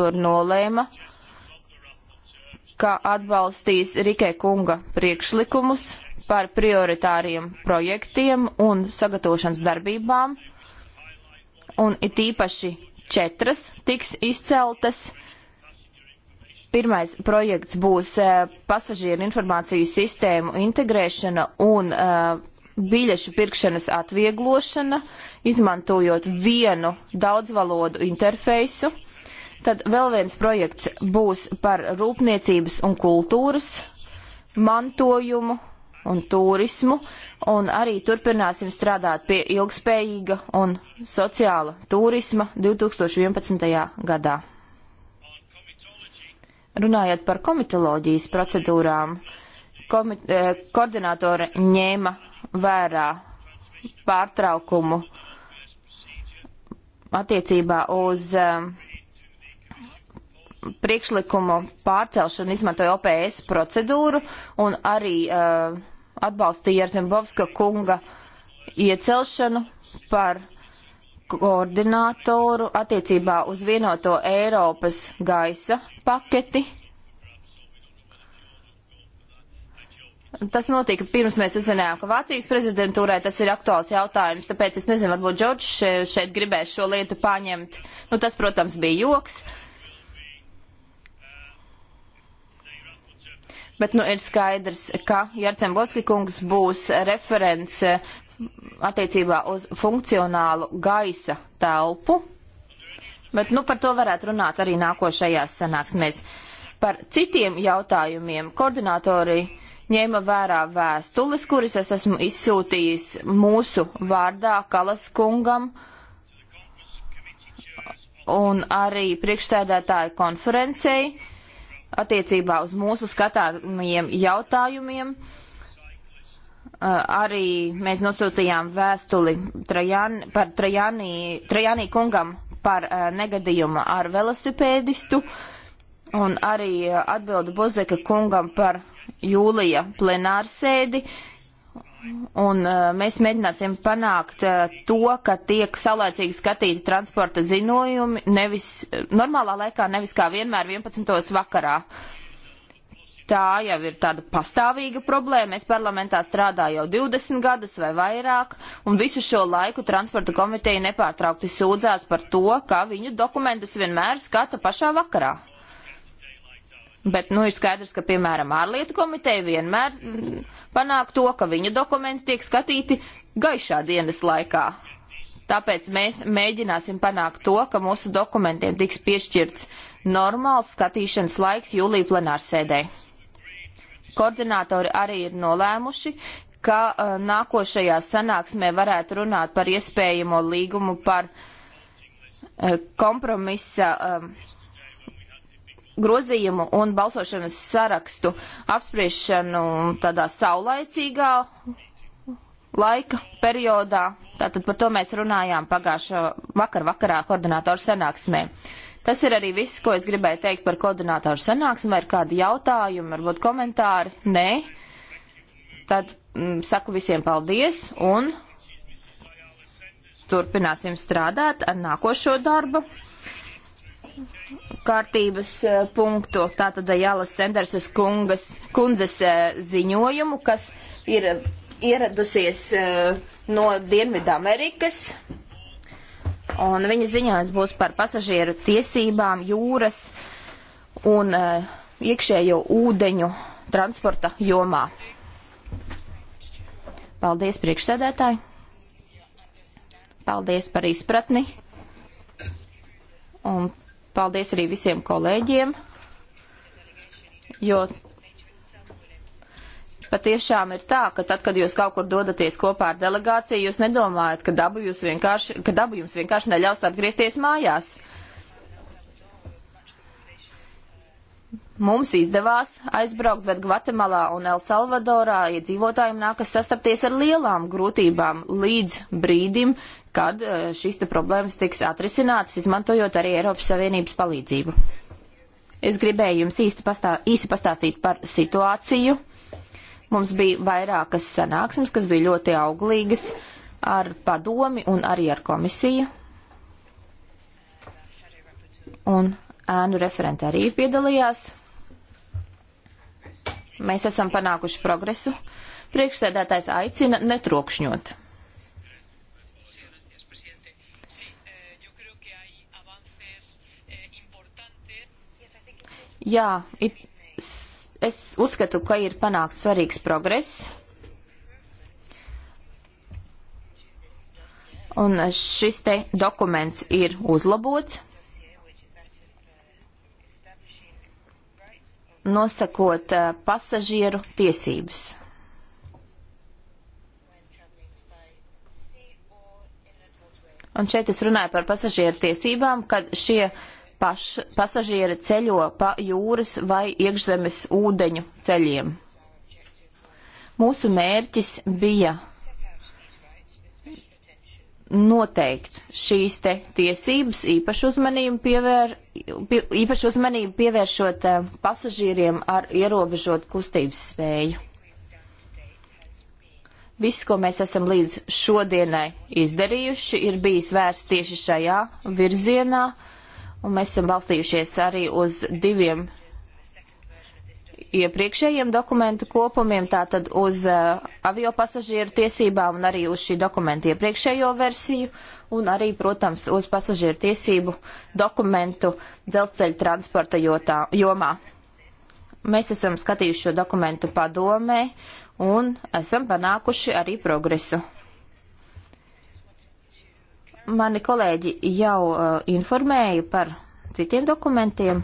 tur nolēma, ka atbalstīs Rikē kunga priekšlikumus par prioritāriem projektiem un sagatavošanas darbībām, un it īpaši četras tiks izceltas. Pirmais projekts būs eh, pasažieru informāciju sistēmu integrēšana un uh, biļešu pirkšanas atvieglošana, izmantojot vienu daudzvalodu interfeisu. Tad vēl viens projekts būs par rūpniecības un kultūras mantojumu un turismu, un arī turpināsim strādāt pie ilgspējīga un sociāla turisma 2011. gadā. Runājot par komitoloģijas procedūrām, komit, eh, koordinātore ņēma vērā pārtraukumu attiecībā uz eh, priekšlikumu pārcelšanu izmantoja OPS procedūru un arī uh, atbalstīja ar Zimbovska kunga iecelšanu par koordinātoru attiecībā uz vienoto Eiropas gaisa paketi. Tas notika pirms mēs uzzinājām, ka Vācijas prezidentūrai tas ir aktuāls jautājums, tāpēc es nezinu, varbūt Džordžs šeit gribēs šo lietu paņemt. Nu, tas, protams, bija joks. Uh, Bet nu ir skaidrs, ka Jarcem Boskikungs būs referents eh, attiecībā uz funkcionālu gaisa telpu. Bet nu par to varētu runāt arī nākošajās sanāksmēs. Par citiem jautājumiem koordinatori ņēma vērā vēstulis, kuras es esmu izsūtījis mūsu vārdā Kalas kungam un arī priekšstādātāju konferencei attiecībā uz mūsu skatāmajiem jautājumiem. Uh, arī mēs nosūtījām vēstuli Trajan, par Trajanī, Trajanī kungam par uh, negadījumu ar velosipēdistu un arī uh, atbildu Bozeka kungam par jūlija plenārsēdi, Un uh, mēs mēģināsim panākt uh, to, ka tiek saulēcīgi skatīti transporta ziņojumi nevis uh, normālā laikā, nevis kā vienmēr 11. vakarā. Tā jau ir tāda pastāvīga problēma. Es parlamentā strādāju jau 20 gadus vai vairāk, un visu šo laiku transporta komiteja nepārtraukti sūdzās par to, ka viņu dokumentus vienmēr skata pašā vakarā. Bet, nu, ir skaidrs, ka, piemēram, ārlietu komiteja vienmēr mm, panāk to, ka viņu dokumenti tiek skatīti gaišā dienas laikā. Tāpēc mēs mēģināsim panākt to, ka mūsu dokumentiem tiks piešķirts normāls skatīšanas laiks jūlija plenārsēdē. Koordinātori arī ir nolēmuši, ka uh, nākošajā sanāksmē varētu runāt par iespējamo līgumu par uh, kompromisa uh, grozījumu un balsošanas sarakstu apspriešanu tādā saulaicīgā laika periodā. Tātad par to mēs runājām pagājušā vakar vakarā koordinātoru sanāksmē. Tas ir arī viss, ko es gribēju teikt par koordinātoru sanāksmi. Vai ir kādi jautājumi, varbūt komentāri? Nē. Tad m, mm, saku visiem paldies un turpināsim strādāt ar nākošo darbu kārtības eh, punktu, tātad Jālas Sendersas kungas, kundzes eh, ziņojumu, kas ir eh, ieradusies no Dienvidu Amerikas. Un viņa ziņojums būs par pasažieru tiesībām, jūras un iekšējo ūdeņu transporta jomā. Paldies priekšsēdētāji! Paldies par izpratni! Un Paldies arī visiem kolēģiem, jo patiešām ir tā, ka tad, kad jūs kaut kur dodaties kopā ar delegāciju, jūs nedomājat, ka dabu, jūs vienkārši, ka dabu jums vienkārši neļaus atgriezties mājās. Mums izdevās aizbraukt, bet Gvatemalā un El Salvadorā iedzīvotājiem nākas sastapties ar lielām grūtībām līdz brīdim, kad e, šīs te problēmas tiks atrisinātas, izmantojot arī Eiropas Savienības palīdzību. Es gribēju jums īsti pastā, īsi pastāstīt par situāciju. Mums bija vairākas sanāksmes, kas bija ļoti auglīgas ar padomi un arī ar komisiju. Un ēnu referenti arī piedalījās. Mēs esam panākuši progresu. Priekšsēdētājs aicina netrokšņot. Jā, it, es uzskatu, ka ir panākts svarīgs progress. Un šis te dokuments ir uzlabots, nosakot eh, pasažieru tiesības. Un šeit es runāju par pasažieru tiesībām, kad šie uh, paš, pasažieri ceļo pa jūras vai iekšzemes ūdeņu ceļiem. Mūsu mērķis bija noteikt šīs te tiesības īpašu uzmanību, pievēr, pie, īpašu uzmanību pievēršot eh, pasažieriem ar ierobežot kustības spēju. Viss, ko mēs esam līdz šodienai izdarījuši, ir bijis vērsts tieši šajā virzienā. Uh, un mēs esam balstījušies arī uz diviem iepriekšējiem dokumentu kopumiem, tātad uz uh, avio pasažieru tiesībām un arī uz šī dokumenta iepriekšējo versiju un arī, protams, uz pasažieru tiesību dokumentu dzelzceļa transporta jotā, jomā. Mēs esam skatījuši šo dokumentu padomē un esam panākuši arī progresu. Mani kolēģi jau uh, informēja par citiem dokumentiem,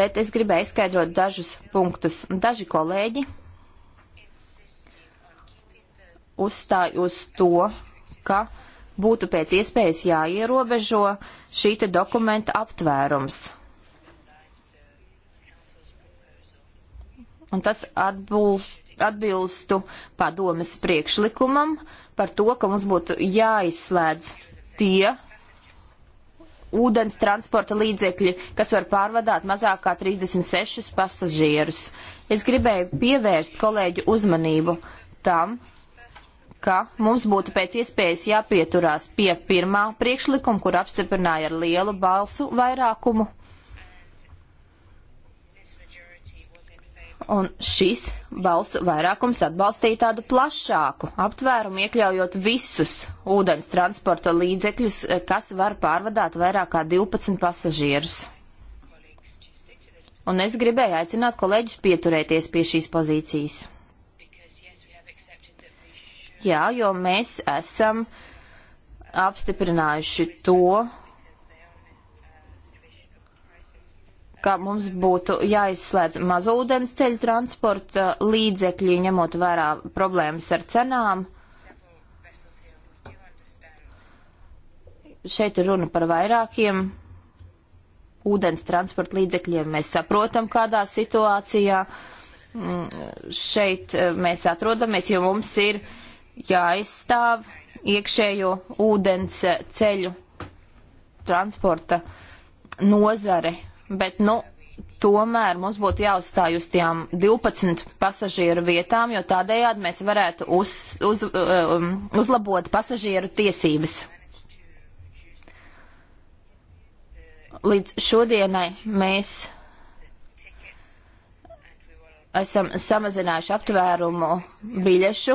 bet es gribēju izskaidrot dažus punktus. Daži kolēģi uzstāj uz to, ka būtu pēc iespējas jāierobežo šīta dokumenta aptvērums. Un tas atbilst, atbilstu padomes priekšlikumam par to, ka mums būtu jāizslēdz tie ūdens transporta līdzekļi, kas var pārvadāt mazāk kā 36 pasažierus. Es gribēju pievērst kolēģu uzmanību tam, ka mums būtu pēc iespējas jāpieturās pie pirmā priekšlikuma, kur apstiprināja ar lielu balsu vairākumu un šis balsu vairākums atbalstīja tādu plašāku aptvērumu, iekļaujot visus ūdens transporta līdzekļus, eh, kas var pārvadāt vairāk kā 12 pasažierus. Un es gribēju aicināt kolēģus pieturēties pie šīs pozīcijas. Jā, jo mēs esam apstiprinājuši to, ka mums būtu jāizslēdz mazūdens ceļu transporta līdzekļi, ņemot vērā problēmas ar cenām. Šeit ir runa par vairākiem ūdens transporta līdzekļiem. Mēs saprotam, kādā situācijā mm, šeit eh, mēs atrodamies, jo mums ir jāizstāv iekšējo ūdens eh, ceļu transporta nozare bet, nu, tomēr mums būtu jāuzstāj uz tām 12 pasažieru vietām, jo tādējādi mēs varētu uz, uz, um, uzlabot pasažieru tiesības. Līdz šodienai mēs esam samazinājuši aptvērumu biļešu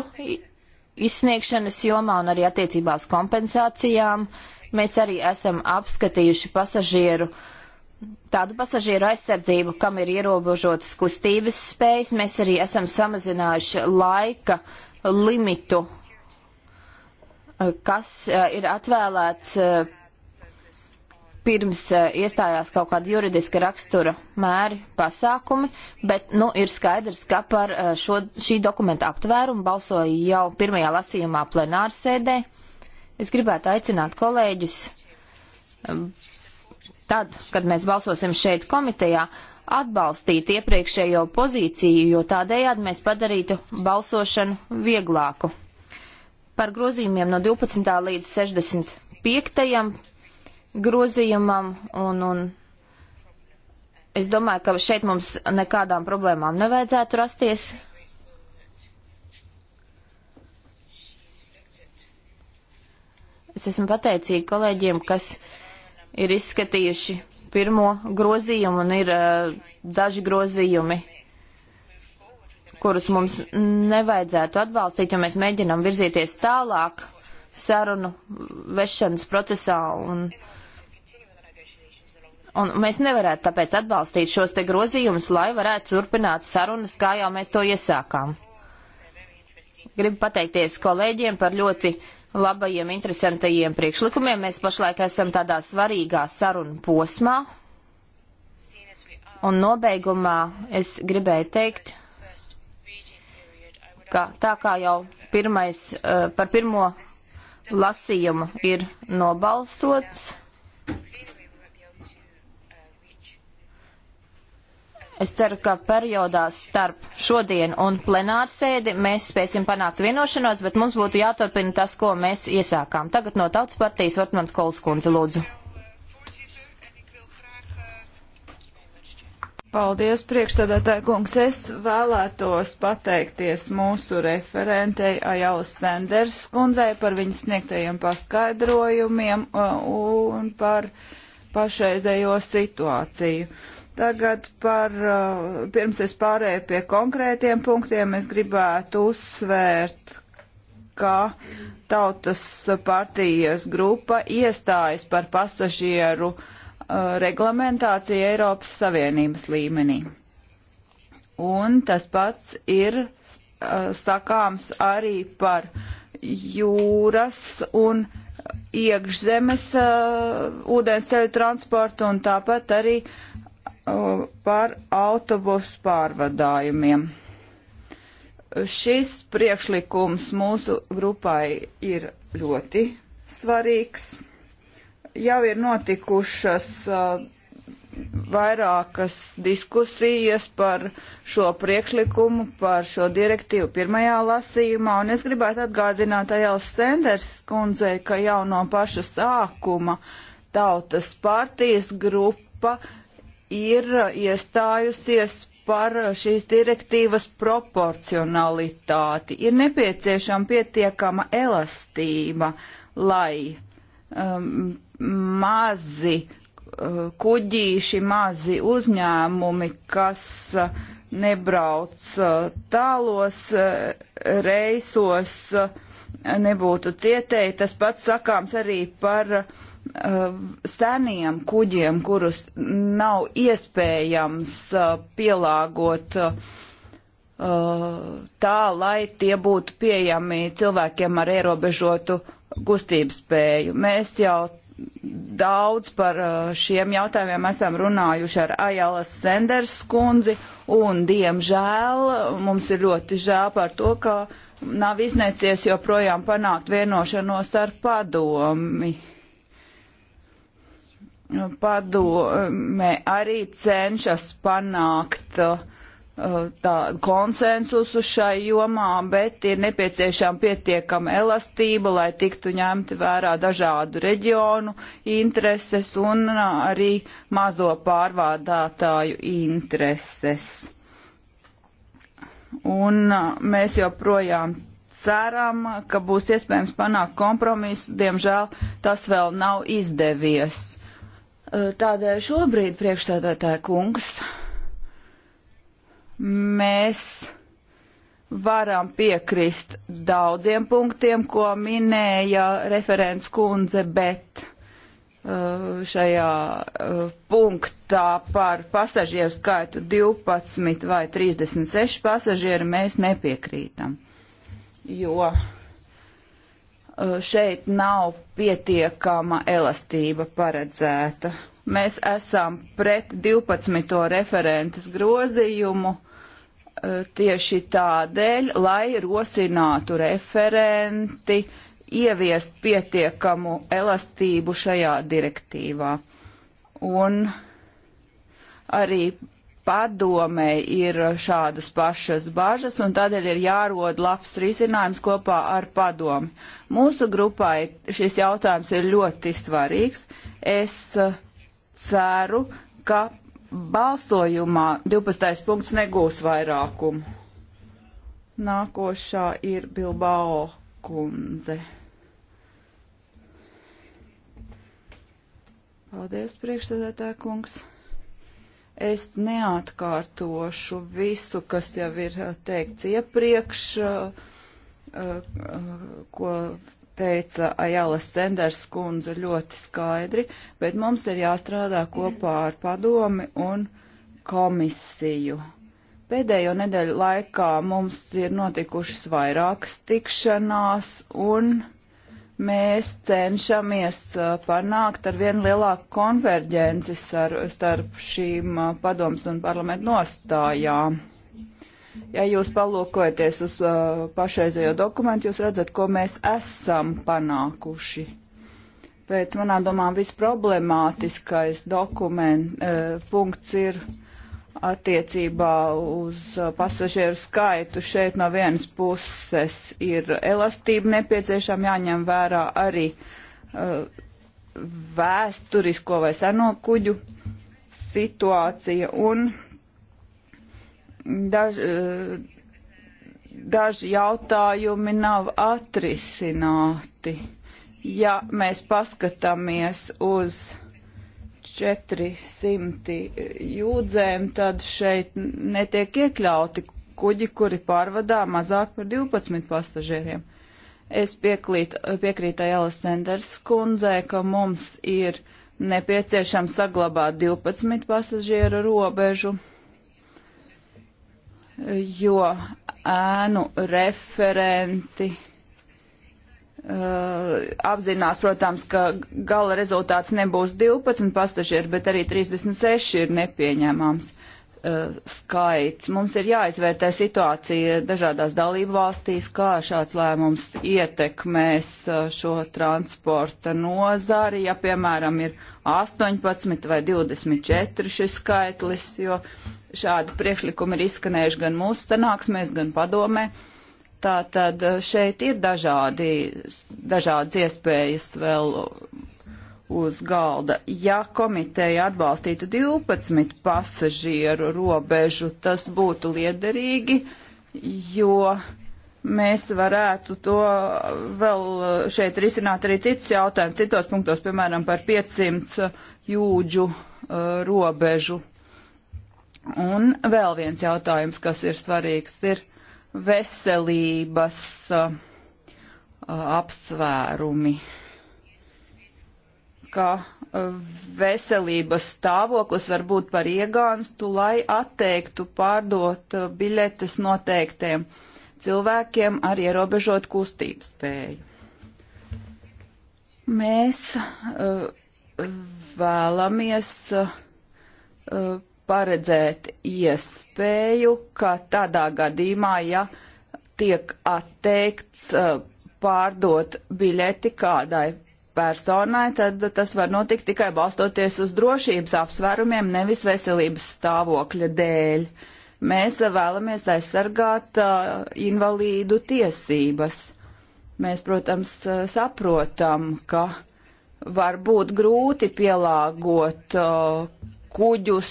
izsniegšanas jomā un arī attiecībā uz kompensācijām. Mēs arī esam apskatījuši pasažieru uh, tādu pasažieru aizsardzību, kam ir ierobežotas kustības spējas. Mēs arī esam samazinājuši laika limitu, eh, kas eh, ir atvēlēts eh, pirms iestājās kaut kāda juridiska rakstura mēri pasākumi, bet, nu, ir skaidrs, ka par šo, šī dokumenta aptvērumu balsoja jau pirmajā lasījumā plenārsēdē. Es gribētu aicināt kolēģus tad, kad mēs balsosim šeit komitejā, atbalstīt iepriekšējo pozīciju, jo tādējādi mēs padarītu balsošanu vieglāku. Par grozījumiem no 12. līdz 65. grozījumam un, un es domāju, ka šeit mums nekādām problēmām nevajadzētu rasties. Es esmu pateicīga kolēģiem, kas ir izskatījuši pirmo grozījumu un ir uh, daži grozījumi, kurus mums nevajadzētu atbalstīt, jo mēs mēģinām virzīties tālāk sarunu vešanas procesā un, un mēs nevarētu tāpēc atbalstīt šos te grozījumus, lai varētu turpināt sarunas, kā jau mēs to iesākām. Gribu pateikties kolēģiem par ļoti uh, labajiem, interesantajiem priekšlikumiem. Mēs pašlaik esam tādā svarīgā sarunu posmā. Un nobeigumā es gribēju teikt, ka tā kā jau pirmais, eh, par pirmo lasījumu ir nobalsots, Es ceru, ka periodā starp šodien un plenārsēdi mēs spēsim panākt vienošanos, bet mums būtu jāturpina tas, ko mēs iesākām. Tagad no Tautas partijas Vartmans Kolskundze lūdzu. Paldies, priekšstādātāji kungs. Es vēlētos pateikties mūsu referentei Ajala Sanders kundzei par viņas sniegtajiem paskaidrojumiem uh, un par pašreizējo situāciju. Tagad par, uh, pirms es pārēju pie konkrētiem punktiem, es gribētu uzsvērt, ka Tautas partijas grupa iestājas par pasažieru uh, reglamentāciju Eiropas Savienības līmenī. Un tas pats ir uh, sakāms arī par jūras un iekšzemes uh, ūdensceļu transportu un tāpat arī uh, par autobusu pārvadājumiem. Šis priekšlikums mūsu grupai ir ļoti svarīgs. Jau ir notikušas vairākas diskusijas par šo priekšlikumu, par šo direktīvu pirmajā lasījumā, un es gribētu atgādināt Ajāls Sanders kundzei, ka jau no paša sākuma tautas partijas grupa uh, ir iestājusies par šīs direktīvas proporcionalitāti. Ir nepieciešama pietiekama elastība, lai um, mazi uh, kuģīši, mazi uzņēmumi, kas uh, nebrauc uh, tālos uh, reisos, uh, nebūtu cietēji. Tas pats sakāms arī par uh, seniem kuģiem, kurus nav iespējams uh, pielāgot uh, tā, lai tie būtu pieejami cilvēkiem ar ierobežotu kustības spēju. Mēs jau daudz par uh, šiem jautājumiem esam runājuši ar Ajala Senders kundzi, un diemžēl mums ir ļoti žēl par to, ka nav iznēcies joprojām panākt vienošanos ar padomi. Padome arī cenšas panākt uh, tādu konsensusu šai jomā, bet ir nepieciešama pietiekama elastība, lai tiktu ņemti vērā dažādu reģionu intereses un uh, arī mazo pārvādātāju intereses un uh, mēs joprojām ceram, ka būs iespējams panākt kompromisu. Diemžēl tas vēl nav izdevies. Uh, tādēļ šobrīd, priekšsēdētāja kungs, mēs varam piekrist daudziem punktiem, ko minēja referents kundze, bet Eh, šajā eh, punktā par pasažieru skaitu 12 vai 36 pasažieru mēs nepiekrītam, jo eh, šeit nav pietiekama elastība paredzēta. Mēs esam pret 12. referentes grozījumu tieši tādēļ, lai rosinātu referenti uh, ieviest pietiekamu elastību šajā direktīvā. Un arī padomē ir šādas pašas bažas, un tādēļ ir jārod labs risinājums kopā ar padomi. Mūsu grupai šis jautājums ir ļoti svarīgs. Es uh, ceru, ka balsojumā 12. punkts negūs vairākumu. Nākošā ir Bilbao kundze. Paldies, priekšsēdētāja kungs. Es neatkārtošu visu, kas jau ir uh, teikts iepriekš, uh, uh, ko teica Ajala Senders kundze ļoti skaidri, bet mums ir jāstrādā kopā ar padomi un komisiju. Pēdējo nedēļu laikā mums ir notikušas vairākas tikšanās un mēs cenšamies panākt ar vien lielāku konverģenci starp šīm padoms un parlamentu nostājām. Ja jūs palūkojaties uz uh, pašreizējo dokumentu, jūs redzat, ko mēs esam panākuši. Pēc manām domām visproblemātiskais dokument, uh, punkts ir uh, attiecībā uz uh, pasažieru skaitu šeit no vienas puses ir elastība nepieciešama, jāņem vērā arī uh, vēsturisko vai seno kuģu situācija un daž, uh, daži jautājumi nav atrisināti. Ja mēs paskatāmies uz uh, 400 jūdzēm, tad šeit netiek iekļauti kuģi, kuri pārvadā mazāk par 12 pasažieriem. Es piekrīt, piekrītu Jālis Sanders kundzē, ka mums ir nepieciešams saglabāt 12 pasažieru robežu, jo ēnu referenti Eh, apzinās, protams, ka gala rezultāts nebūs 12 pasažieri, bet arī 36 ir nepieņemams uh, eh, skaits. Mums ir jāizvērtē situācija dažādās dalību valstīs, kā šāds lēmums ietekmēs uh, šo transporta nozari, ja piemēram ir 18 vai 24 šis skaitlis, jo šādi priekšlikumi ir izskanējuši gan mūsu sanāksmēs, gan padomē. Uh, Tātad eh, šeit ir dažādi, dažādas iespējas vēl uz galda. Ja komiteja atbalstītu 12 pasažieru robežu, tas būtu liederīgi, jo mēs varētu to vēl eh, šeit risināt arī citus jautājumus, citos punktos, piemēram, par 500 jūdžu uh, robežu. Un vēl viens jautājums, kas ir svarīgs, ir veselības uh, apsvērumi, ka uh, veselības stāvoklis var būt par iegānstu, lai atteiktu pārdot uh, biļetes noteiktiem cilvēkiem ar ierobežot kustības spēju. Mēs uh, vēlamies uh, paredzēt iespēju, ka tādā gadījumā, ja tiek atteikts uh, pārdot biļeti kādai personai, tad tas var notikt tikai balstoties uz drošības apsvērumiem, nevis veselības stāvokļa dēļ. Mēs vēlamies aizsargāt uh, invalīdu tiesības. Mēs, protams, uh, saprotam, ka var būt grūti pielāgot uh, kuģus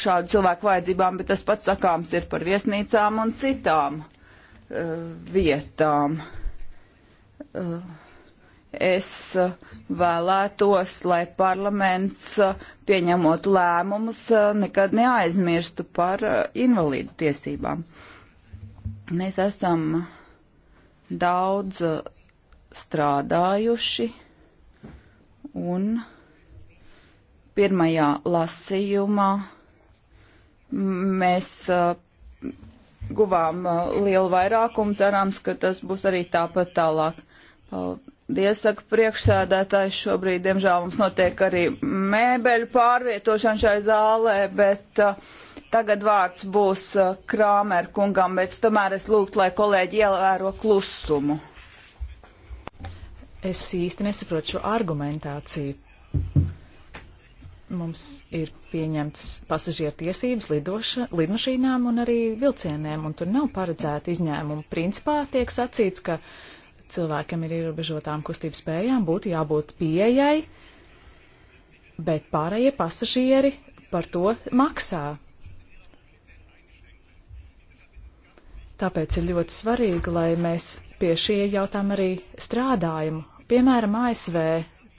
šādu cilvēku vajadzībām, bet tas pats sakāms ir par viesnīcām un citām vietām. Es vēlētos, lai parlaments pieņemot lēmumus nekad neaizmirstu par invalīdu tiesībām. Mēs esam daudz strādājuši un pirmajā lasījumā mēs uh, guvām uh, lielu vairākumu, cerams, ka tas būs arī tāpat tālāk. Paldies, saka priekšsēdētājs, šobrīd, diemžēl, mums notiek arī mēbeļu pārvietošana šai zālē, bet uh, tagad vārds būs uh, Krāmer kungam, bet tomēr es lūgtu, lai kolēģi ievēro klusumu. Es īsti nesaprotu šo argumentāciju mums ir pieņemts pasažieru tiesības lidoša, lidmašīnām un arī vilcieniem, un tur nav paredzēta izņēmuma. Principā tiek sacīts, ka cilvēkam ir ierobežotām kustības spējām, būtu jābūt pieejai, bet pārējie pasažieri par to maksā. Tāpēc ir ļoti svarīgi, lai mēs pie šie jautājumi arī strādājam. Piemēram, ASV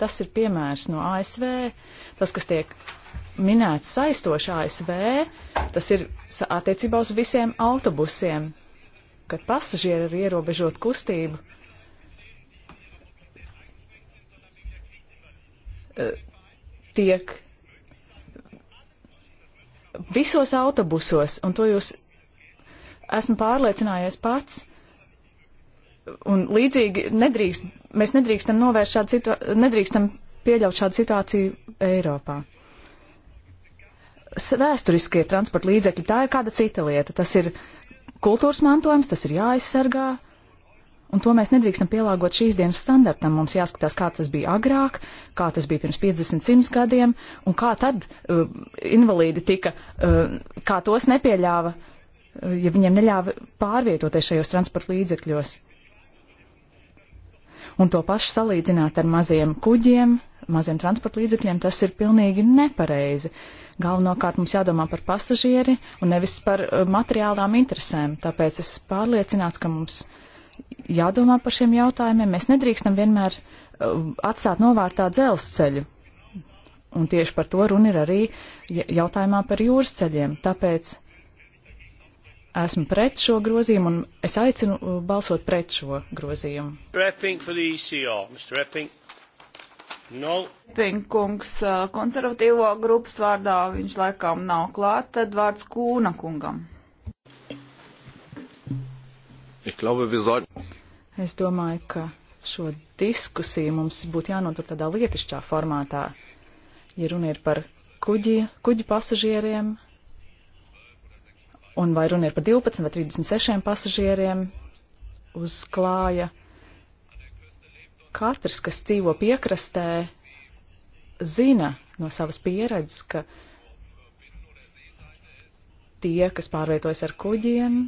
Tas ir piemērs no ASV. Tas, kas tiek minēts saistoši ASV, tas ir attiecībā uz visiem autobusiem, kad pasažieri ir ierobežot kustību. Eh, tiek visos autobusos, un to jūs esmu pārliecinājies pats, un līdzīgi nedrīkst mēs nedrīkstam novērst šādu situāciju, nedrīkstam pieļaut šādu situāciju Eiropā. Vēsturiskie transporta līdzekļi, tā ir kāda cita lieta. Tas ir kultūras mantojums, tas ir jāaizsargā, un to mēs nedrīkstam pielāgot šīs dienas standartam. Mums jāskatās, kā tas bija agrāk, kā tas bija pirms 50, 100 gadiem, un kā tad uh, invalīdi tika, uh, kā tos nepieļāva, uh, ja viņiem neļāva pārvietoties šajos transporta līdzekļos. Uh, un to pašu salīdzināt ar maziem kuģiem, maziem transporta līdzekļiem, tas ir pilnīgi nepareizi. Galvenokārt mums jādomā par pasažieri un nevis par uh, materiālām interesēm, tāpēc es pārliecināts, ka mums jādomā par šiem jautājumiem. Mēs nedrīkstam vienmēr uh, atstāt novārtā dzelzceļu. Un tieši par to runa ir arī jautājumā par jūras ceļiem. Tāpēc esmu pret šo grozījumu un es aicinu uh, balsot pret šo grozījumu. ECR, e no. Pinkungs uh, konservatīvo grupas vārdā viņš laikām nav klāt, tad vārds Kūna kungam. Glaube, soll... Es domāju, ka šo diskusiju mums būtu jānotur tādā lietišķā formātā. Ja runa ir par kuģi, kuģi pasažieriem, Un vai runa ir par 12 vai 36 pasažieriem uz klāja? Katrs, kas dzīvo piekrastē, zina no savas pieredzes, ka tie, kas pārvietojas ar kuģiem,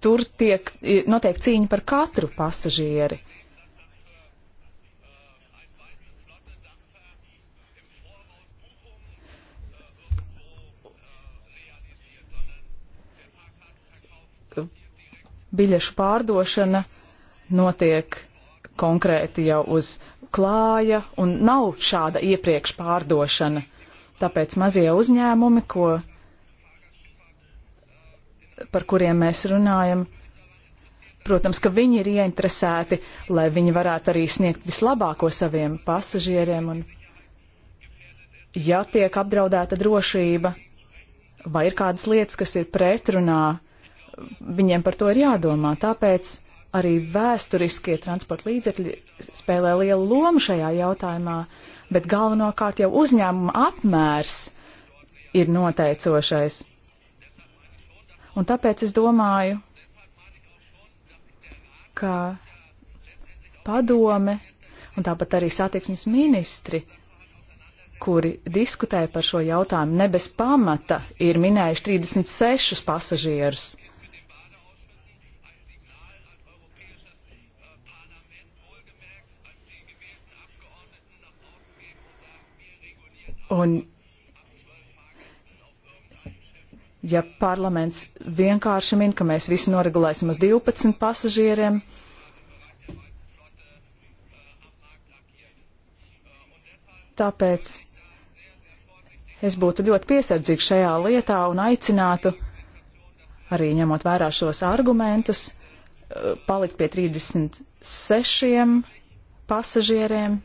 tur tiek notiek cīņa par katru pasažieri. Uh, biļešu pārdošana notiek konkrēti jau uz klāja un nav šāda iepriekš pārdošana. Tāpēc mazie uzņēmumi, ko, par kuriem mēs runājam, protams, ka viņi ir ieinteresēti, lai viņi varētu arī sniegt vislabāko saviem pasažieriem. Un, ja tiek apdraudēta drošība vai ir kādas lietas, kas ir pretrunā viņiem par to ir jādomā. Tāpēc arī vēsturiskie transporta līdzekļi spēlē lielu lomu šajā jautājumā, bet galvenokārt jau uzņēmuma apmērs ir noteicošais. Un tāpēc es domāju, ka padome un tāpat arī satiksmes ministri kuri diskutēja par šo jautājumu, ne bez pamata ir minējuši 36 pasažierus. Un ja parlaments vienkārši min, ka mēs visi noregulēsim uz 12 pasažieriem, tāpēc es būtu ļoti piesardzīgs šajā lietā un aicinātu, arī ņemot vērā šos argumentus, palikt pie 36 pasažieriem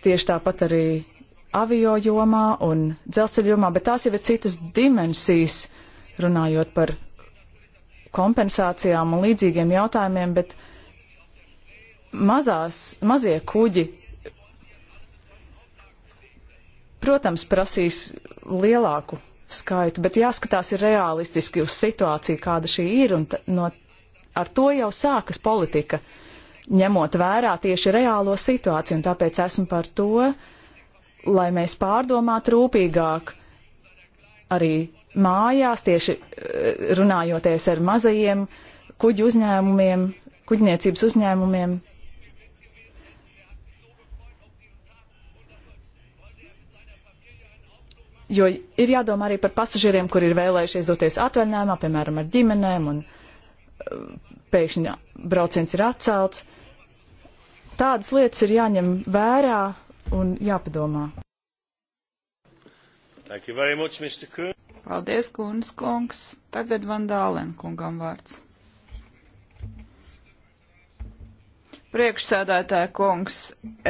Tieši tāpat arī avio jomā un dzelzceļa jomā, bet tās jau ir citas dimensijas, runājot par kompensācijām un līdzīgiem jautājumiem, bet mazās, mazie kuģi, protams, prasīs lielāku skaitu, bet jāskatās ir realistiski uz situāciju, kāda šī ir, un no, ar to jau sākas politika. Uh, ņemot vērā tieši reālo situāciju, un tāpēc esmu par to, lai mēs pārdomātu rūpīgāk arī mājās, tieši eh, runājoties ar mazajiem kuģu uzņēmumiem, kuģniecības uzņēmumiem. Jo ir jādomā arī par pasažieriem, kuri ir vēlējušies doties atvaļinājumā, piemēram, ar ģimenēm, un eh, pēkšņi brauciens ir atcelts tādas lietas ir jāņem vērā un jāpadomā. Much, Paldies, Kunis kungs. Tagad Vandālen kungam vārds. Priekšsēdētāja kungs,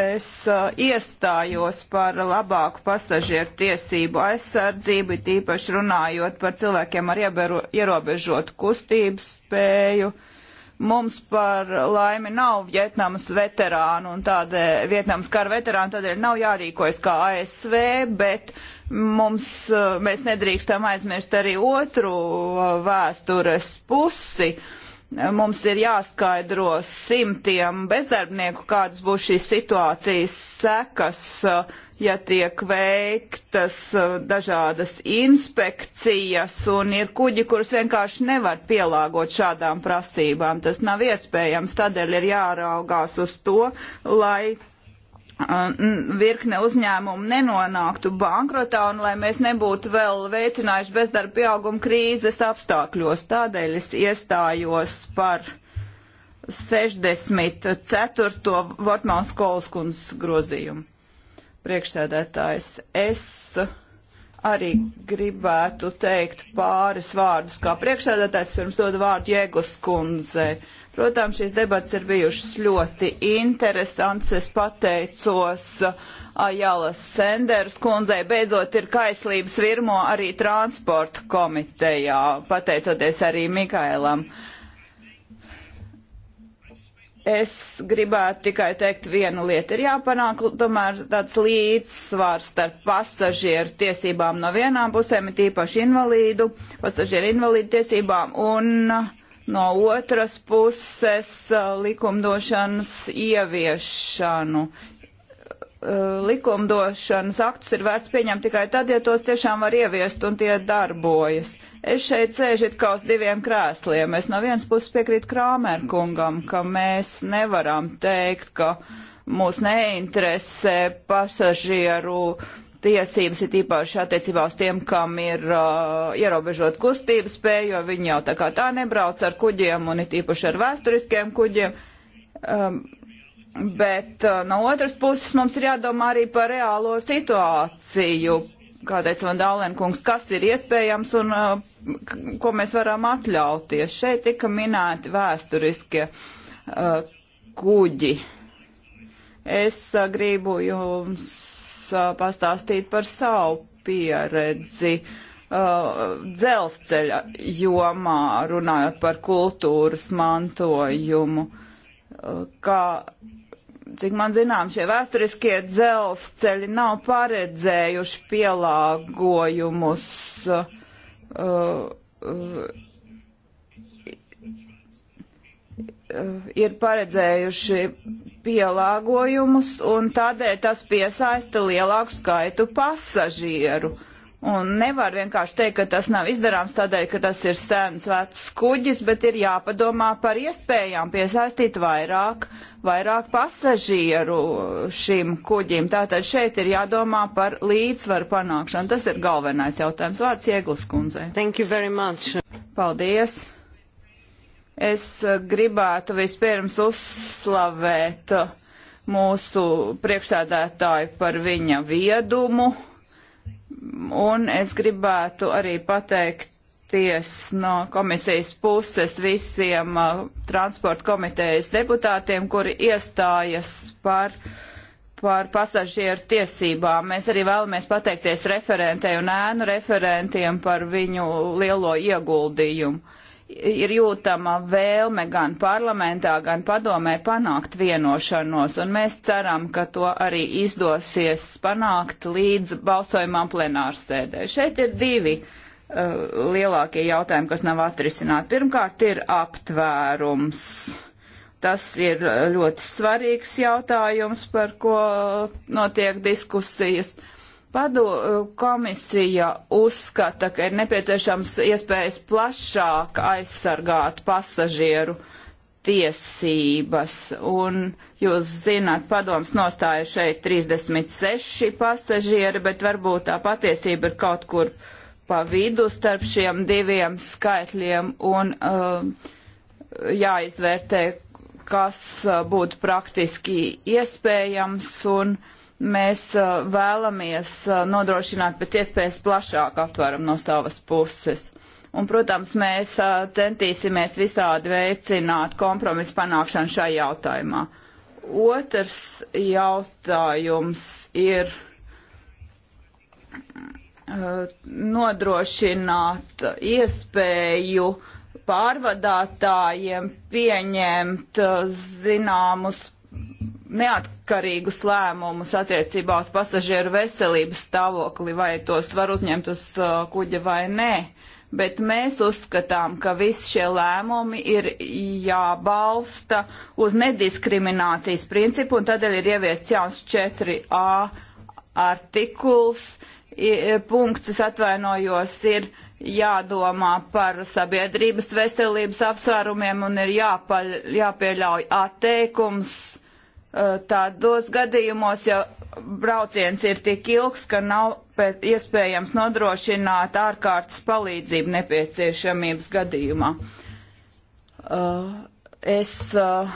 es uh, iestājos par labāku pasažieru tiesību aizsardzību, tīpaši runājot par cilvēkiem ar ieberu, ierobežotu kustību spēju. Uh, Mums par laimi nav Vietnamas veterānu un tādēļ, Vietnamas kara veterānu, tādēļ nav jārīkojas kā ASV, bet mums, eh, mēs nedrīkstam aizmirst arī otru eh, vēstures pusi. Uh, mums ir jāskaidro simtiem bezdarbnieku, kādas būs šīs situācijas sekas, eh, ja tiek veiktas eh, dažādas inspekcijas un ir kuģi, kurus vienkārši nevar pielāgot šādām prasībām. Tas nav iespējams, tādēļ ir jāraugās uz to, lai virkne uzņēmumu nenonāktu bankrotā un lai mēs nebūtu vēl veicinājuši bezdarba pieaugumu krīzes apstākļos. Tādēļ es iestājos par 64. Vortmāns Kolskunas grozījumu. Priekšsēdētājs, es arī gribētu teikt pāris vārdus kā priekšsēdētājs, pirms dodu vārdu Jēglas kundzei. Uh, Protams, šīs debats ir bijušas ļoti interesants. Es pateicos uh, Ajālas Senders kundzei. Beidzot ir kaislības virmo arī transporta komitejā, pateicoties arī Mikailam. Es gribētu tikai teikt vienu lietu. Ir jāpanāk tomēr tāds līdzsvars starp pasažieru tiesībām no vienām pusēm, it īpaši invalīdu, pasažieru invalīdu tiesībām un uh, no otras puses eh, likumdošanas ieviešanu. Eh, likumdošanas aktus ir vērts pieņemt tikai tad, ja tos tiešām var ieviest un tie darbojas. Es šeit sēžu it kā uz diviem krēsliem. Es no vienas puses piekrītu Krāmerkungam, ka mēs nevaram teikt, ka mūs neinteresē pasažieru uh, tiesības ir īpaši attiecībā uz tiem, kam ir uh, ierobežot kustības spēju, jo viņi jau tā kā tā nebrauc ar kuģiem un ir īpaši ar vēsturiskiem kuģiem. Um, bet uh, no otras puses mums ir jādomā arī par reālo situāciju, kā teica Van Dālenkungs, kas ir iespējams un uh, ko mēs varam atļauties. Šeit tika minēti vēsturiskie uh, kuģi. Es uh, gribu jums pastāstīt par savu pieredzi dzelzceļa jomā, runājot par kultūras mantojumu. Kā, cik man zinām, šie vēsturiskie dzelzceļi nav paredzējuši pielāgojumus uh, uh, Eh, ir paredzējuši pielāgojumus, un tādēļ tas piesaista lielāku skaitu pasažieru. Un nevar vienkārši teikt, ka tas nav izdarāms tādēļ, ka tas ir sens vecs kuģis, bet ir jāpadomā par iespējām piesaistīt vairāk, vairāk pasažieru šim kuģim. Tātad šeit ir jādomā par līdzsvaru panākšanu. Tas ir galvenais jautājums. Vārds Ieglas kundzei. Thank you very much. Paldies. Es eh, gribētu vispirms uzslavēt eh, mūsu priekšsēdētāju par viņa viedumu, un es gribētu arī pateikties no komisijas puses visiem uh, transporta komitejas deputātiem, kuri iestājas par par pasažieru tiesībām. Mēs arī vēlamies pateikties referentei un ēnu referentiem par viņu lielo ieguldījumu ir jūtama vēlme gan parlamentā, gan padomē panākt vienošanos, un mēs ceram, ka to arī izdosies panākt līdz balsojumam plenārsēdē. Šeit ir divi uh, lielākie jautājumi, kas nav atrisināti. Pirmkārt, ir aptvērums. Tas ir ļoti svarīgs jautājums, par ko notiek diskusijas. Uh, Padu eh, komisija uzskata, ka ir nepieciešams iespējas plašāk aizsargāt pasažieru tiesības. Un jūs zināt, padoms nostāja šeit 36 pasažieri, bet varbūt tā patiesība ir kaut kur pa vidu starp šiem diviem skaitļiem un uh, jāizvērtē, kas uh, būtu praktiski iespējams. Un, uh, mēs uh, vēlamies uh, nodrošināt pēc iespējas plašāk aptvaram no savas puses. Un, protams, mēs uh, centīsimies visādi veicināt kompromisu panākšanu šai jautājumā. Otrs jautājums ir nodrošināt iespēju pārvadātājiem pieņemt zināmus neatkarīgus lēmumus attiecībā uz pasažieru veselības stāvokli, vai tos var uzņemt uz uh, kuģa vai nē. Bet mēs uzskatām, ka visi šie lēmumi ir jābalsta uz nediskriminācijas principu, un tādēļ ir ieviests jauns 4a artikuls, e, punkts, es atvainojos, ir jādomā par sabiedrības veselības apsvērumiem un ir jāpaļ, jāpieļauj atteikums tādos gadījumos, ja brauciens ir tik ilgs, ka nav iespējams nodrošināt ārkārtas palīdzību nepieciešamības gadījumā. Uh, Es uh,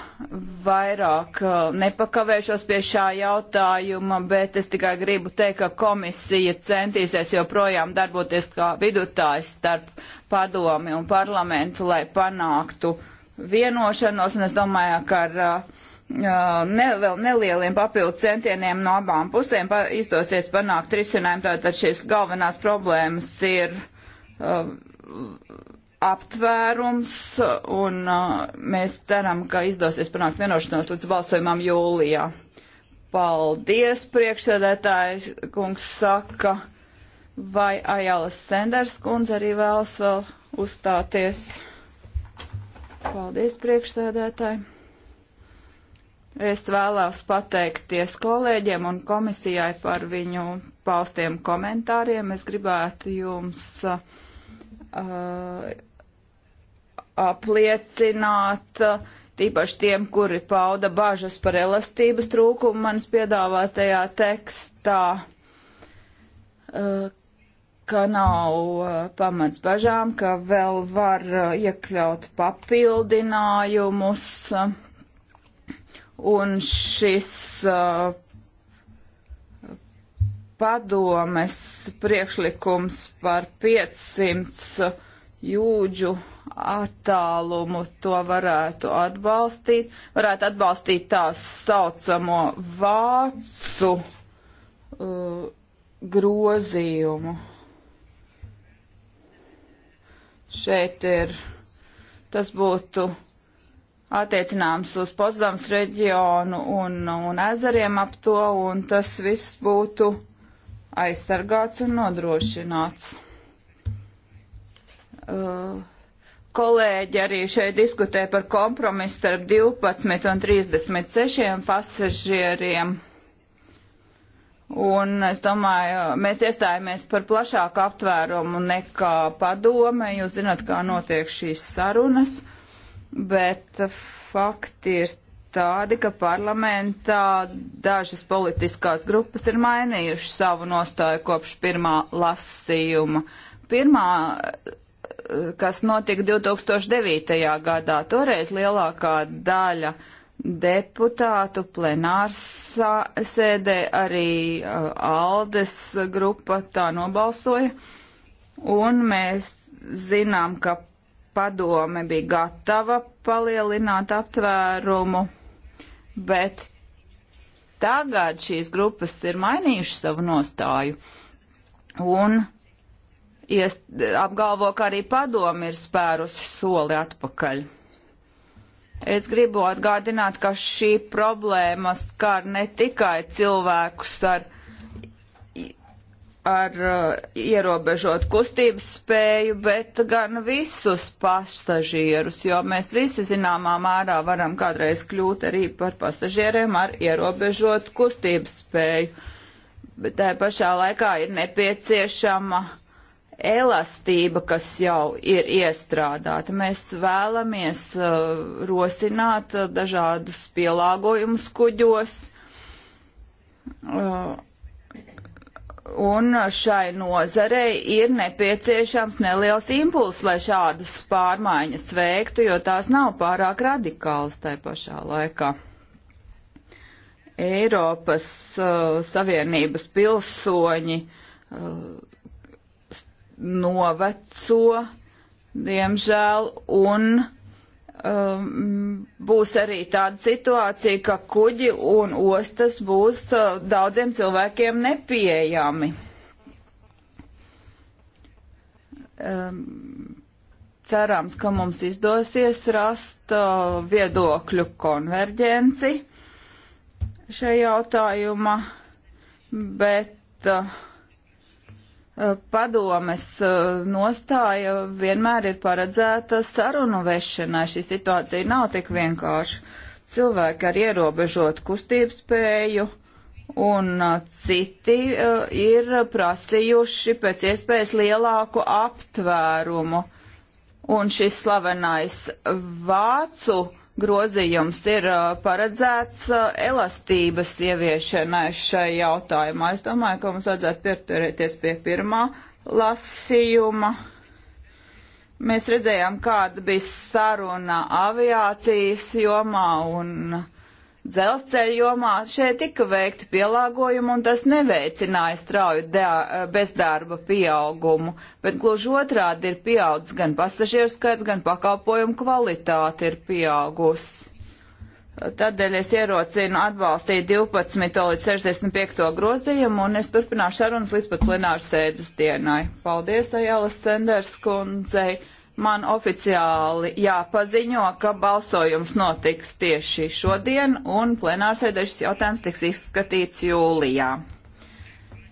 vairāk uh, nepakavēšos pie šā jautājuma, bet es tikai gribu teikt, ka komisija centīsies joprojām darboties kā vidutājs starp padomi un parlamentu, lai panāktu vienošanos. Un es domāju, ka ar uh, uh ne, vēl nelieliem papildu centieniem no abām pusēm pa, izdosies panākt risinājumu. Tātad šīs galvenās problēmas ir. Uh, aptvērums, un uh, mēs ceram, ka izdosies panākt vienošanos līdz balsojumam jūlijā. Paldies, priekšsēdētāji, kungs saka, vai Ajālas Senders kundze arī vēlas vēl uzstāties. Paldies, priekšsēdētāji. Es vēlos pateikties kolēģiem un komisijai par viņu paustiem komentāriem. Es gribētu jums uh, uh, apliecināt, uh, tīpaši tiem, kuri pauda bažas par elastības trūkumu manas piedāvātajā tekstā, uh, ka nav uh, pamats bažām, ka vēl var uh, iekļaut papildinājumus. Un šis uh, padomes priekšlikums par 500 jūdžu attālumu to varētu atbalstīt. Varētu atbalstīt tās saucamo vācu uh, grozījumu. Šeit ir, tas būtu attiecināms uz Potsdams reģionu un, un ezeriem ap to, un tas viss būtu uh, aizsargāts un nodrošināts. Uh, kolēģi arī šeit diskutē par kompromisu starp 12 un 36 pasažieriem. Un es domāju, mēs iestājāmies par plašāku aptvērumu nekā padome. Jūs zināt, kā notiek šīs sarunas, bet fakti ir tādi, ka parlamentā dažas politiskās grupas ir mainījušas savu nostāju kopš pirmā lasījuma. Pirmā, kas notika 2009. gadā, toreiz lielākā daļa deputātu plenārs sēdē arī uh, Aldes grupa tā nobalsoja, un mēs zinām, ka padome bija gatava palielināt aptvērumu bet tagad šīs grupas ir mainījušas savu nostāju un iest, apgalvo, ka arī padomi ir spērusi soli atpakaļ. Es gribu atgādināt, ka šī problēma skar ne tikai cilvēkus ar ar uh, ierobežotu kustības spēju, bet gan visus pasažierus, jo mēs visi zināmā mērā varam kādreiz kļūt arī par pasažieriem ar ierobežotu kustības spēju. Bet tā pašā laikā ir nepieciešama elastība, kas jau ir iestrādāta. Mēs vēlamies uh, rosināt uh, dažādus pielāgojumus kuģos. Uh, un šai nozarei ir nepieciešams neliels impuls, lai šādas pārmaiņas veiktu, jo tās nav pārāk radikālas tai pašā laikā. Eiropas uh, Savienības pilsoņi uh, noveco, diemžēl, un um, būs arī tāda situācija, ka kuģi un ostas būs uh, daudziem cilvēkiem nepieejami. Um, cerams, ka mums izdosies rast uh, viedokļu konverģenci šajā jautājumā, bet uh, Eh, padomes eh, nostāja vienmēr ir paredzēta sarunu vešanai. Šī situācija nav tik vienkārša. Cilvēki ar ierobežotu kustības spēju un eh, citi ir prasījuši pēc iespējas lielāku aptvērumu. Un šis slavenais vācu uh, grozījums ir uh, paredzēts uh, elastības ieviešanai šai jautājumā. Es domāju, ka mums vajadzētu pieturēties pie pirmā lasījuma. Mēs redzējām, kāda bija saruna aviācijas jomā un dzelzceļa jomā šeit tika veikti pielāgojumi, un tas neveicināja strauju eh, bezdarba pieaugumu, bet gluži otrādi ir pieaudzis gan pasažieru skaits, gan pakalpojumu kvalitāte ir pieaugusi. Tādēļ es ierocinu atbalstīt 12. līdz 65. grozījumu, un es turpināšu sarunas līdz pat plenāru sēdes dienai. Paldies, Ajala Senders kundzei! man oficiāli jāpaziņo, ka balsojums notiks tieši šodien un plenārsēdē šis jautājums tiks izskatīts jūlijā.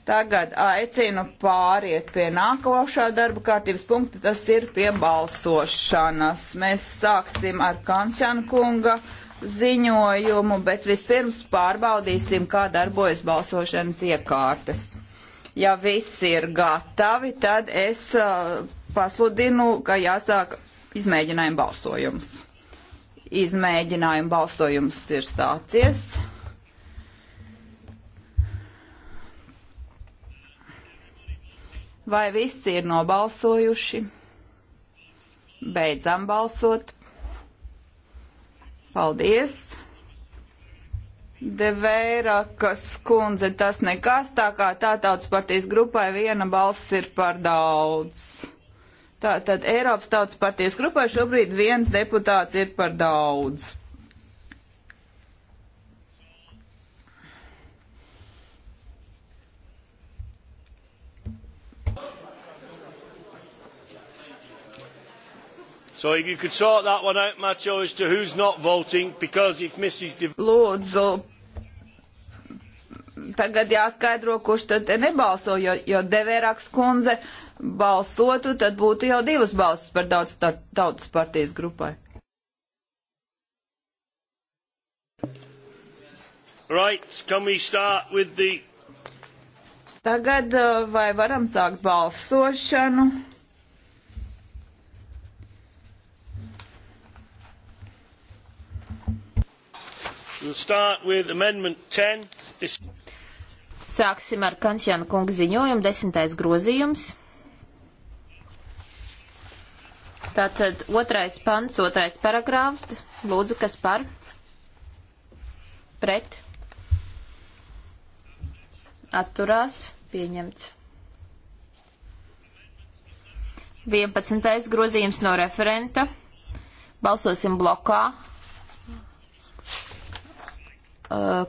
Tagad aicinu pāriet pie nākošā darba kārtības punkta, tas ir pie balsošanas. Mēs sāksim ar Kančana kunga ziņojumu, bet vispirms pārbaudīsim, kā darbojas balsošanas iekārtas. Ja viss ir gatavi, tad es uh, pasludinu, ka jāsāk izmēģinājuma balsojums. Izmēģinājuma balsojums ir sācies. Vai visi ir nobalsojuši? Beidzam balsot. Paldies! Devēra, kas kundze, tas nekas tā kā tā tautas partijas grupai viena balss ir par daudz. Tātad Eiropas Tautas partijas grupai šobrīd viens deputāts ir par daudz. So if you could sort that one out, Macho, as to who's not voting, because if Mrs. De... Lūdzu, tagad jāskaidro, kurš tad nebalso, jo, jo Devēraks kundze uh, balsotu, tad būtu jau divas balsas par daudz tautas partijas grupai. Right, can we start with the... Tagad uh, vai varam sākt balsošanu? We'll start with amendment 10. This... Sāksim ar Kansjana kunga ziņojumu, desmitais grozījums. Tātad otrais pants, otrais paragrāfs. Lūdzu, kas par? Pret. Atturās. Pieņemts. 11. grozījums no referenta. Balsosim blokā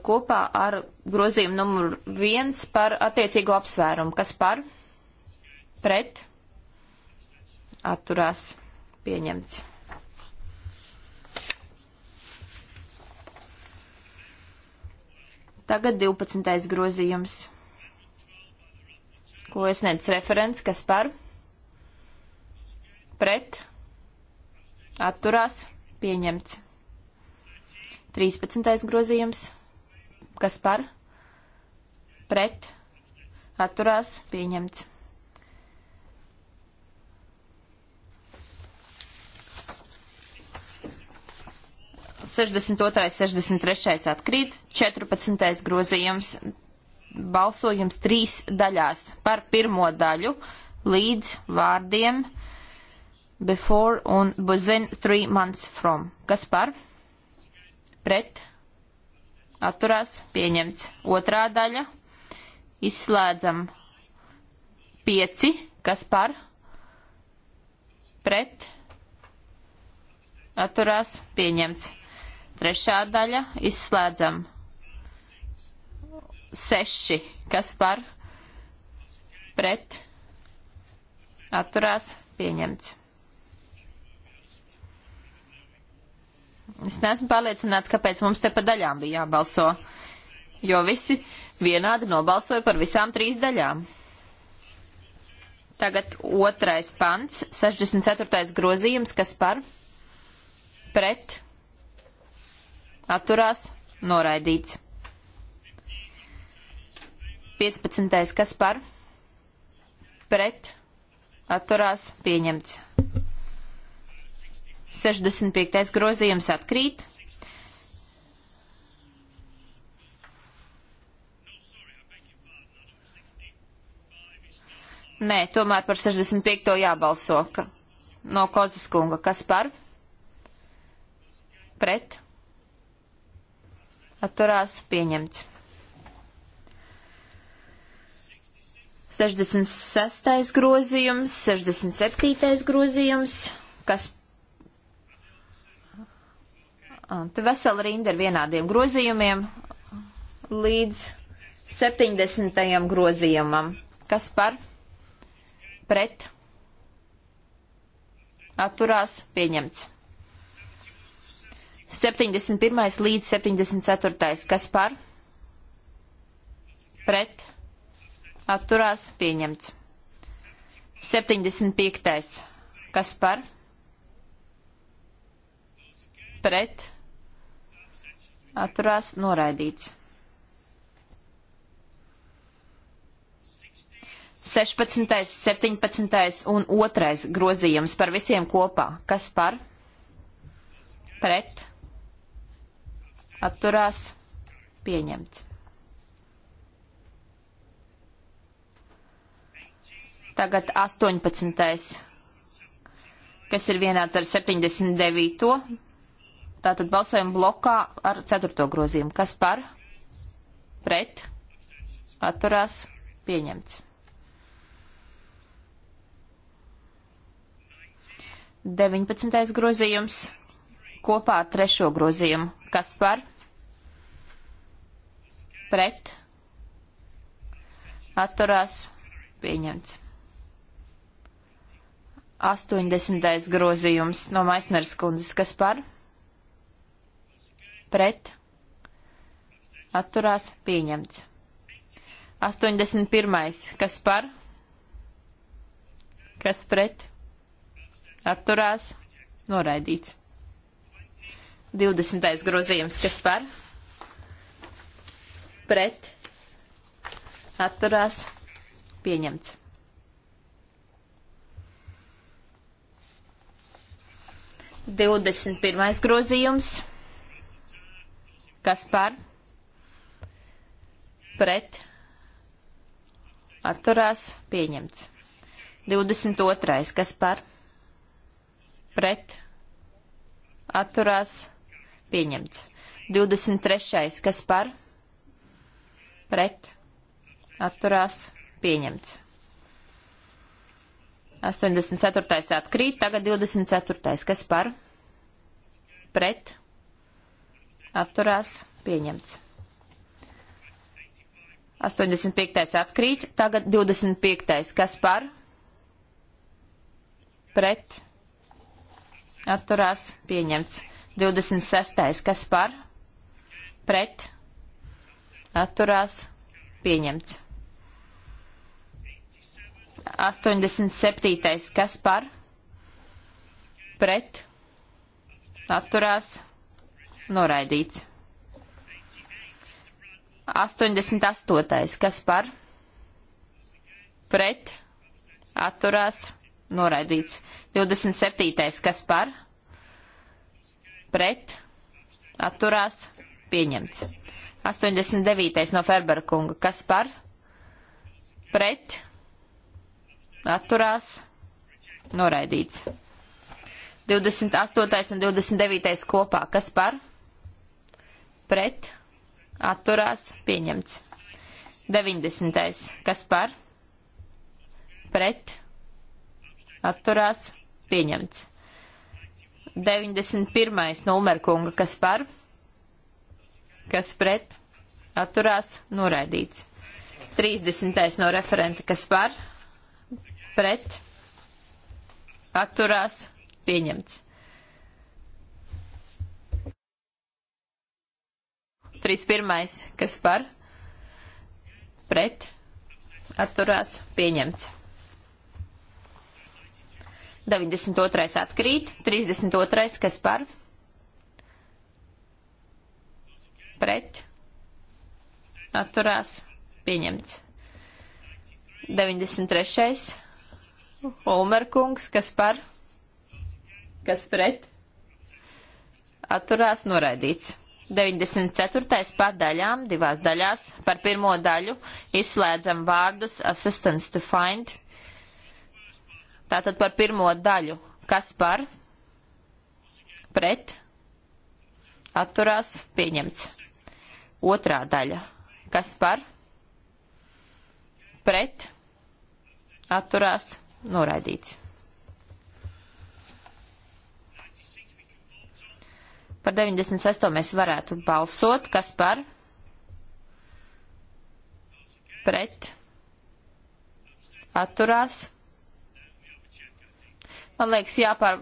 kopā ar grozījumu numuru 1 par attiecīgo apsvērumu. Kas par? Pret? Atturās. Pieņemts. Tagad 12. grozījums, ko es nedz referents, kas par pret atturās pieņemts. 13. grozījums, kas par pret atturās pieņemts. 62. 63. atkrīt, 14. grozījums balsojums trīs daļās par pirmo daļu līdz vārdiem before un within three months from. Kas par? Pret? Atturās? Pieņemts. Otrā daļa. Izslēdzam pieci. Kas par? Pret? Atturās? Pieņemts. Trešā daļa izslēdzam. Seši, kas par pret atturās pieņemts. Es neesmu pārliecināts, kāpēc mums te pa daļām bija jābalso, jo visi vienādi nobalsoja par visām trīs daļām. Tagad otrais pants, 64. grozījums, kas par pret atturās, noraidīts. 15. kas par, pret, atturās, pieņemts. 65. grozījums atkrīt. Nē, tomēr par 65. jābalso. Ka, no Kozas kunga. Kas par? Pret? atturās pieņemts. 66. grozījums, 67. grozījums, kas. Te vesela rinda ar vienādiem grozījumiem līdz 70. grozījumam. Kas par? Pret? Atturās pieņemts. 71. līdz 74. Kas par? Pret. Atturās. Pieņemts. 75. Kas par? Pret. Atturās. Noraidīts. 16., 17. un 2. grozījums par visiem kopā. Kas par? Pret atturās pieņemts. Tagad 18. kas ir vienāds ar 79. Tātad balsojam blokā ar 4. grozījumu. Kas par? Pret? Atturās? Pieņemts. 19. grozījums kopā ar 3. grozījumu. Kas par? pret, atturās, pieņemts. 80. grozījums no Maisneras kundzes, kas par, pret, atturās, pieņemts. 81. kas par, kas pret, atturās, noraidīts. 20. grozījums, kas par, pret, atturās, pieņemts. Divdesmit pirmais grozījums. Kas par? Pret. Atturās. Pieņemts. 22. Kas par? Pret. Atturās. Pieņemts. 23. Kas par? pret, atturās, pieņemts. 84. atkrīt, tagad 24. kas par, pret, atturās, pieņemts. 85. atkrīt, tagad 25. kas par, pret, atturās, pieņemts. 26. kas par, pret, atturās pieņemts. 87. kas par pret atturās noraidīts. 88. kas par pret atturās noraidīts. 27. kas par pret atturās pieņemts. 89. no Ferbera kunga. Kas par? Pret? Atturās? Noraidīts. 28. un 29. kopā. Kas par? Pret? Atturās? Pieņemts. 90. Kas par? Pret? Atturās? Pieņemts. 91. no Umerkunga. Kas par? Pret? kas pret, atturās, noraidīts. 30. no referenta, kas par, pret, atturās, pieņemts. 31. kas par, pret, atturās, pieņemts. 92. atkrīt, 32. kas par, pret pret, atturās, pieņemts. 93. Ulmerkungs, kas par, kas pret, atturās, noraidīts. 94. par daļām, divās daļās. Par pirmo daļu izslēdzam vārdus assistance to find. Tātad par pirmo daļu, kas par, pret, atturās, pieņemts. Otrā daļa. Kas par? Pret. Atturās. Noraidīts. Par 96. mēs varētu balsot. Kas par? Pret. Atturās man liekas, jāpār,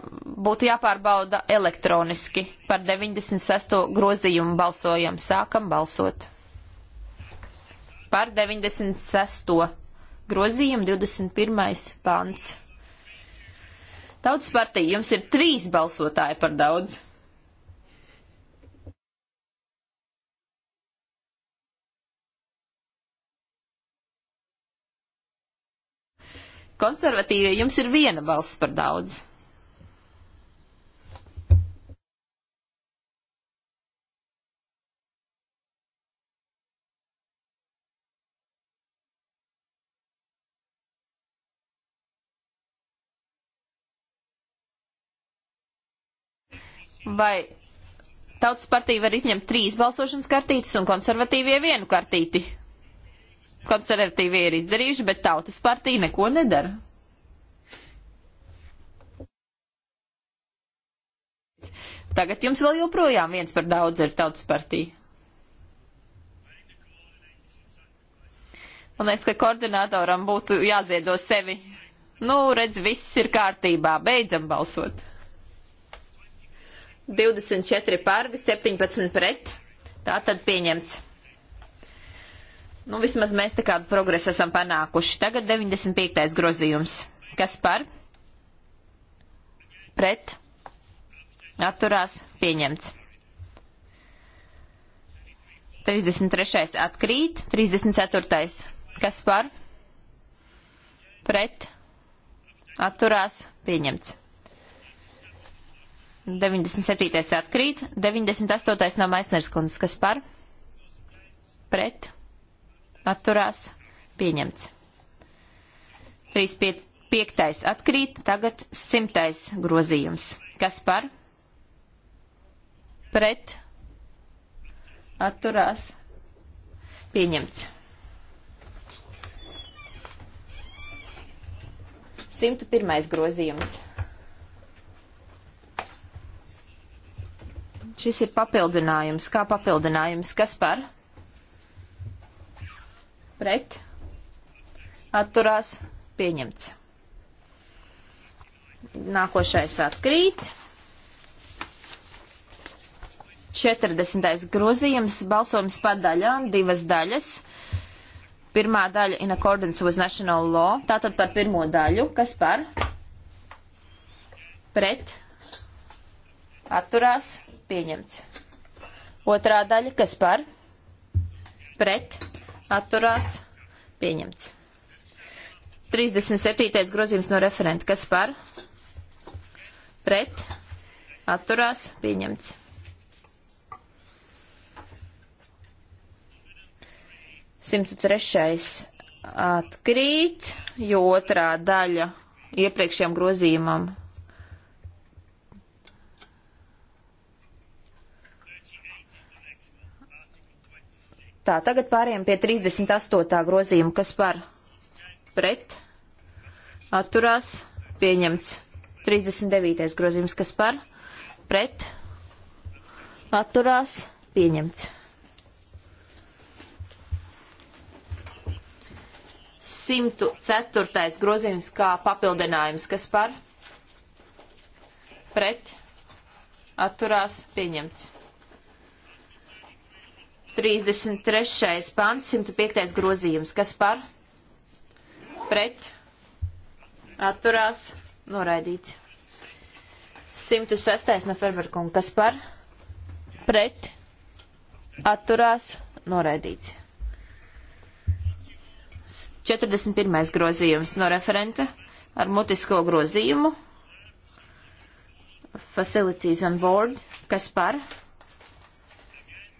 būtu jāpārbauda elektroniski. Par 96. grozījumu balsojam. Sākam balsot. Par 96. grozījumu 21. pants. Tautas partija, jums ir trīs balsotāji par daudz. Konservatīvie jums ir viena balss par daudz. Vai Tautas partija var izņemt trīs balsošanas kartītes un konservatīvie vienu kartīti? konservatīvie ir izdarījuši, bet tautas partija neko nedara. Tagad jums vēl joprojām viens par daudz ir tautas partija. Man liekas, ka koordinatoram būtu jāziedo sevi. Nu, redz, viss ir kārtībā, beidzam balsot. 24 pār, 17 pret. Tā tad pieņemts. Nu, vismaz mēs te kādu progresu esam panākuši. Tagad 95. grozījums. Kas par? Pret? Atturās? Pieņemts. 33. atkrīt. 34. Kas par? Pret? Atturās? Pieņemts. 97. atkrīt. 98. no Maisners kundzes. Kas par? Pret? atturās pieņemts. 35. atkrīt, tagad 100. grozījums. Kas par? Pret atturās pieņemts. 101. grozījums. Šis ir papildinājums. Kā papildinājums? Kas par? pret, atturās, pieņemts. Nākošais atkrīt. 40. grozījums, balsojums par daļām, divas daļas. Pirmā daļa in accordance with national law, tātad par pirmo daļu, kas par pret atturās pieņemts. Otrā daļa, kas par pret atturās, pieņemts. 37. grozījums no referenta, kas par, pret, atturās, pieņemts. Simtu trešais atkrīt, jo otrā daļa iepriekšējām grozījumam Tā, tagad pāriem pie 38. grozījuma, kas par pret atturās pieņemts. 39. grozījums, kas par pret atturās pieņemts. 104. grozījums kā papildinājums, kas par pret atturās pieņemts. 33. pants, 105. grozījums. Kas par? Pret. Atturās. Noraidīts. 106. no Ferberkunga. Kas par? Pret. Atturās. Noraidīts. 41. grozījums no referenta ar mutisko grozījumu. Facilities on board. Kas par?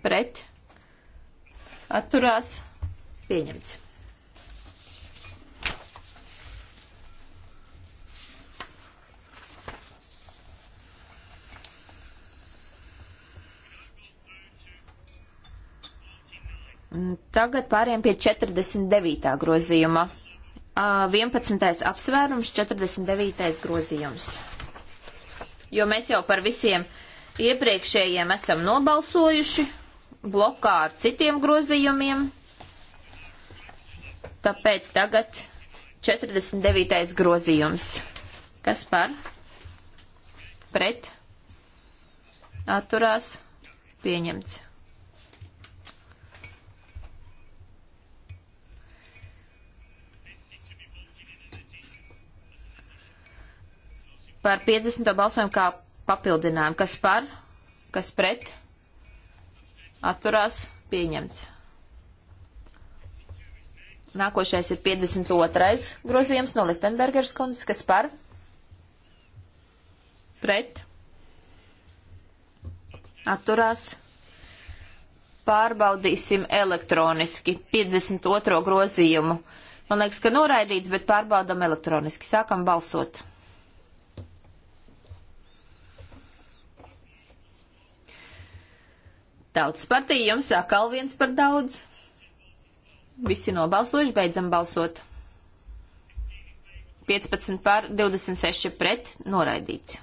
Pret atturās pieņemts. Tagad pāriem pie 49. grozījuma. 11. apsvērums, 49. grozījums. Jo mēs jau par visiem iepriekšējiem esam nobalsojuši, blokā ar citiem grozījumiem. Tāpēc tagad 49. grozījums. Kas par? Pret? Atturās? Pieņemts. Par 50. balsojumu kā papildinājumu. Kas par? Kas pret? atturās pieņemts. Nākošais ir 52. grozījums no Lichtenbergers kundzes, kas par pret atturās. Pārbaudīsim elektroniski 52. grozījumu. Man liekas, ka noraidīts, bet pārbaudam elektroniski. Sākam balsot. Tautas partija jums atkal viens par daudz. Visi nobalsojuši, beidzam balsot. 15 pār 26 pret noraidīts.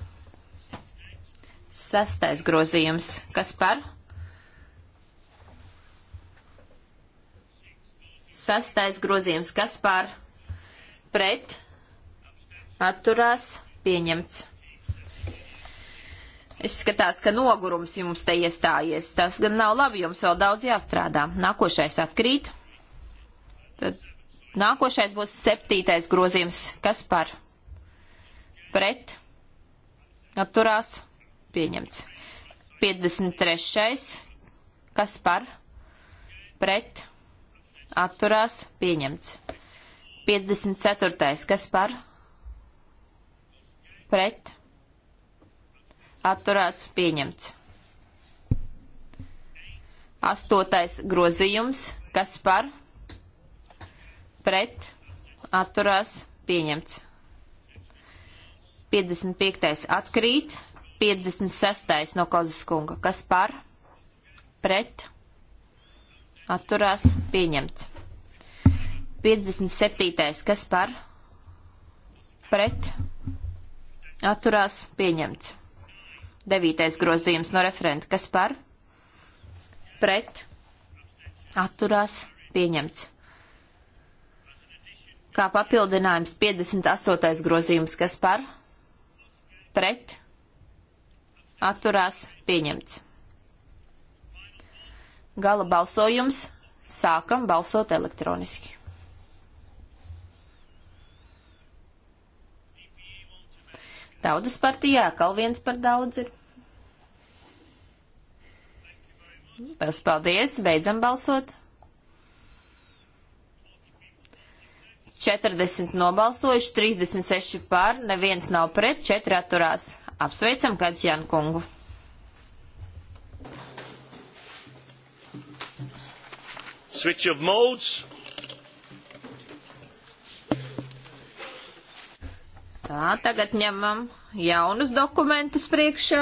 Sastais grozījums. Kas par? Sastais grozījums. Kas par? Pret. Atturās. Pieņemts. Izskatās, ka nogurums jums te iestājies. Tas gan nav labi, jums vēl daudz jāstrādā. Nākošais atkrīt. Tad nākošais būs septītais grozījums. Kas par? Pret. Atturās. Pieņemts. 53. Kas par? Pret. Atturās. Pieņemts. 54. Kas par? Pret atturās pieņemts. Astotais grozījums, kas par pret atturās pieņemts. 55. atkrīt, 56. no Kozas kunga, kas par pret atturās pieņemts. 57. kas par pret atturās pieņemts. Devītais grozījums no referenta. Kas par? Pret. Atturās. Pieņemts. Kā papildinājums 58. grozījums. Kas par? Pret. Atturās. Pieņemts. Gala balsojums. Sākam balsot elektroniski. Tautas partijā atkal viens par daudz ir. Pēc paldies, beidzam balsot. 40 nobalsojuši, 36 pār, neviens nav pret, 4 atturās. Apsveicam kāds Jankungu. Switch of modes. Tā, tagad ņemam jaunus dokumentus priekšā.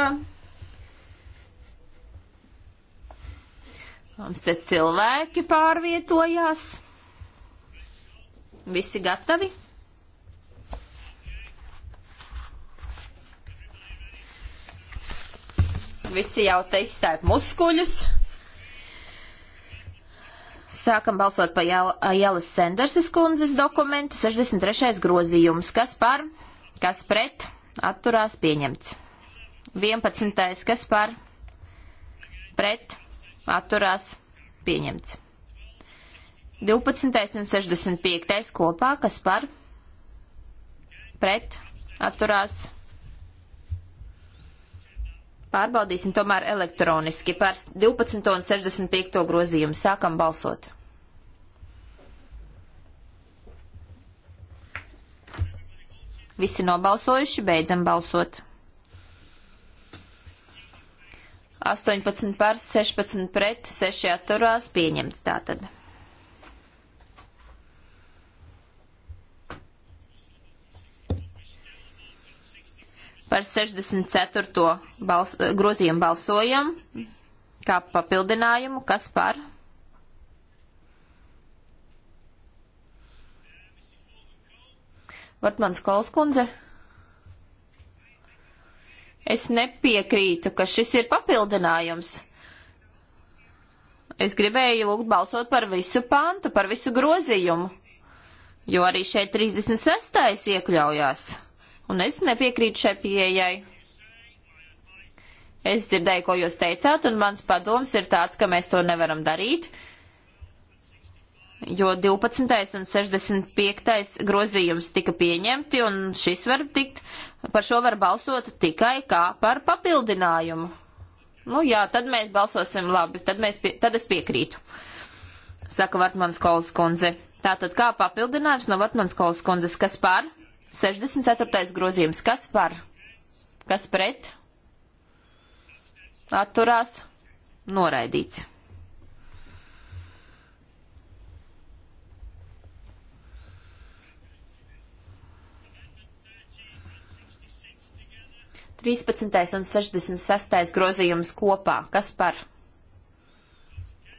Mums te cilvēki pārvietojās. Visi gatavi? Visi jau te izstāja muskuļus. Sākam balsot pa Jālas Senderses kundzes dokumentu 63. grozījums. Kas par? Kas pret? Atturās pieņemts. 11. Kas par? Pret? Atturās pieņemts. 12. un 65. kopā. Kas par? Pret? Atturās. Pārbaudīsim tomēr elektroniski par 12. un 65. grozījumu. Sākam balsot. Visi nobalsojuši, beidzam balsot. 18 par, 16 pret, 6 atturās, pieņemts tātad. Par 64. Bals grozījumu balsojam, kā papildinājumu, kas par? Vartmans Kolskundze. Es nepiekrītu, ka šis ir papildinājums. Es gribēju lūgt balsot par visu pantu, par visu grozījumu, jo arī šeit 36. iekļaujās, un es nepiekrītu šai pieejai. Es dzirdēju, ko jūs teicāt, un mans padoms ir tāds, ka mēs to nevaram darīt, jo 12. un 65. grozījums tika pieņemti, un šis var tikt, par šo var balsot tikai kā par papildinājumu. Nu jā, tad mēs balsosim labi, tad, mēs, pie, tad es piekrītu, saka Vartmanas kolas kundze. Tātad kā papildinājums no Vartmanas kolas kundzes, kas par? 64. grozījums, kas par? Kas pret? Atturās? Noraidīts. 13. un 66. grozījums kopā. Kas par?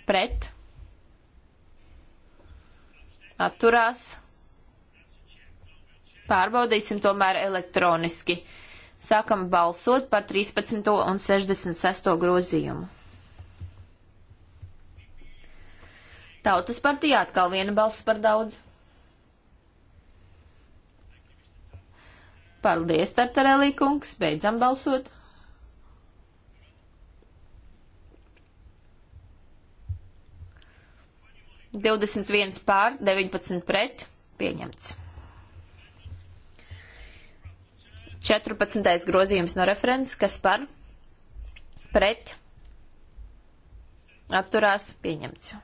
Pret? Atturās? Pārbaudīsim tomēr elektroniski. Sākam balsot par 13. un 66. grozījumu. Tautas partija atkal viena balss par daudz. Paldies, Tartarelī kungs. Beidzam balsot. Divdesmit viens pār, deviņpadsmit pret. Pieņemts. 14. grozījums no referents, kas par pret atturās pieņemts.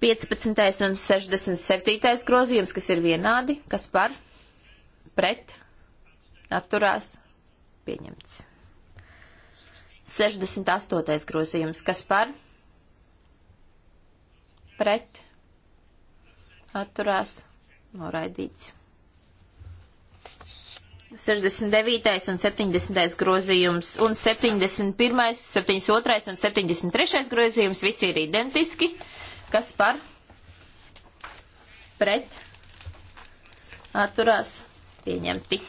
15. un 67. grozījums, kas ir vienādi, kas par pret pret, atturās, pieņemts. 68. grozījums, kas par, pret, atturās, noraidīts. 69. un 70. grozījums un 71., 72. un 73. grozījums visi ir identiski, kas par pret atturās pieņemti.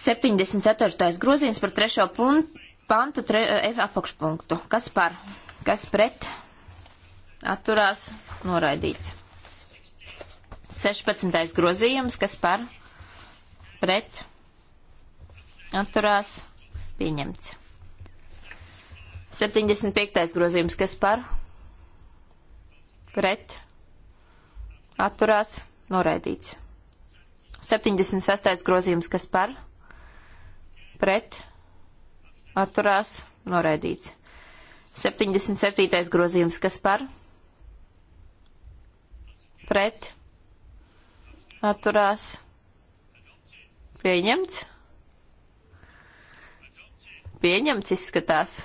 74. grozījums par trešo punktu, pantu tre, F eh, apakšpunktu. Kas par? Kas pret? Atturās noraidīts. 16. grozījums, kas par? Pret? Atturās pieņemts. 75. grozījums, kas par? Pret? atturās noraidīts. 76. grozījums, kas par, pret, atturās noraidīts. 77. grozījums, kas par, pret, atturās pieņemts. Pieņemts izskatās.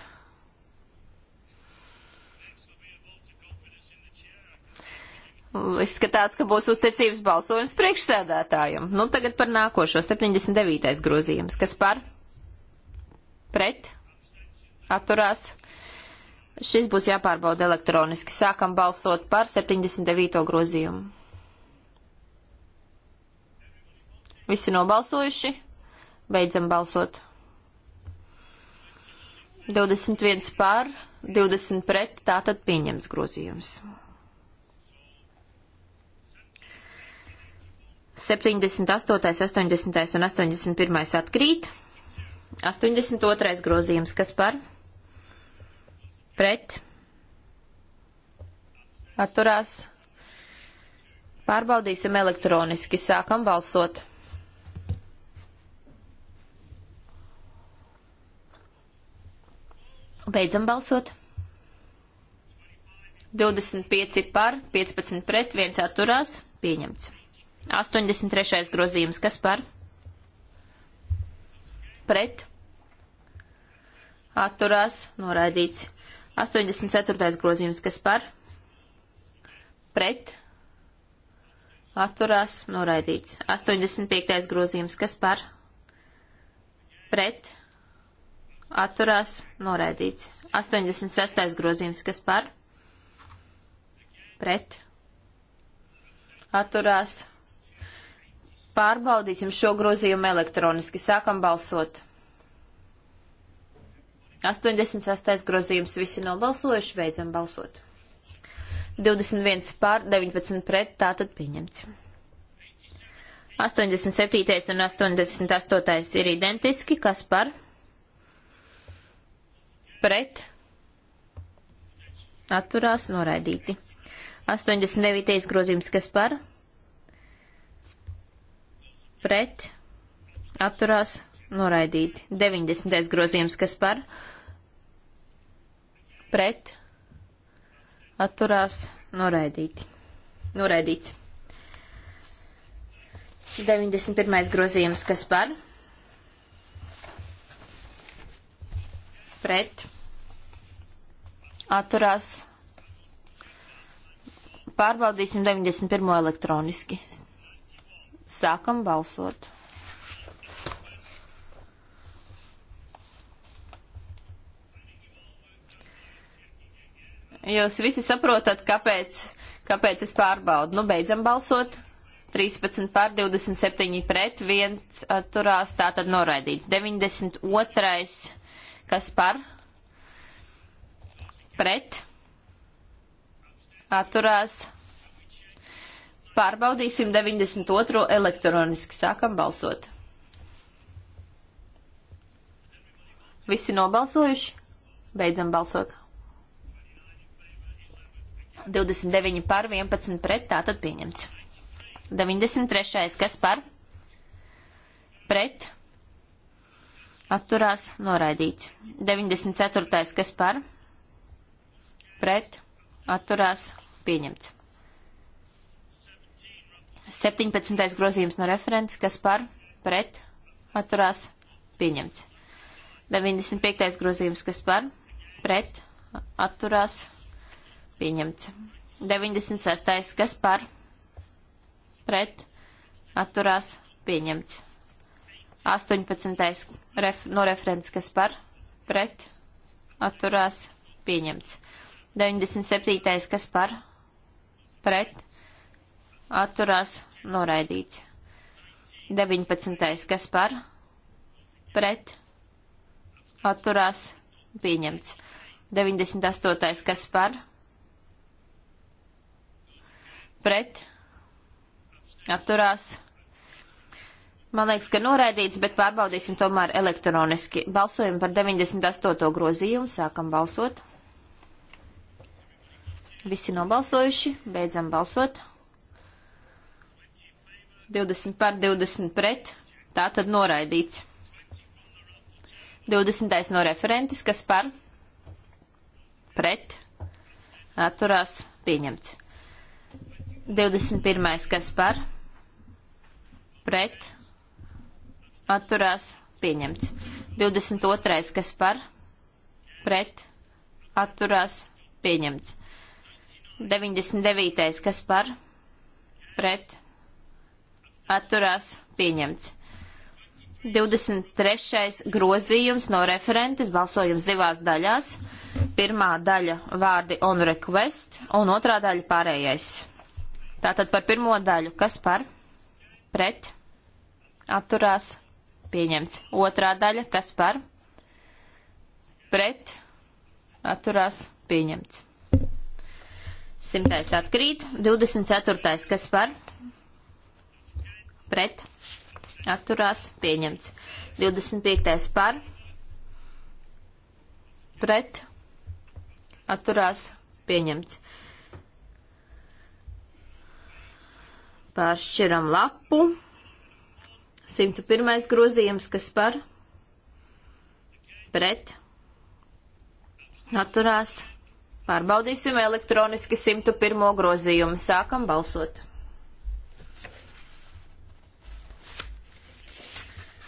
Izskatās, ka būs uzticības balsojums priekšsēdētājam. Nu, tagad par nākošo 79. grozījums. Kas par? Pret? Atturās? Šis būs jāpārbauda elektroniski. Sākam balsot par 79. grozījumu. Visi nobalsojuši? Beidzam balsot. 21 pār, 20 pret, tātad pieņems grozījums. 78, 80 un 81 atkrīt. 82. grozījums, kas par? Pret. Atturās. Pārbaudīsim elektroniski. Sākam balsot. Beidzam balsot. 25 par, 15 pret, 1 atturās. Pieņemts. 83. grozījums, kas par? Pret. Atturās, noraidīts. 84. grozījums, kas par? Pret. Atturās, noraidīts. 85. grozījums, kas par? Pret. Atturās, noraidīts. 86. grozījums, kas par? Pret. Atturās, Pārbaudīsim šo grozījumu elektroniski. Sākam balsot. 86. grozījums visi nobalsojuši, beidzam balsot. 21 pār 19 pret, tātad pieņemts. 87. un 88. ir identiski, kas par? Pret. Atturās noraidīti. 89. grozījums, kas par? Pret pret, atturās, noraidīti. 90. grozījums, kas par, pret, atturās, noraidīti. Noraidīts. 91. grozījums, kas par, pret, atturās, pārbaudīsim 91. elektroniski. Sākam balsot. Jūs visi saprotat, kāpēc, kāpēc es pārbaudu. Nu, beidzam balsot. 13 pār 27 pret, 1 atturās, tā tad noraidīts. 92. kas par? Pret. Atturās. Pārbaudīsim 92. elektroniski. Sākam balsot. Visi nobalsojuši? Beidzam balsot. 29 par 11 pret, tātad pieņemts. 93. kas par? Pret. Atturās noraidīts. 94. kas par? Pret. Atturās pieņemts. 17. grozījums no referents, kas par pret atturās pieņemts. 95. grozījums, kas par pret atturās pieņemts. 96. kas par pret atturās pieņemts. 18. Ref, no referents, kas par pret atturās pieņemts. 97. kas par pret atturās noraidīts. 19. kas par, pret, atturās pieņemts. 98. kas par, pret, atturās. Man liekas, ka noraidīts, bet pārbaudīsim tomēr elektroniski. Balsojam par 98. grozījumu, sākam balsot. Visi nobalsojuši, beidzam balsot. 20 par 20 pret, tā tad noraidīts. 20. no referentes, kas par pret atturās pieņemts. 21. kas par pret atturās pieņemts. 22. kas par pret atturās pieņemts. 99. kas par pret atturās pieņemts. 23. grozījums no referentes balsojums divās daļās. Pirmā daļa vārdi on request un otrā daļa pārējais. Tātad par pirmo daļu, kas par, pret, atturās, pieņemts. Otrā daļa, kas par, pret, atturās, pieņemts. Simtais atkrīt, 24. kas par, pret, atturās, pieņemts. 25. par, pret, atturās, pieņemts. Pāršķiram lapu. 101. grozījums, kas par, pret, atturās, pieņemts. Pārbaudīsim elektroniski 101. grozījumu. Sākam balsot!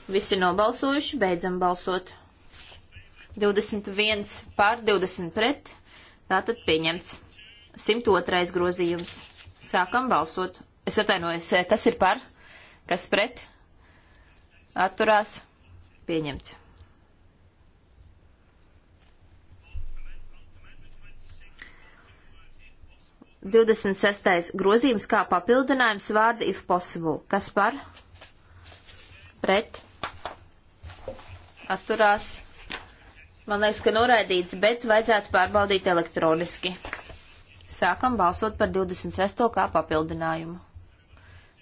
Visi nobalsojuši, beidzam balsot. 21 pār 20 pret, tātad pieņemts. 102. grozījums. Sākam balsot. Es atvainojos, kas ir par, kas pret, atturās, pieņemts. Divdesmit sestais grozījums kā papildinājums vārdi if possible. Kas par? Pret atturās. Man liekas, ka noraidīts, bet vajadzētu pārbaudīt elektroniski. Sākam balsot par 26. kā papildinājumu.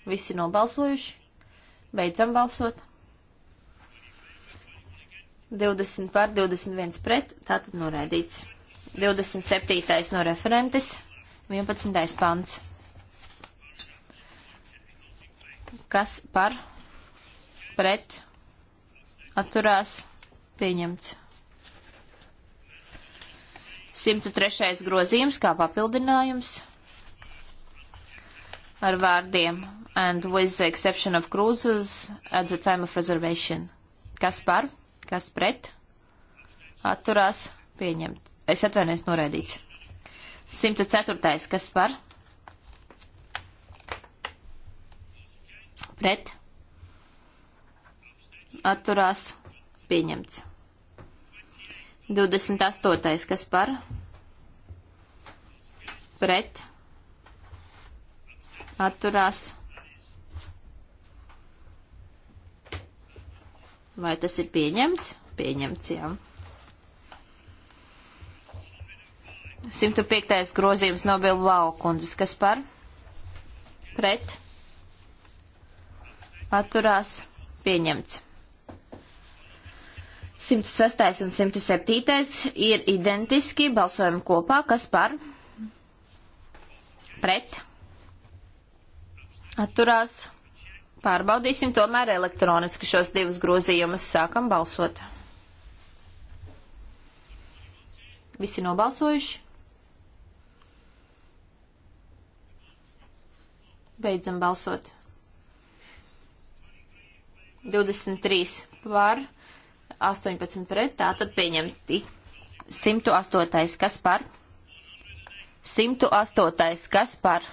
Visi nobalsojuši. Beidzam balsot. 20 pār 21 pret, tātad noraidīts. 27. no referentes, 11. pants. Kas par pret atturās pieņemts. 103. grozījums kā papildinājums ar vārdiem and with the exception of cruises at the time of reservation. Kas par, kas pret, atturās pieņemt. Es atvainojos noraidīts. 104. kas par, pret, atturās pieņemts. 28. kas par pret atturās. Vai tas ir pieņemts? Pieņemts, jā. 105. grozījums no Bilbao kundzes, kas par pret atturās pieņemts. 106. un 107. ir identiski, balsojam kopā, kas par, pret, atturās. Pārbaudīsim tomēr elektroniski šos divus grozījumus, sākam balsot. Visi nobalsojuši? Beidzam balsot. 23 par, 18 pret, tā tad pieņemti 108. kas par? 108. kas par?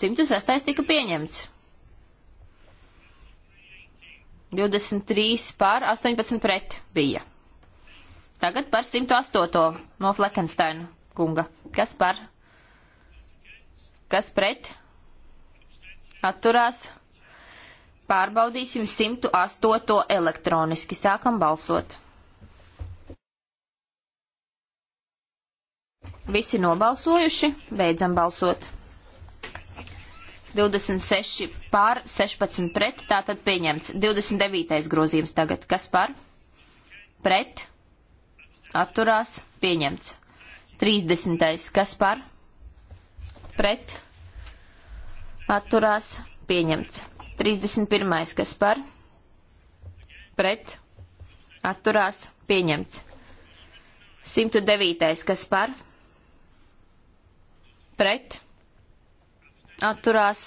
Simtu sestais tika pieņemts. 23 pār 18 pret bija. Tagad par 108. no Fleckensteina kunga. Kas par? Kas pret? atturās. Pārbaudīsim 108. elektroniski. Sākam balsot. Visi nobalsojuši, beidzam balsot. 26 pār, 16 pret, tātad pieņemts. 29. grozījums tagad. Kas par? Pret, atturās, pieņemts. 30. Kas par? Pret, atturās pieņemts. 31. kas par pret atturās pieņemts. 109. kas par pret atturās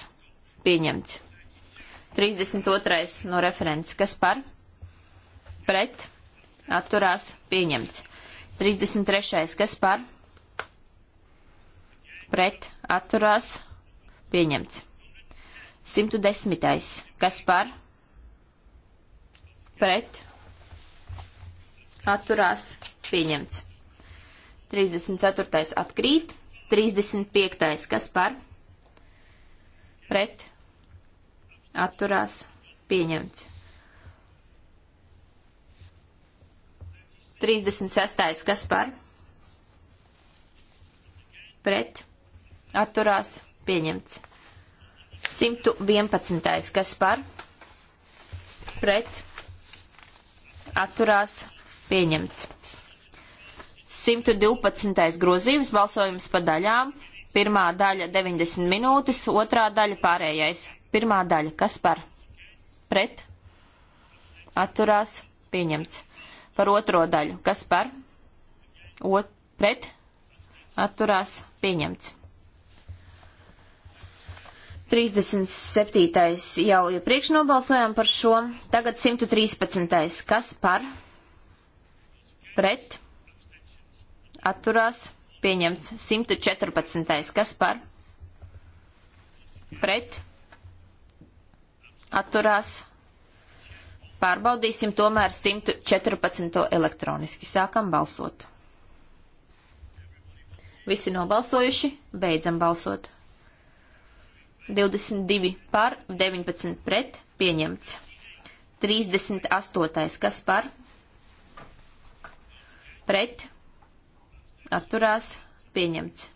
pieņemts. 32. no referents kas par pret atturās pieņemts. 33. kas par pret atturās pieņemts. 110. Kas par? Pret. Atturās. Pieņemts. 34. atkrīt. 35. Kas par? Pret. Atturās. Pieņemts. 36. Kas par? Pret. Atturās. Pieņemts. 111. kas par pret atturās pieņemts. 112. grozījums balsojums pa daļām. Pirmā daļa 90 minūtes, otrā daļa pārējais. Pirmā daļa kas par pret atturās pieņemts. Par otro daļu kas par o, pret atturās pieņemts. 37. jau iepriekš nobalsojām par šo, tagad 113. kas par, pret, atturās, pieņemts 114. kas par, pret, atturās, pārbaudīsim tomēr 114. elektroniski, sākam balsot. Visi nobalsojuši, beidzam balsot. 22 par, 19 pret, pieņemts. 38. kas par, pret, atturās, pieņemts.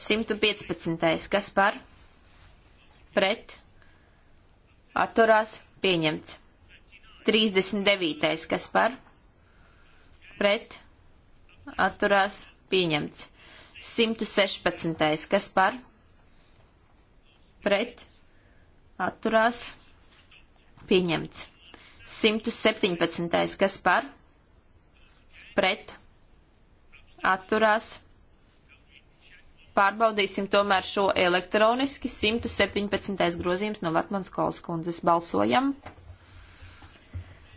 115. kas par, pret, atturās, pieņemts. 39. kas par, pret, atturās, pieņemts. 116. kas par, pret atturās pieņemts. 117. kas par pret atturās. Pārbaudīsim tomēr šo elektroniski 117. grozījums no Vatmans Kols kundzes. Balsojam.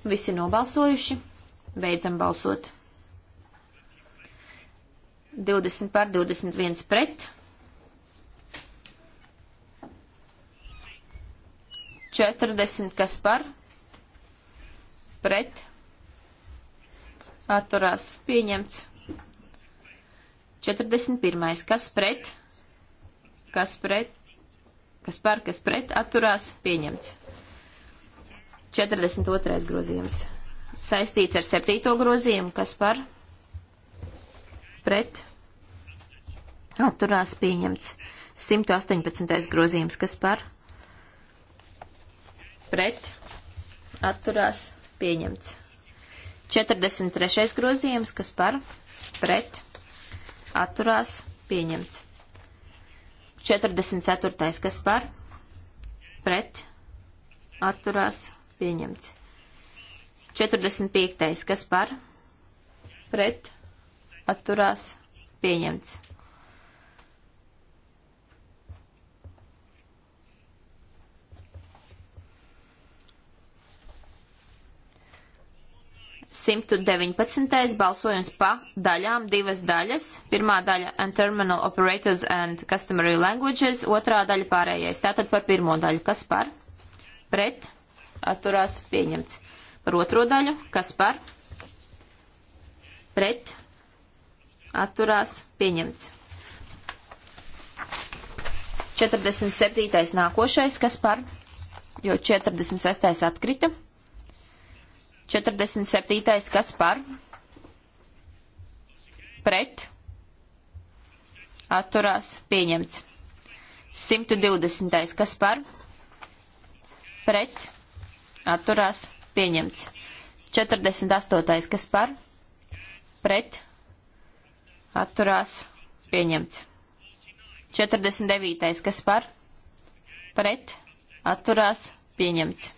Visi nobalsojuši. Beidzam balsot. 20 par 21 pret. 40, kas par, pret, atturās, pieņemts. 41, kas pret, kas pret, kas par, kas pret, atturās, pieņemts. 42. grozījums. Saistīts ar 7. grozījumu, kas par, pret, atturās, pieņemts. 118. grozījums, kas par, pret, atturās, pieņemts. 43. grozījums, kas par, pret, atturās, pieņemts. 44. kas par, pret, atturās, pieņemts. 45. kas par, pret, atturās, pieņemts. 119. balsojums pa daļām, divas daļas. Pirmā daļa and terminal operators and customary languages, otrā daļa pārējais. Tātad par pirmo daļu, kas par? Pret, atturās, pieņemts. Par otro daļu, kas par? Pret, atturās, pieņemts. 47. nākošais, kas par? Jo 46. atkrita. 47. kas par? Pret. Atturās. Pieņemts. 120. kas par? Pret. Atturās. Pieņemts. 48. kas par? Pret. Atturās. Pieņemts. 49. kas par? Pret. Atturās. Pieņemts.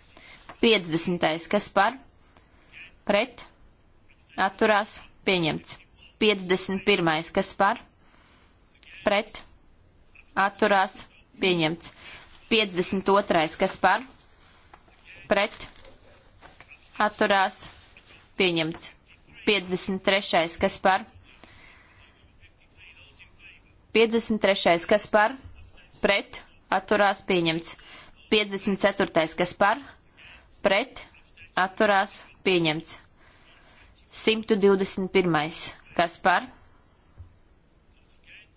50. kas par? pret, atturās, pieņemts. 51. kas par, pret, atturās, pieņemts. 52. kas par, pret, atturās, pieņemts. 53. kas par, 53. kas par, pret, atturās, pieņemts. 54. kas par, pret, atturās pieņemts. 121. Kas par?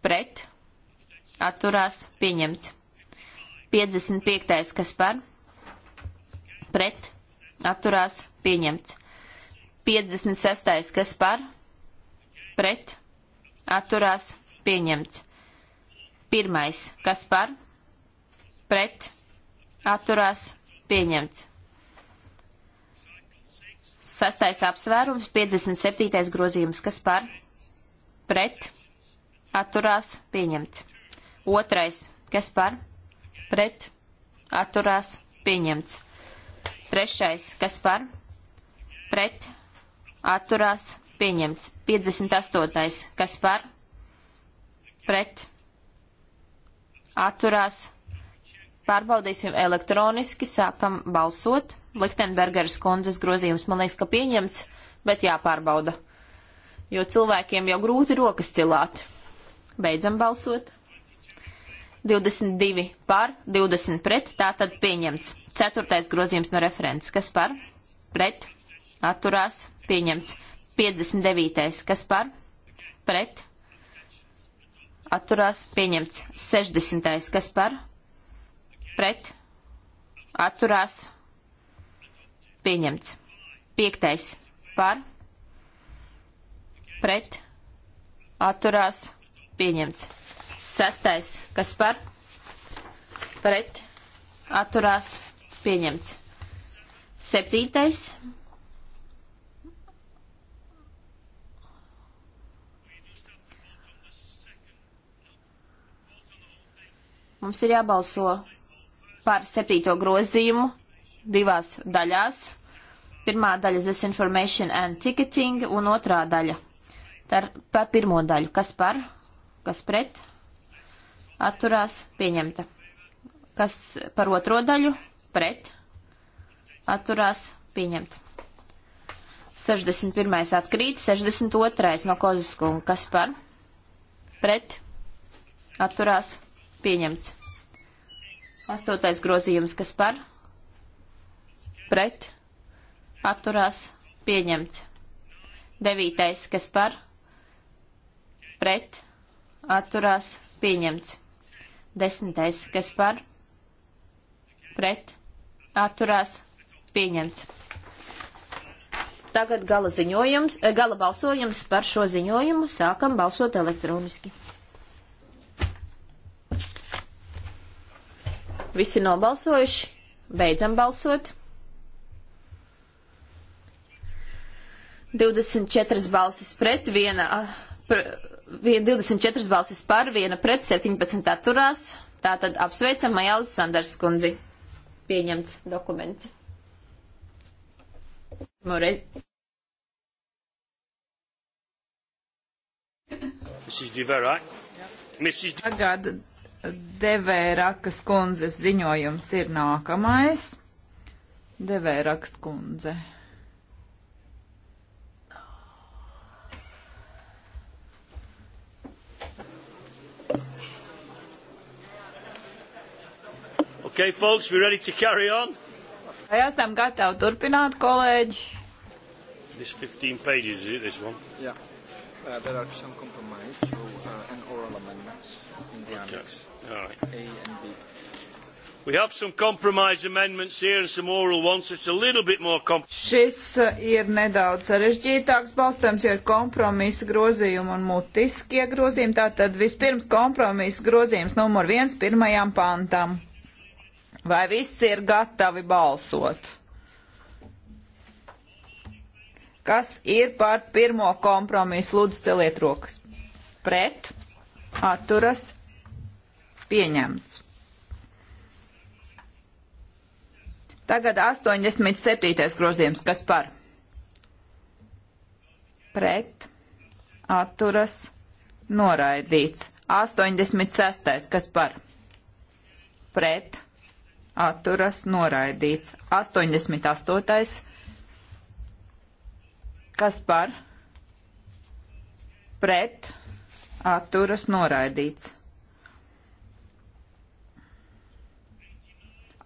Pret. Atturās pieņemts. 55. Kas par? Pret. Atturās pieņemts. 56. Kas par? Pret. Atturās pieņemts. 1. Kas par? Pret. Atturās pieņemts. Sastais apsvērums, 57. grozījums, kas par, pret, atturās, pieņemts. Otrais, kas par, pret, atturās, pieņemts. Trešais, kas par, pret, atturās, pieņemts. 58. kas par, pret, atturās, pieņemts Pārbaudīsim elektroniski, sākam balsot. Liktenbergeras kundzes grozījums man liekas, ka pieņemts, bet jāpārbauda. Jo cilvēkiem jau grūti rokas cilāt. Beidzam balsot. 22 par, 20 pret, tātad pieņemts. Ceturtais grozījums no referents. Kas par? Pret. Atturās. Pieņemts. 59. Kas par? Pret. Atturās. Pieņemts. 60. Kas par? pret, atturās, pieņemts. Piektais par, pret, atturās, pieņemts. Sestais, kas par, pret, atturās, pieņemts. Septītais. Mums ir jābalso par septīto grozījumu divās daļās. Pirmā daļa This Information and Ticketing un otrā daļa. Tar, par pirmo daļu. Kas par? Kas pret? Atturās pieņemta. Kas par otro daļu? Pret? Atturās pieņemta. 61. atkrīt, 62. no Koziskunga. Kas par? Pret? Atturās pieņemts. Astotais grozījums, kas par, pret, atturās, pieņemts. Devītais, kas par, pret, atturās, pieņemts. Desmitais, kas par, pret, atturās, pieņemts. Tagad gala ziņojums, eh, gala balsojums par šo ziņojumu sākam balsot elektroniski. Visi nobalsojuši. Beidzam balsot. 24 balsis pret, viena, pr, 24 balsis par, viena pret, 17 atturās. Tātad apsveicam Majālis Sanders kundzi. Pieņemts dokumenti. Moreiz. Mrs. Devera. Mrs. Tagad Devērakas kundzes ziņojums ir nākamais. Devērakas kundze. Okay, folks, we ready to carry on? Vai esam gatavi turpināt, kolēģi? This 15 pages, is it, this one? Yeah. Uh, there are some compromise, so, uh, and oral amendments in the okay. annex. All right. A and B. We have some compromise amendments here and some oral ones, so it's a little bit more Šis uh, ir nedaudz sarežģītāks balstams, jo ir kompromisa grozījumi un mutiskie grozījumi. Tātad vispirms kompromisa grozījums numur viens pirmajām pantam. Vai viss ir gatavi balsot? Kas ir par pirmo kompromisu? Lūdzu, celiet rokas. Pret, atturas, pieņemts. Tagad 87. grozījums, kas par pret atturas noraidīts. 86. kas par pret atturas noraidīts. 88. kas par pret atturas noraidīts.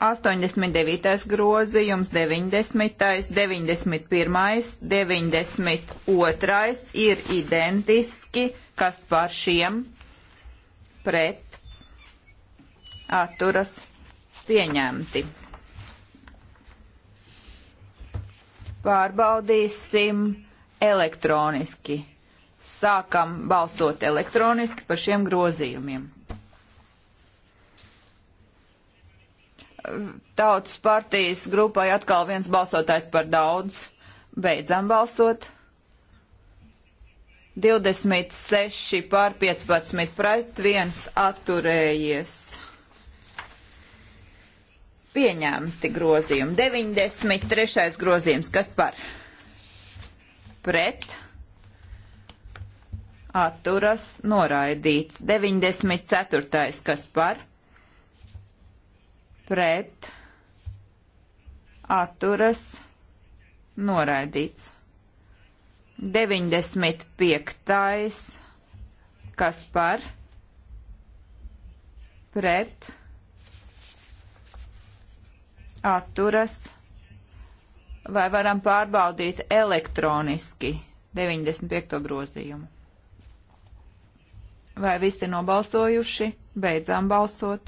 89. grozījums, 90., 91., 92. ir identiski, kas par šiem pret atturas pieņemti. Pārbaudīsim elektroniski. Sākam balsot elektroniski par šiem grozījumiem. Tautas partijas grupai atkal viens balsotājs par daudz. Beidzam balsot. 26 pār 15 pret, viens atturējies. Pieņemti grozījumi. 93. grozījums. Kas par? Pret. Atturas noraidīts. 94. kas par? pret atturas noraidīts. 95. kas par pret atturas vai varam pārbaudīt elektroniski 95. grozījumu. Vai visi nobalsojuši? Beidzām balsot.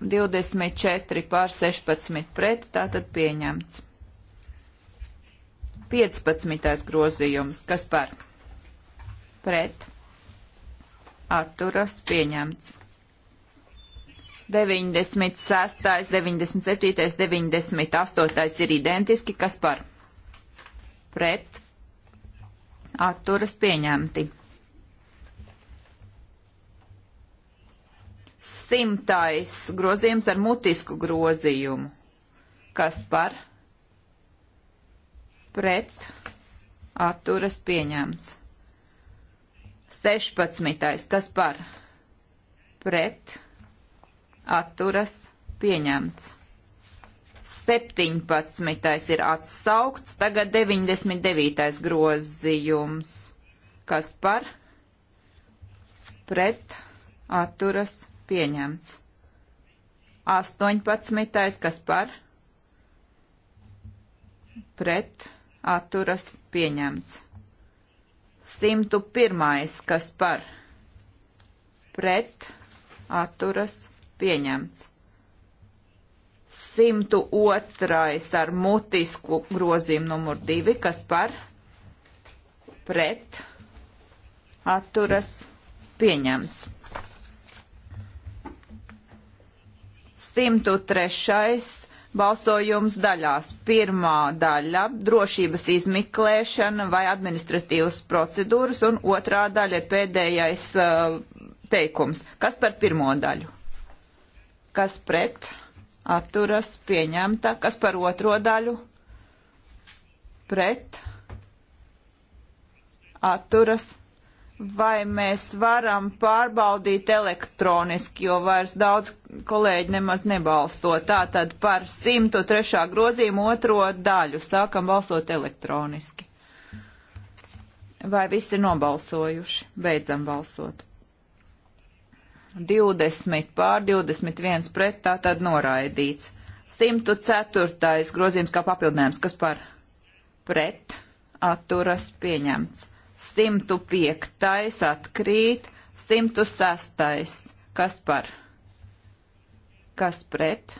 24 pār 16 pret, tātad pieņemts. 15. grozījums, kas par pret, atturas, pieņemts. 96, 97, 98 ir identiski, kas par pret, atturas, pieņemti. simtais grozījums ar mutisku grozījumu. Kas par? Pret atturas pieņemts. 16. Kas par? Pret atturas pieņemts. 17. ir atsaukts, tagad 99. grozījums. Kas par? Pret atturas pieņemts pieņemts. 18. kas par pret atturas pieņemts. 101. kas par pret atturas pieņemts. 102. ar mutisku grozījumu numur 2, kas par pret atturas pieņemts. 103. Balsojums daļās. Pirmā daļa - drošības izmeklēšana vai administratīvas procedūras, un otrā daļa ir pēdējais uh, teikums. Kas par pirmo daļu? Kas pret? Atturas pieņemta. Kas par otro daļu? Pret? Atturas pieņemta vai mēs varam pārbaudīt elektroniski, jo vairs daudz kolēģi nemaz nebalso. Tātad par 103. grozījumu otro daļu sākam balsot elektroniski. Vai visi ir nobalsojuši? Beidzam balsot. 20 pār 21 pret, tātad noraidīts. 104. grozījums kā papildinājums, kas par pret atturas pieņemts. 105. atkrīt, 106. kas par, kas pret,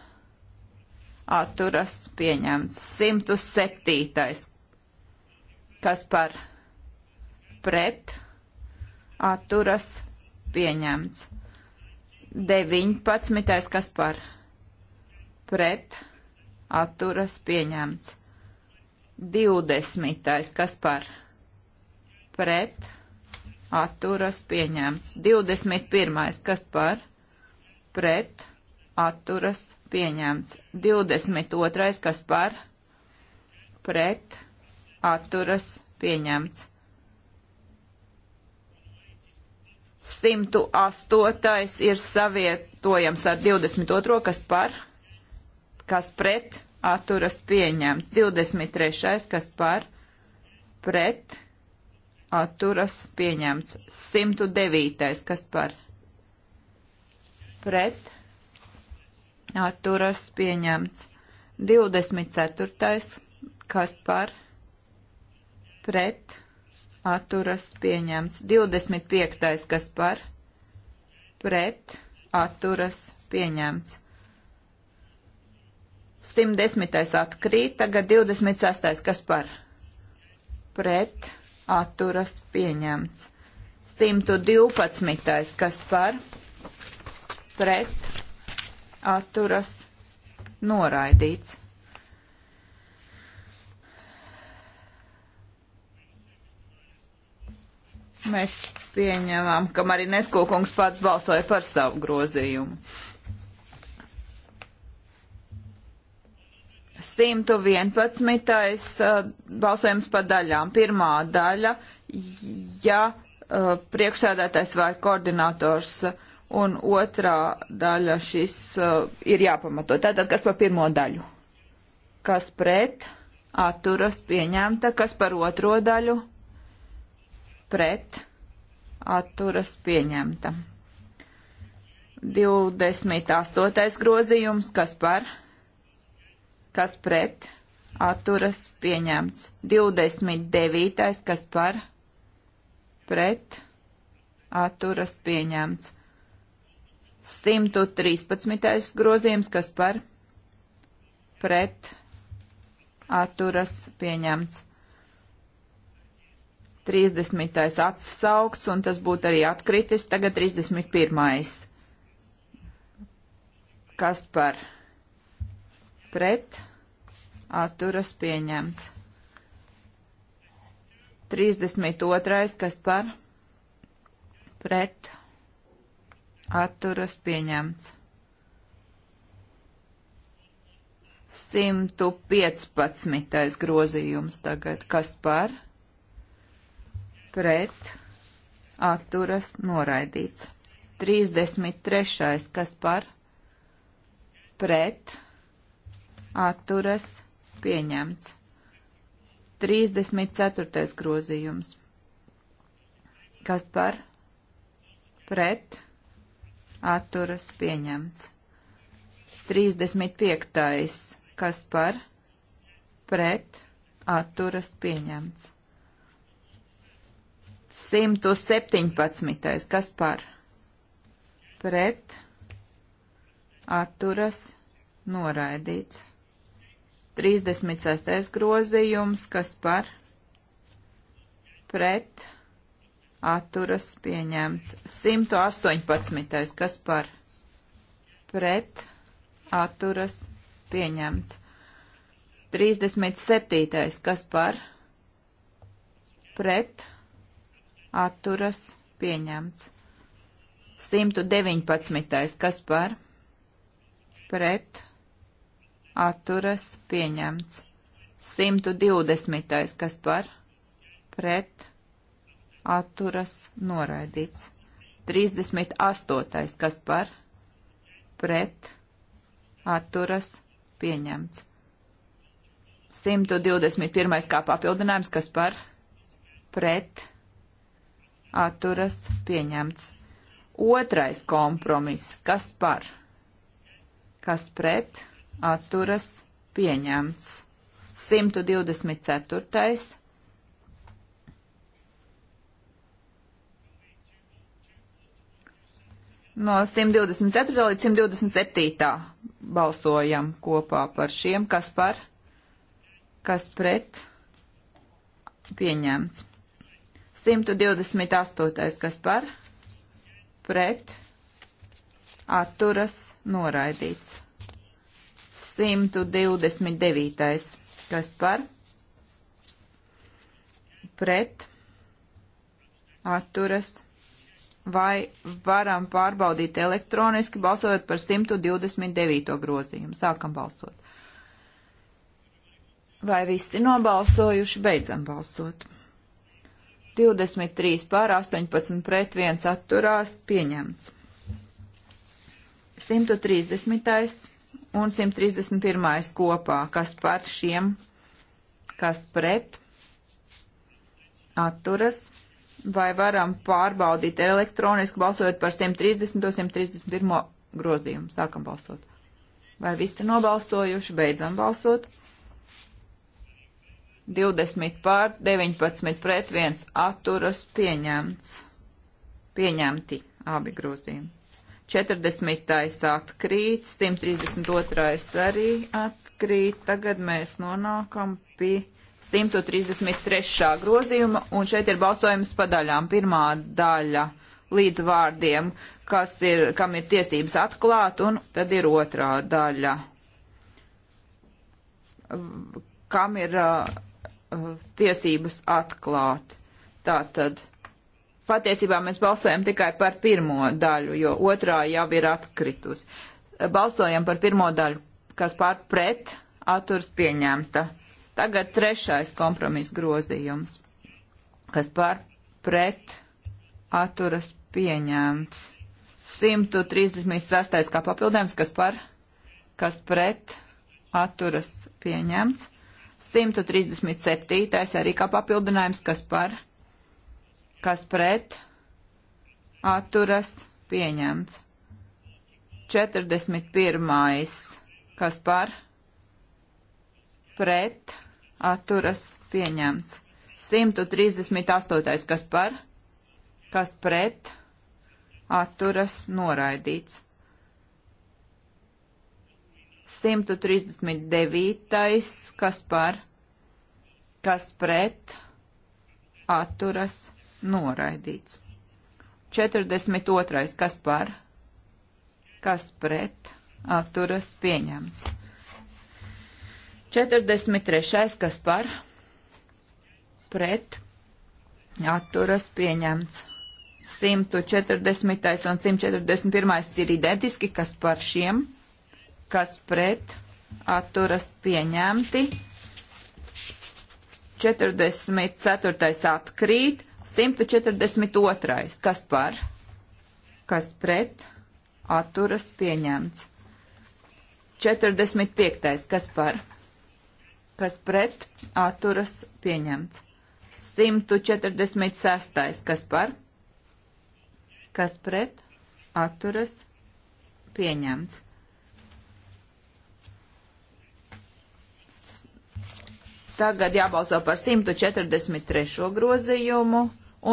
atturas pieņemts, 107. kas par, pret, atturas pieņemts, 19. kas par, pret, atturas pieņemts, 20. kas par, pret, pret, atturas pieņemts. 21. kas par, pret, atturas pieņemts. 22. kas par, pret, atturas pieņemts. 108. ir savietojams ar 22. kas par, kas pret, atturas pieņemts. 23. kas par, pret, atturas pieņemts. 109. kas par pret atturas pieņemts. 24. kas par pret atturas pieņemts. 25. kas par pret atturas pieņemts. 110. atkrīt, tagad 26. kas par pret atturas pieņemts. 112. kas par pret atturas noraidīts. Mēs pieņemam, ka Marinesko kungs pats balsoja par savu grozījumu. 111. Uh, balsojums pa daļām. Pirmā daļa, ja uh, priekšsēdētājs vai koordinators, uh, un otrā daļa šis ir jāpamato. Tātad, kas par pirmo daļu? Kas pret? Atturas pieņemta. Kas par otro daļu? Pret. Atturas pieņemta. 28. grozījums, kas par? kas pret, atturas pieņemts. 29. kas par, pret, atturas pieņemts. 113. grozījums, kas par, pret, atturas pieņemts. 30. atsaukts, un tas būtu arī atkritis, tagad 31. kas par, pret, pret atturas pieņemts. 32. kas par pret atturas pieņemts. 115. grozījums tagad, kas par pret atturas noraidīts. 33. kas par pret atturas pieņemts. 34. grozījums. Kas par pret atturas pieņemts. 35. Kas par pret atturas pieņemts. 117. Kas par pret atturas noraidīts. 36. grozījums, kas par pret atturas pieņemts. 118. kas par pret atturas pieņemts. 37. kas par pret atturas pieņemts. 119. kas par pret atturas pieņemts. 120. kas par pret atturas noraidīts. 38. kas par pret atturas pieņemts. 121. kā papildinājums, kas par pret atturas pieņemts. Otrais kompromiss, kas par, kas pret atturas pieņemts. 124. No 124. līdz 127. balsojam kopā par šiem, kas par, kas pret pieņemts. 128. kas par, pret atturas noraidīts. 129. Kas par? Pret. Atturas. Vai varam pārbaudīt elektroniski, balsojot par 129. grozījumu? Sākam balsot. Vai visi nobalsojuši? Beidzam balsot. 23 pār 18 pret 1 atturās pieņemts. 130 un 131. kopā, kas par šiem, kas pret atturas, vai varam pārbaudīt elektroniski balsojot par 130. 131. grozījumu. Sākam balsot. Vai visi nobalsojuši? Beidzam balsot. 20 pār, 19 pret, 1 atturas pieņemts. Pieņemti abi grozījumi. 40. atkrīt, 132. arī atkrīt. Tagad mēs nonākam pie 133. grozījuma, un šeit ir balsojums pa daļām. Pirmā daļa līdz vārdiem, kas ir, kam ir tiesības atklāt, un tad ir otrā daļa, kam ir uh, uh tiesības atklāt. Tātad. tad patiesībā mēs balsojam tikai par pirmo daļu, jo otrā jau ir atkritusi. Balsojam par pirmo daļu, kas pār pret atturs pieņemta. Tagad trešais kompromiss grozījums, kas pār pret atturas pieņemts. 136. kā papildinājums, kas par, kas pret atturas pieņemts. 137. arī kā papildinājums, kas par, kas pret, atturas, pieņemts. 41. kas par, pret, atturas, pieņemts. 138. kas par, kas pret, atturas, noraidīts. 139. kas par, kas pret, atturas, noraidīts atturas noraidīts. 42. kas par, kas pret, atturas pieņemts. 43. kas par, pret, atturas pieņemts. 140. un 141. ir identiski, kas par šiem, kas pret, atturas pieņemti. 44. atkrīt, 142. Kas par? Kas pret? Atturas pieņemts. 45. Kas par? Kas pret? Atturas pieņemts. 146. Kas par? Kas pret? Atturas pieņemts. Tagad jābalso par 143. grozījumu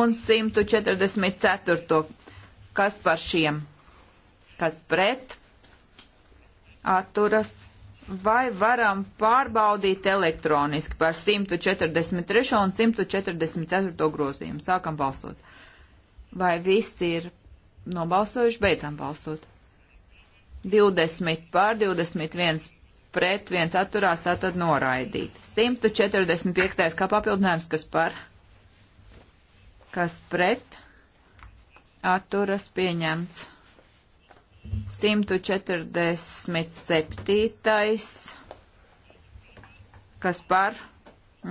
un 144. Kas par šiem? Kas pret? Atturas. Vai varam pārbaudīt elektroniski par 143. un 144. grozījumu? Sākam balsot. Vai visi ir nobalsojuši? Beidzam balsot. 20 pār 21 pret, viens atturās, tā tad noraidīt. 145. kā papildinājums, kas par, kas pret, atturas pieņemts. 147. kas par,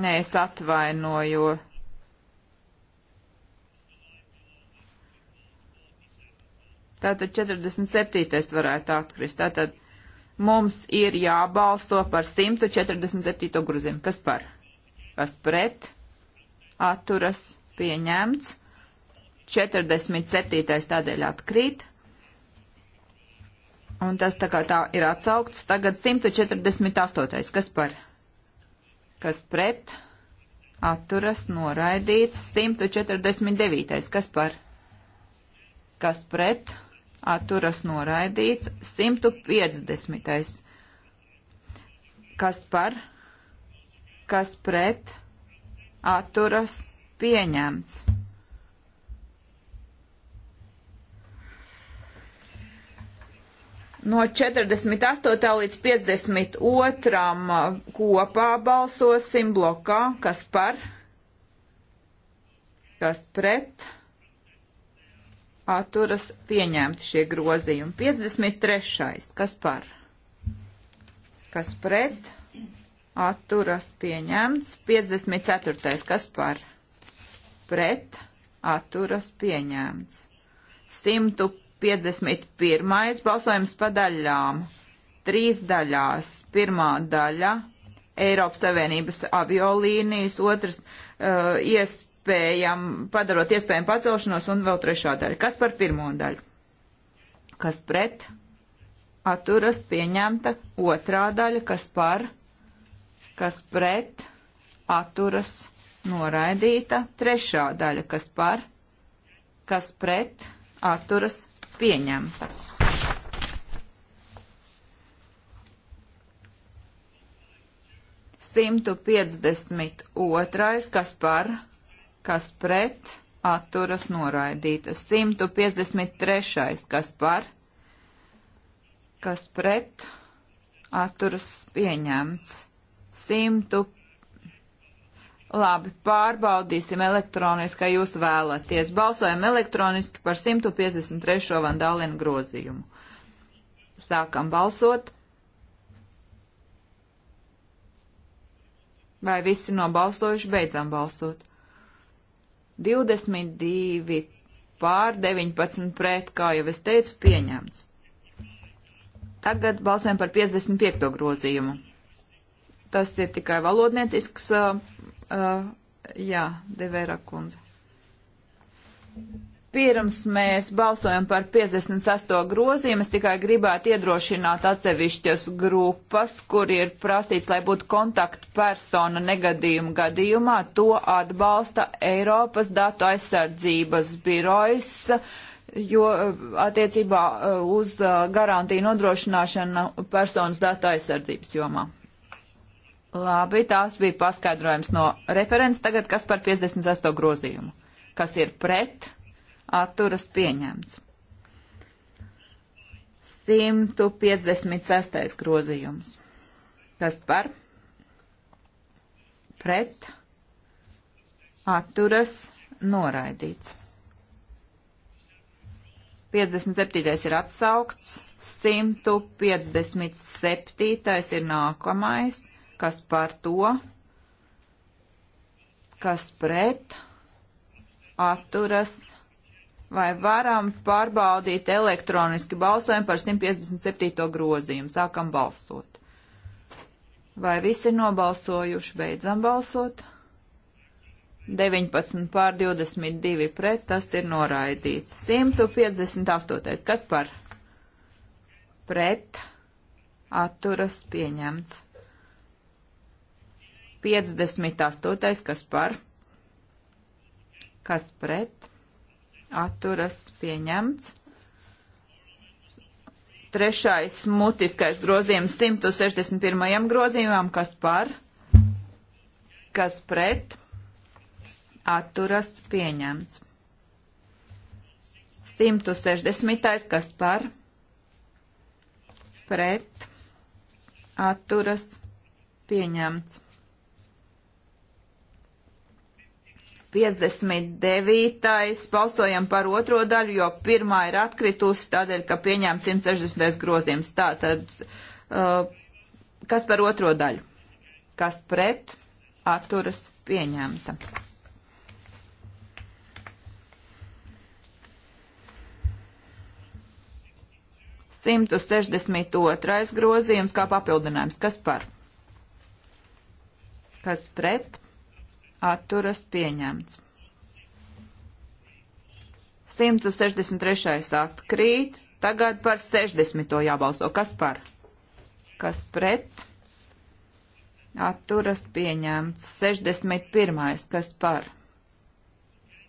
nē, es atvainoju. Tātad 47. varētu atkrist. Tātad Mums ir jābalsto par 147. grozījumu. Kas par? Kas pret? Atturas pieņemts. 47. tādēļ atkrīt. Un tas tā kā tā ir atsaukts. Tagad 148. Kas par? Kas pret? Atturas noraidīts. 149. Kas par? Kas pret? atturas noraidīts 150. Kas par, kas pret, atturas pieņemts. No 48. līdz 52. kopā balsosim blokā, kas par, kas pret, atturas pieņemts atturas pieņemti šie grozījumi. 53. Kas par? Kas pret? Atturas pieņemts. 54. Kas par? Pret? Atturas pieņemts. 151. balsojums pa daļām. Trīs daļās. Pirmā daļa Eiropas Savienības aviolīnijas, otrs uh, iespējas iespējam, padarot iespējam pacelšanos un vēl trešā daļa. Kas par pirmo daļu? Kas pret? Atturas pieņemta otrā daļa, kas par, kas pret, atturas noraidīta trešā daļa, kas par, kas pret, atturas pieņemta. Simtu piecdesmit otrais, kas par, kas pret, atturas noraidīta. 153. kas par, kas pret, atturas pieņemts. 100. Labi, pārbaudīsim elektroniski, kā jūs vēlaties. Balsojam elektroniski par 153. vandālienu grozījumu. Sākam balsot. Vai visi nobalsojuši beidzam balsot? 22 pār 19 pret, kā jau es teicu, pieņemts. Tagad balsojam par 55. grozījumu. Tas ir tikai valodniecisks, uh, uh, jā, Devera kundze. Pirms mēs balsojam par 58 grozījumu, es tikai gribētu iedrošināt atsevišķas grupas, kur ir prasīts, lai būtu kontaktpersona negadījuma gadījumā. To atbalsta Eiropas datu aizsardzības birojs, jo eh, attiecībā eh, uz eh, garantiju nodrošināšanu personas datu aizsardzības jomā. Labi, tās bija paskaidrojums no referents. Tagad kas par 58 grozījumu? Kas ir pret? atturas pieņemts. 156. grozījums. Kas par? Pret. Atturas noraidīts. 57. ir atsaukts. 157. ir nākamais. Kas par to? Kas pret? Atturas noraidīts Vai varam pārbaudīt elektroniski balsojumu par 157. grozījumu? Sākam balsot. Vai visi ir nobalsojuši? Beidzam balsot. 19 pār 22 pret, tas ir noraidīts. 158. Kas par? Pret. Atturas pieņemts. 58. Kas par? Kas pret? atturas pieņemts. Trešais mutiskais grozījums 161. grozījumam, kas par, kas pret, atturas pieņemts. 160. kas par, pret, atturas pieņemts. 59. balsojam par otro daļu, jo pirmā ir atkritusi tādēļ, ka pieņēma 160. grozījums. Tātad, uh, kas par otro daļu? Kas pret? Atturas pieņemta. Simtu sešdesmit otrais grozījums kā papildinājums. Kas par? Kas pret? atturas pieņemts. 163. atkrīt, tagad par 60. jābalso. Kas par? Kas pret? Atturas pieņemts. 61. kas par?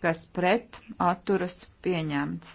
Kas pret? Atturas pieņemts.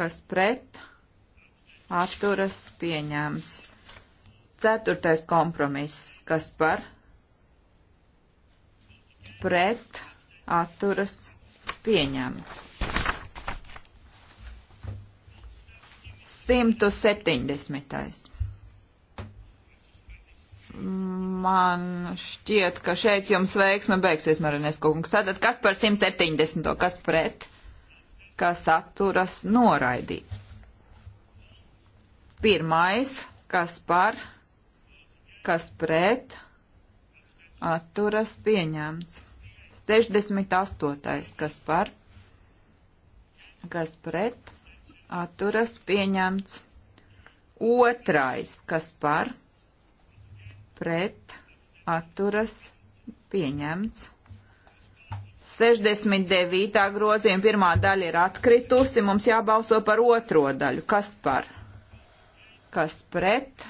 kas pret, atturas pieņemts. Ceturtais kompromiss, kas par, pret, atturas pieņemts. 170. Man šķiet, ka šeit jums veiksme beigsies, Marinesko kungs. Tātad kas par 170. kas pret? kas atturas noraidīts. Pirmais, kas par, kas pret, atturas pieņemts. 68. kas par, kas pret, atturas pieņemts. Otrais, kas par, pret, atturas pieņemts. 69. grozījuma pirmā daļa ir atkritusi, mums jābalso par otro daļu. Kas par? Kas pret?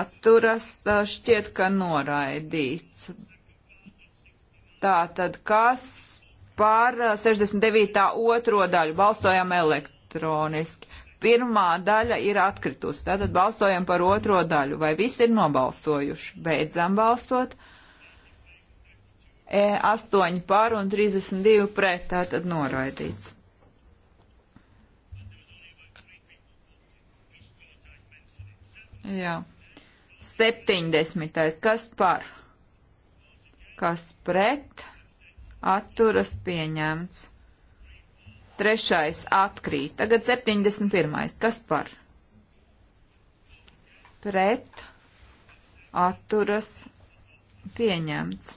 Atturas šķiet, ka noraidīts. Tā tad kas par 69. otro daļu? Balsojam elektroniski. Pirmā daļa ir atkritusi, tātad balsojam par otro daļu. Vai visi ir nobalsojuši? Beidzam balsot. Uh, 8 e pār un 32 pret, tā tad noraidīts. Jā. 70. Kas par? Kas pret? Atturas pieņemts. Trešais atkrīt. Tagad 71. Kas par? Pret? Atturas pieņemts.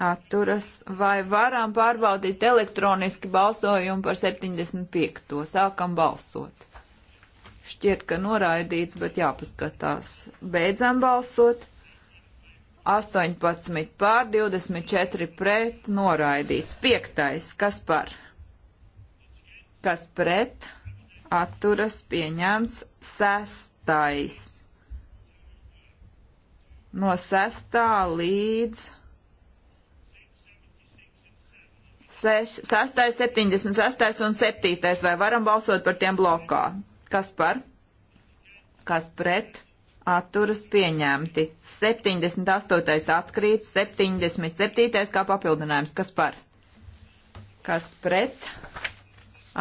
atturas. Vai varam pārbaudīt elektroniski balsojumu par 75. Sākam balsot. Šķiet, ka noraidīts, bet jāpaskatās. Beidzam balsot. 18 pār 24 pret noraidīts. Piektais, kas par? Kas pret? Atturas pieņemts sestais. No sestā līdz 6, 76 un 7. Vai varam balsot par tiem blokā? Kas par? Kas pret? Atturas pieņemti. 78. atkrīt, 77. kā papildinājums. Kas par? Kas pret?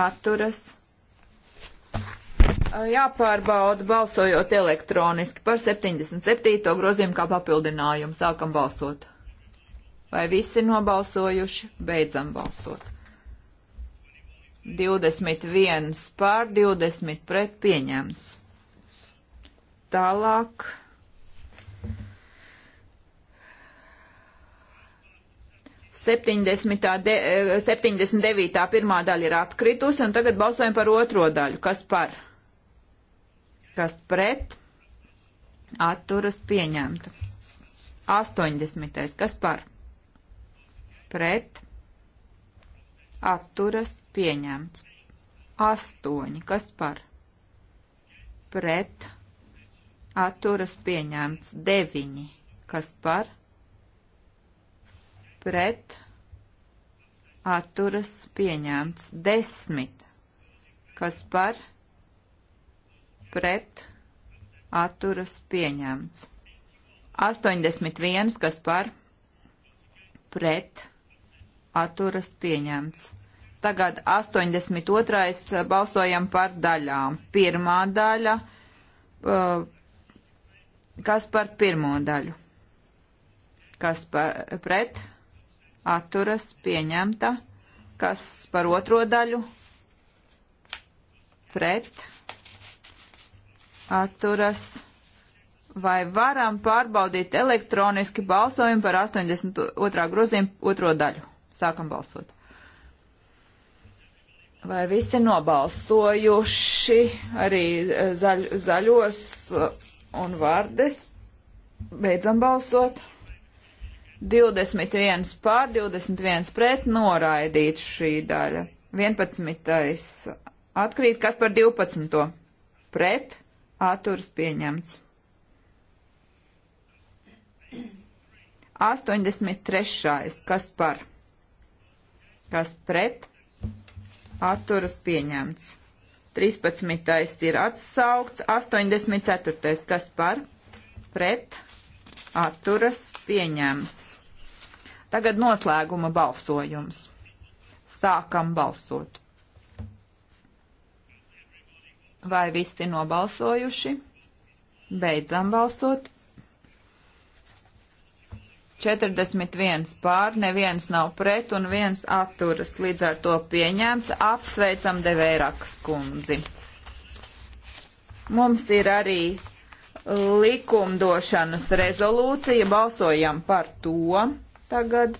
Atturas. Jāpārbauda balsojot elektroniski par 77. grozījumu kā papildinājumu. Sākam balsot. Vai visi nobalsojuši? Beidzam balsot. 21 pār 20 pret pieņemts. Tālāk. Septiņdesmitā, eh, septiņdesmit devītā pirmā daļa ir atkritusi, un tagad balsojam par otro daļu. Kas par? Kas pret? Atturas pieņemta. Astoņdesmitais. Kas par? pret atturas pieņemts. 8. Kas par? Pret atturas pieņemts. 9. Kas par? Pret atturas pieņemts. 10. Kas par? Pret atturas pieņemts. 81. Kas par? Pret atturas pieņemts. Tagad 82. balsojam par daļām. Pirmā daļa. Kas par pirmo daļu? Kas par pret? Atturas pieņemta. Kas par otro daļu? Pret. Atturas pieņemta. Vai varam pārbaudīt elektroniski balsojumu par 82. grozījumu otro daļu? Sākam balsot. Vai visi nobalsojuši arī e, zaļ, zaļos e, un vārdes? Beidzam balsot. 21 pār 21 pret noraidīt šī daļa. 11. atkrīt, kas par 12. pret atturs pieņemts. 83. kas par kas pret atturas pieņemts. 13. ir atsaukts, 84. kas par pret atturas pieņemts. Tagad noslēguma balsojums. Sākam balsot. Vai visi nobalsojuši? Beidzam balsot. 41 pār, neviens nav pret un viens atturas. Līdz ar to pieņemts. Apsveicam Devērakas kundzi. Mums ir arī likumdošanas rezolūcija. Balsojam par to tagad.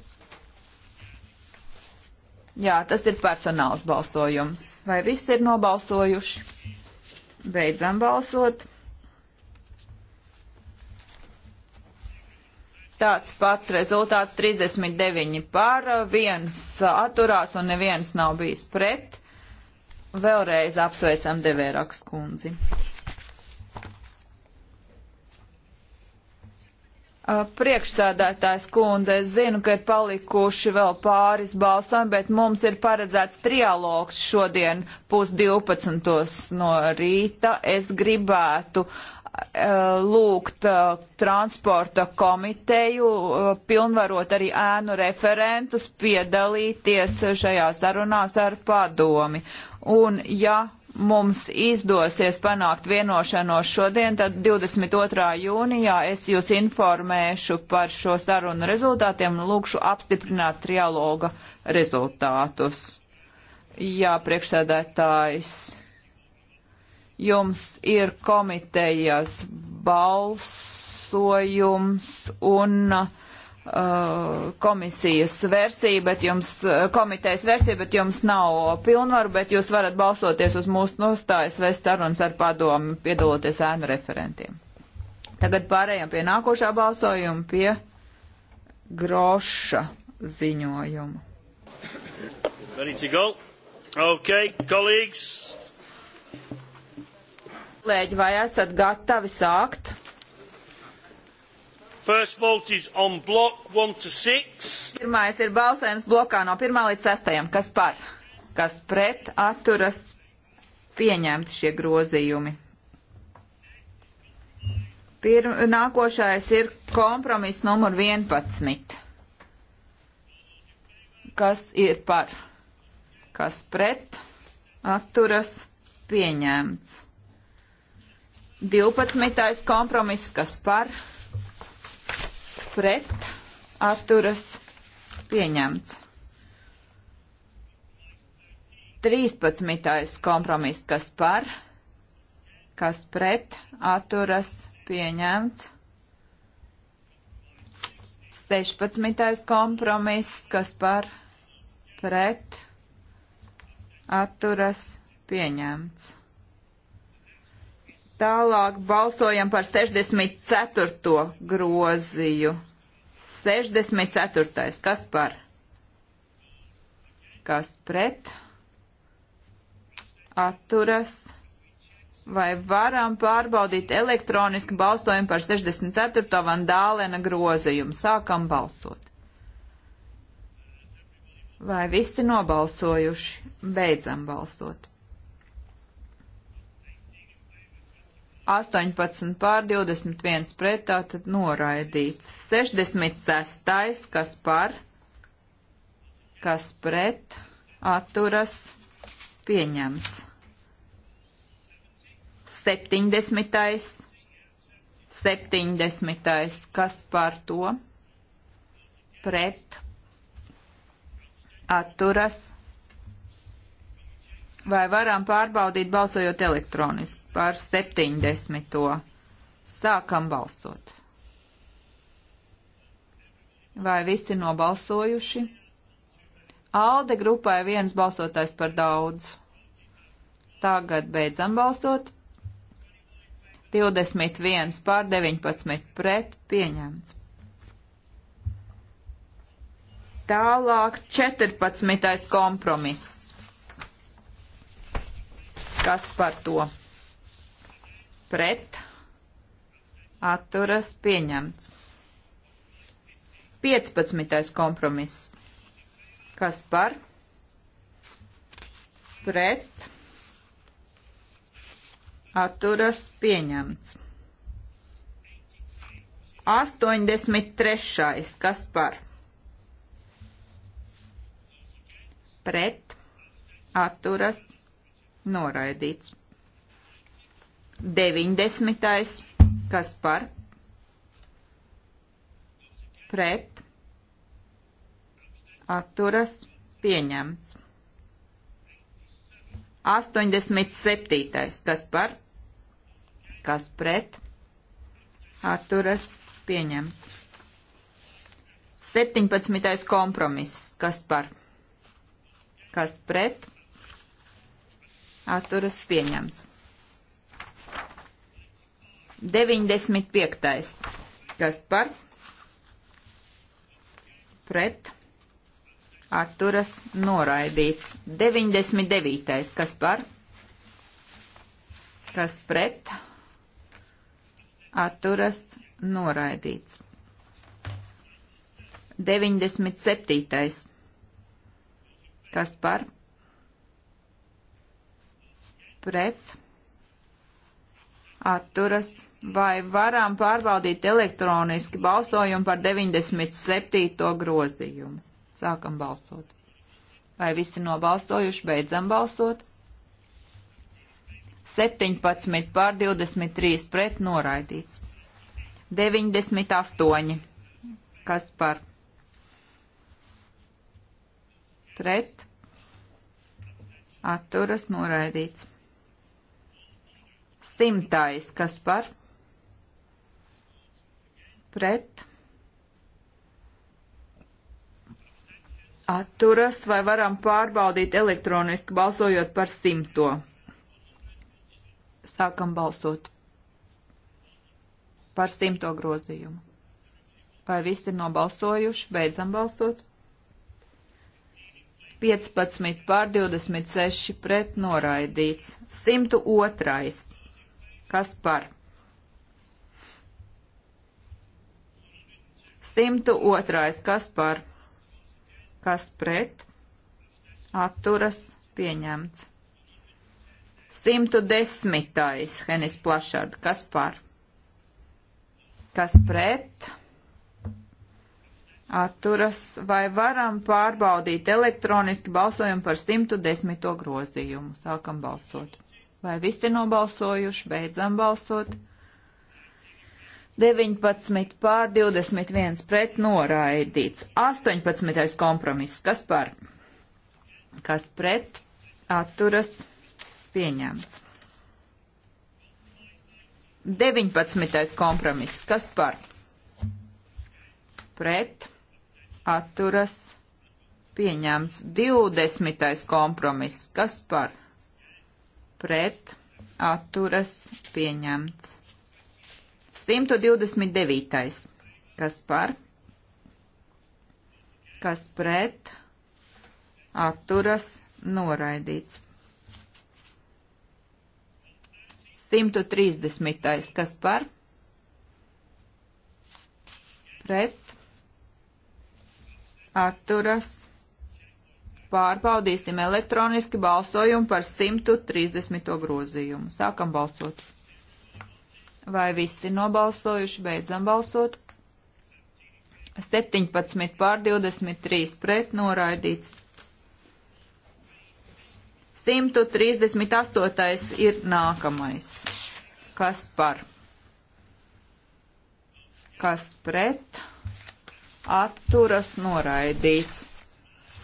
Jā, tas ir personāls balsojums. Vai viss ir nobalsojuši? Beidzam balsot. tāds pats rezultāts 39 par, viens atturās un neviens nav bijis pret. Vēlreiz apsveicam devēraks kundzi. Priekšsēdētājs kundze, es zinu, ka ir palikuši vēl pāris balsojumi, bet mums ir paredzēts trialogs šodien pusdivpadsmitos no rīta. Es gribētu uh, Eh, lūgt eh, transporta komiteju, eh, pilnvarot arī ēnu referentus, piedalīties šajā sarunās ar padomi. Un ja mums izdosies panākt vienošanos šodien, tad 22. jūnijā es jūs informēšu par šo sarunu rezultātiem un lūkšu apstiprināt trialoga rezultātus. Jā, priekšsēdētājs Jums ir komitejas balsojums un uh, komisijas versija, bet jums, uh, komitejas versija, bet jums nav pilnvaru, bet jūs varat balsoties uz mūsu nostājas, vēst sarunas ar padomu, piedaloties ēnu referentiem. Tagad pārējām pie nākošā balsojuma, pie groša ziņojuma. Ready to go? Okay, colleagues, Kolēģi, vai esat gatavi sākt? Pirmais ir balsējums blokā no 1 līdz 6. Kas par? Kas pret atturas pieņemti šie grozījumi? Pirm, nākošais ir kompromiss numur 11. Kas ir par? Kas pret? Atturas pieņemts. 12. kompromiss, kas par pret atturas pieņemts. 13. kompromiss, kas par, kas pret atturas pieņemts. 16. kompromiss, kas par pret atturas pieņemts. Tālāk balsojam par 64. grozīju. 64. Kas par? Kas pret? Atturas. Vai varam pārbaudīt elektroniski balsojumu par 64. vandālēna grozījumu? Sākam balsot. Vai visi nobalsojuši? Beidzam balsot. 18 pār 21 pret, tātad noraidīts. 66. kas par, kas pret, atturas, pieņems. 70. 70. kas par to, pret, atturas. Vai varam pārbaudīt balsojot elektroniski? par 70. Sākam balsot. Vai visi nobalsojuši? Alde grupai viens balsotājs par daudz. Tagad beidzam balsot. 21 pār 19 pret pieņemts. Tālāk 14. kompromiss. Kas par to? pret atturas pieņemts. 15. kompromiss. Kas par? Pret. Atturas pieņemts. 83. Kas par? Pret. Atturas noraidīts. 90. kas par pret atturas pieņemts. 87. kas par kas pret atturas pieņemts. 17. kompromiss kas par kas pret atturas pieņemts. 95. Kas par? Pret. Atturas noraidīts. 99. Kas par? Kas pret? Atturas noraidīts. 97. Kas par? Pret atturas. Vai varam pārbaudīt elektroniski balsojumu par 97. grozījumu? Sākam balsot. Vai visi nobalsojuši, beidzam balsot? 17 pār 23 pret noraidīts. 98. Kas par? Pret. Atturas noraidīts. Simtais, kas par? Pret. Atturas vai varam pārbaudīt elektroniski balsojot par simto. Sākam balsot par simto grozījumu. Vai visi ir nobalsojuši? Beidzam balsot. 15 pār 26 pret noraidīts. 102. Kas par? 102. Kas par? Kas pret? Atturas pieņemts. 110. Henis Plašard. Kas par? Kas pret? Atturas. Vai varam pārbaudīt elektroniski balsojumu par 110. grozījumu? Sākam balsot. Vai visi ir nobalsojuši? Beidzam balsot. 19 pār 21 pret noraidīts. 18. kompromiss. Kas par? Kas pret? Atturas pieņemts. 19. kompromiss. Kas par? Pret? Atturas pieņemts. 20. kompromiss. Kas par? pret atturas pieņemts. 129. Kas par? Kas pret atturas noraidīts. 130. Kas par? Pret atturas noraidīts Pārbaudīsim elektroniski balsojumu par 130. grozījumu. Sākam balsot. Vai visi nobalsojuši? Beidzam balsot. 17 pār 23 pret noraidīts. 138 ir nākamais. Kas par? Kas pret? Atturas noraidīts.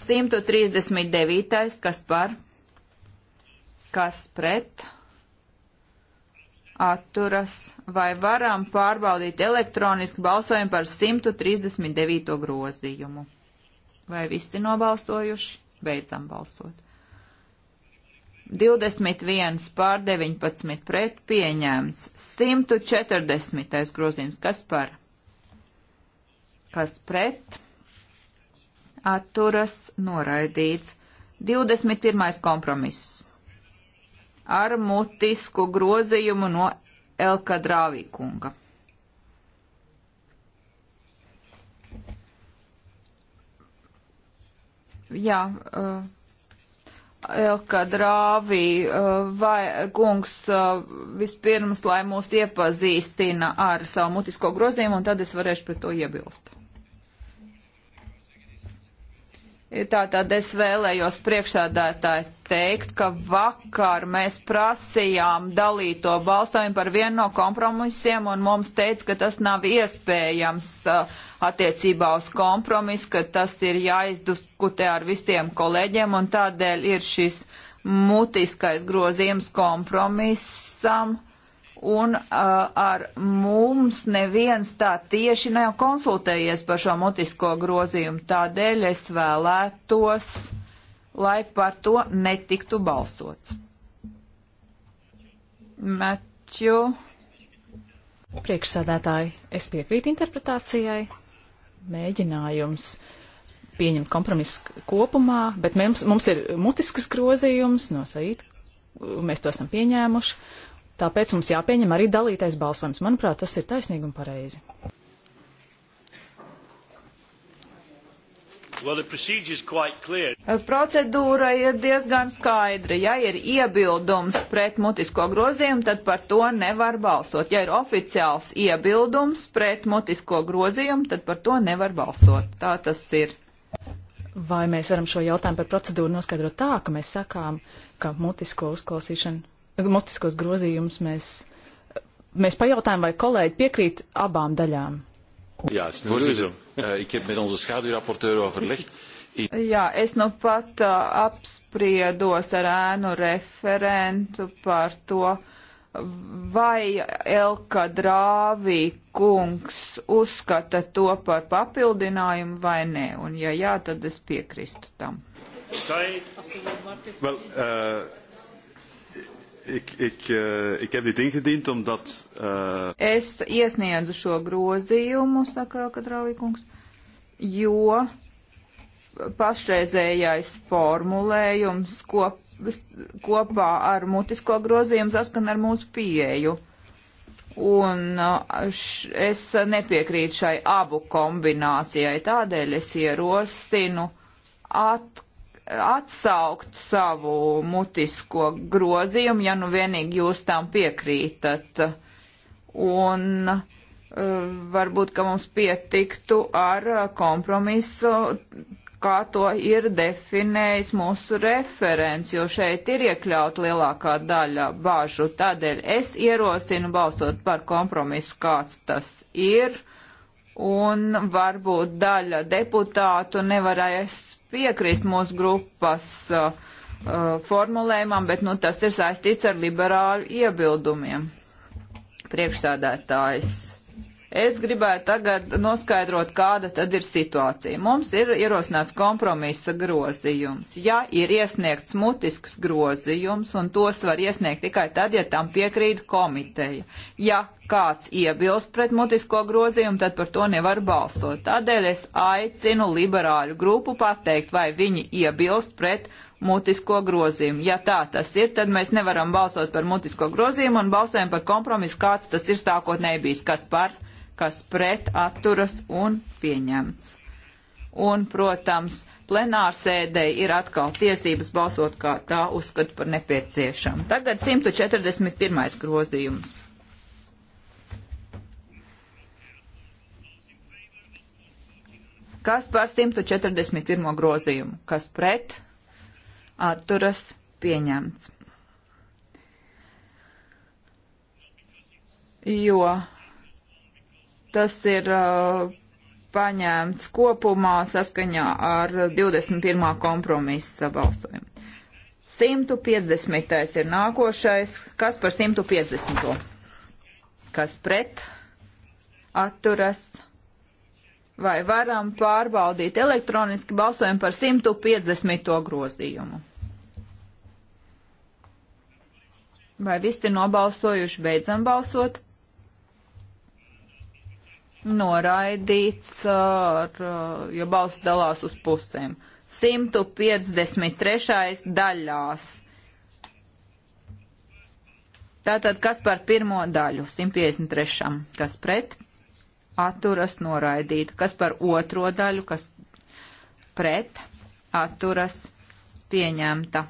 139. kas par, kas pret, atturas, vai varam pārbaudīt elektroniski balsojumu par 139. grozījumu. Vai visi nobalstojuši? Beidzam balsot. 21 pār 19 pret pieņēmts. 140. grozījums. Kas par? Kas pret? atturas noraidīts. 21. kompromiss ar mutisku grozījumu no Elkadrāvī kunga. Jā, uh, eh, Elkadrāvī uh, eh, vai kungs uh, vispirms, lai mūs iepazīstina ar savu mutisko grozījumu, un tad es varēšu pret to iebilst. Tātad es vēlējos priekšsādātāji teikt, ka vakar mēs prasījām dalīto balsojumu par vienu no kompromisiem, un mums teica, ka tas nav iespējams uh, attiecībā uz kompromisu, ka tas ir jāizdiskutē ar visiem kolēģiem, un tādēļ ir šis mutiskais grozījums kompromisam. Uh, un uh, ar mums neviens tā tieši nav konsultējies par šo mutisko grozījumu. Tādēļ es vēlētos, lai par to netiktu balsots. Meķu. Priekšsēdētāji, es piekrītu interpretācijai. Mēģinājums pieņemt kompromisu kopumā, bet mums, mums ir mutiskas grozījums no Saīta, mēs to esam pieņēmuši, Tāpēc mums jāpieņem arī dalītais balsojums. Manuprāt, tas ir taisnīgi un pareizi. Well, Procedūra ir diezgan skaidra. Ja ir iebildums pret mutisko grozījumu, tad par to nevar balsot. Ja ir oficiāls iebildums pret mutisko grozījumu, tad par to nevar balsot. Tā tas ir. Vai mēs varam šo jautājumu par procedūru noskaidrot tā, ka mēs sakām, ka mutisko uzklausīšanu mustiskos grozījumus mēs, mēs pajautājam, vai kolēģi piekrīt abām daļām. Jā, voorzitter, eh, ik heb met onze schaduwrapporteur overlegd. Jā, es nu pat uh, apspriedos ar ēnu referentu par to, vai Elka Drāvī kungs uzskata to par papildinājumu vai nē, un ja jā, tad es piekristu tam. Well, uh ik, ik, uh, ik heb dit ingediend omdat. Uh... Es iesniedzu šo grozījumu, saka Katrāvīkungs, jo pašreizējais formulējums kop, kopā ar mutisko grozījumu saskan ar mūsu pieeju. Un eh, š, es nepiekrītu šai abu kombinācijai, tādēļ es ierosinu atkal atsaukt savu mutisko grozījumu, ja nu vienīgi jūs tam piekrītat. Un eh, varbūt, ka mums pietiktu ar kompromisu, kā to ir definējis mūsu referents, jo šeit ir iekļauta lielākā daļa bāžu. Tādēļ es ierosinu balsot par kompromisu, kāds tas ir un varbūt daļa deputātu nevarēs piekrist mūsu grupas uh, uh, formulējumam, bet nu, tas ir saistīts ar liberāļu iebildumiem. Priekšsādētājs. Es gribētu tagad noskaidrot, kāda tad ir situācija. Mums ir ierosināts kompromisa grozījums. Ja ir iesniegts mutisks grozījums, un tos var iesniegt tikai tad, ja tam piekrīt komiteja. Ja kāds iebilst pret mutisko grozījumu, tad par to nevar balsot. Tādēļ es aicinu liberāļu grupu pateikt, vai viņi iebilst pret mutisko grozījumu. Ja tā tas ir, tad mēs nevaram balsot par mutisko grozījumu un balsojam par kompromisu, kāds tas ir sākotnēji bijis, kas par, kas pret atturas un pieņemts. Un, protams, plenārsēdē ir atkal tiesības balsot, kā tā uzskata par nepieciešamu. Tagad 141. grozījums Kas par 141. grozījumu? Kas pret? Atturas pieņemts. Jo tas ir uh, paņēmts kopumā saskaņā ar 21. kompromisa balsojumu. 150. ir nākošais. Kas par 150. Kas pret? Atturas pieņemts vai varam pārbaudīt elektroniski balsojumu par 150. grozījumu. Vai visi ir nobalsojuši, beidzam balsot? Noraidīts, ar, jo balss dalās uz pusēm. 153. daļās. Tātad, kas par pirmo daļu? 153. Kas pret? atturas noraidīta, kas par otro daļu, kas pret atturas pieņemta.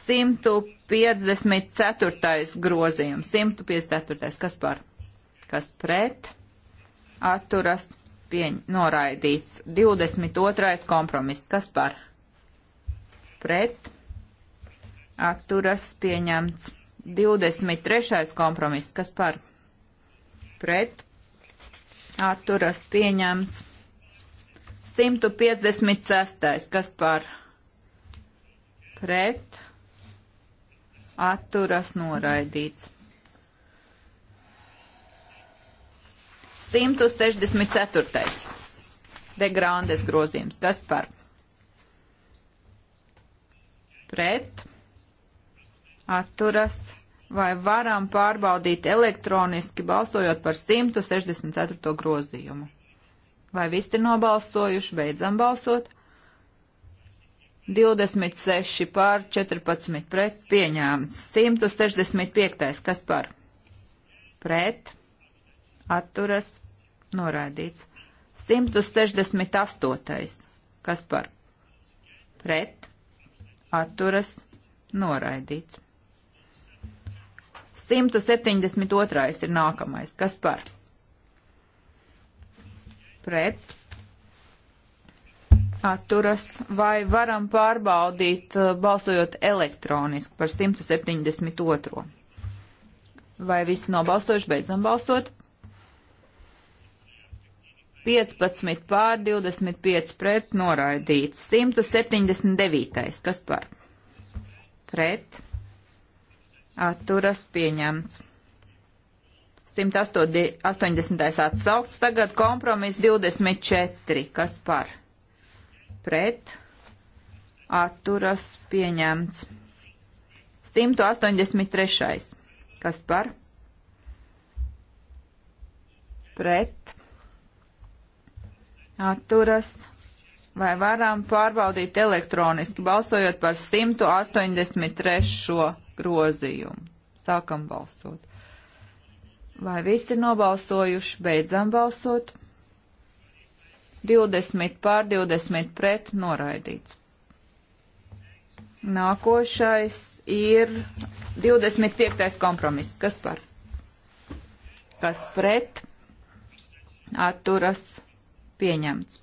154. grozījums, 154. kas par, kas pret atturas pieņ, noraidīts. 22. kompromiss, kas par pret atturas pieņemts. 23. kompromiss, kas par pret atturas pieņemts. 156. kas par pret atturas noraidīts. 164. Degrāndes grozījums, kas par pret atturas vai varam pārbaudīt elektroniski balsojot par 164. grozījumu. Vai visi ir nobalsojuši, beidzam balsot? 26 pār 14 pret pieņēmts. 165. kas par? Pret, atturas, noraidīts. 168. kas par? Pret, atturas, noraidīts. 172. ir nākamais. Kas par? Pret. Atturas. Vai varam pārbaudīt, eh, balsojot elektroniski par 172. Vai visi nobalsojuši, beidzam balsot? 15 pār 25 pret noraidīts. 179. Kas par? Pret atturas pieņemts. 180. atsaukts, tagad kompromis 24. Kas par? Pret. Atturas pieņemts. 183. Kas par? Pret. Atturas pieņemts Vai varam pārbaudīt elektroniski, balsojot par 183. grozījumu? Sākam balsot. Vai visi ir nobalsojuši? Beidzam balsot. 20 pār 20 pret noraidīts. Nākošais ir 25. kompromiss. Kas par? Kas pret? Atturas pieņemts.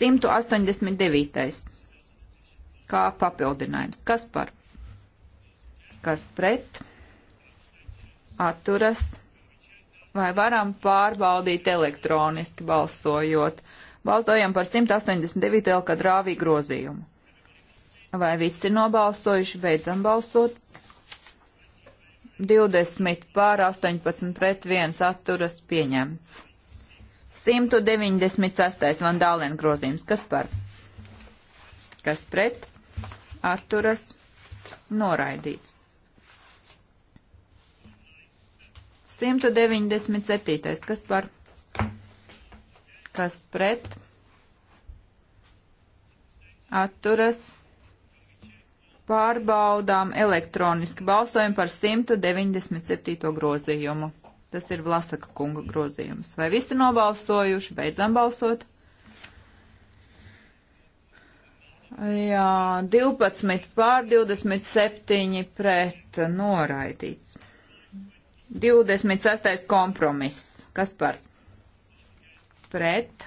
189. kā papildinājums. Kas par? Kas pret? Atturas. Vai varam pārbaudīt elektroniski balsojot? Balsojam par 189. kad rāvī grozījumu. Vai visi ir nobalsojuši? Beidzam balsot. 20 pār 18 pret 1 atturas pieņemts. 196. vandālien grozījums. Kas par? Kas pret? Atturas noraidīts. 197. Kas par? Kas pret? Atturas pārbaudām elektroniski balsojumu par 197. grozījumu. Tas ir Vlasaka kunga grozījums. Vai visi nobalsojuši? Beidzam balsot. Jā, 12 pār 27 pret noraidīts. 26. kompromiss. Kas par? Pret.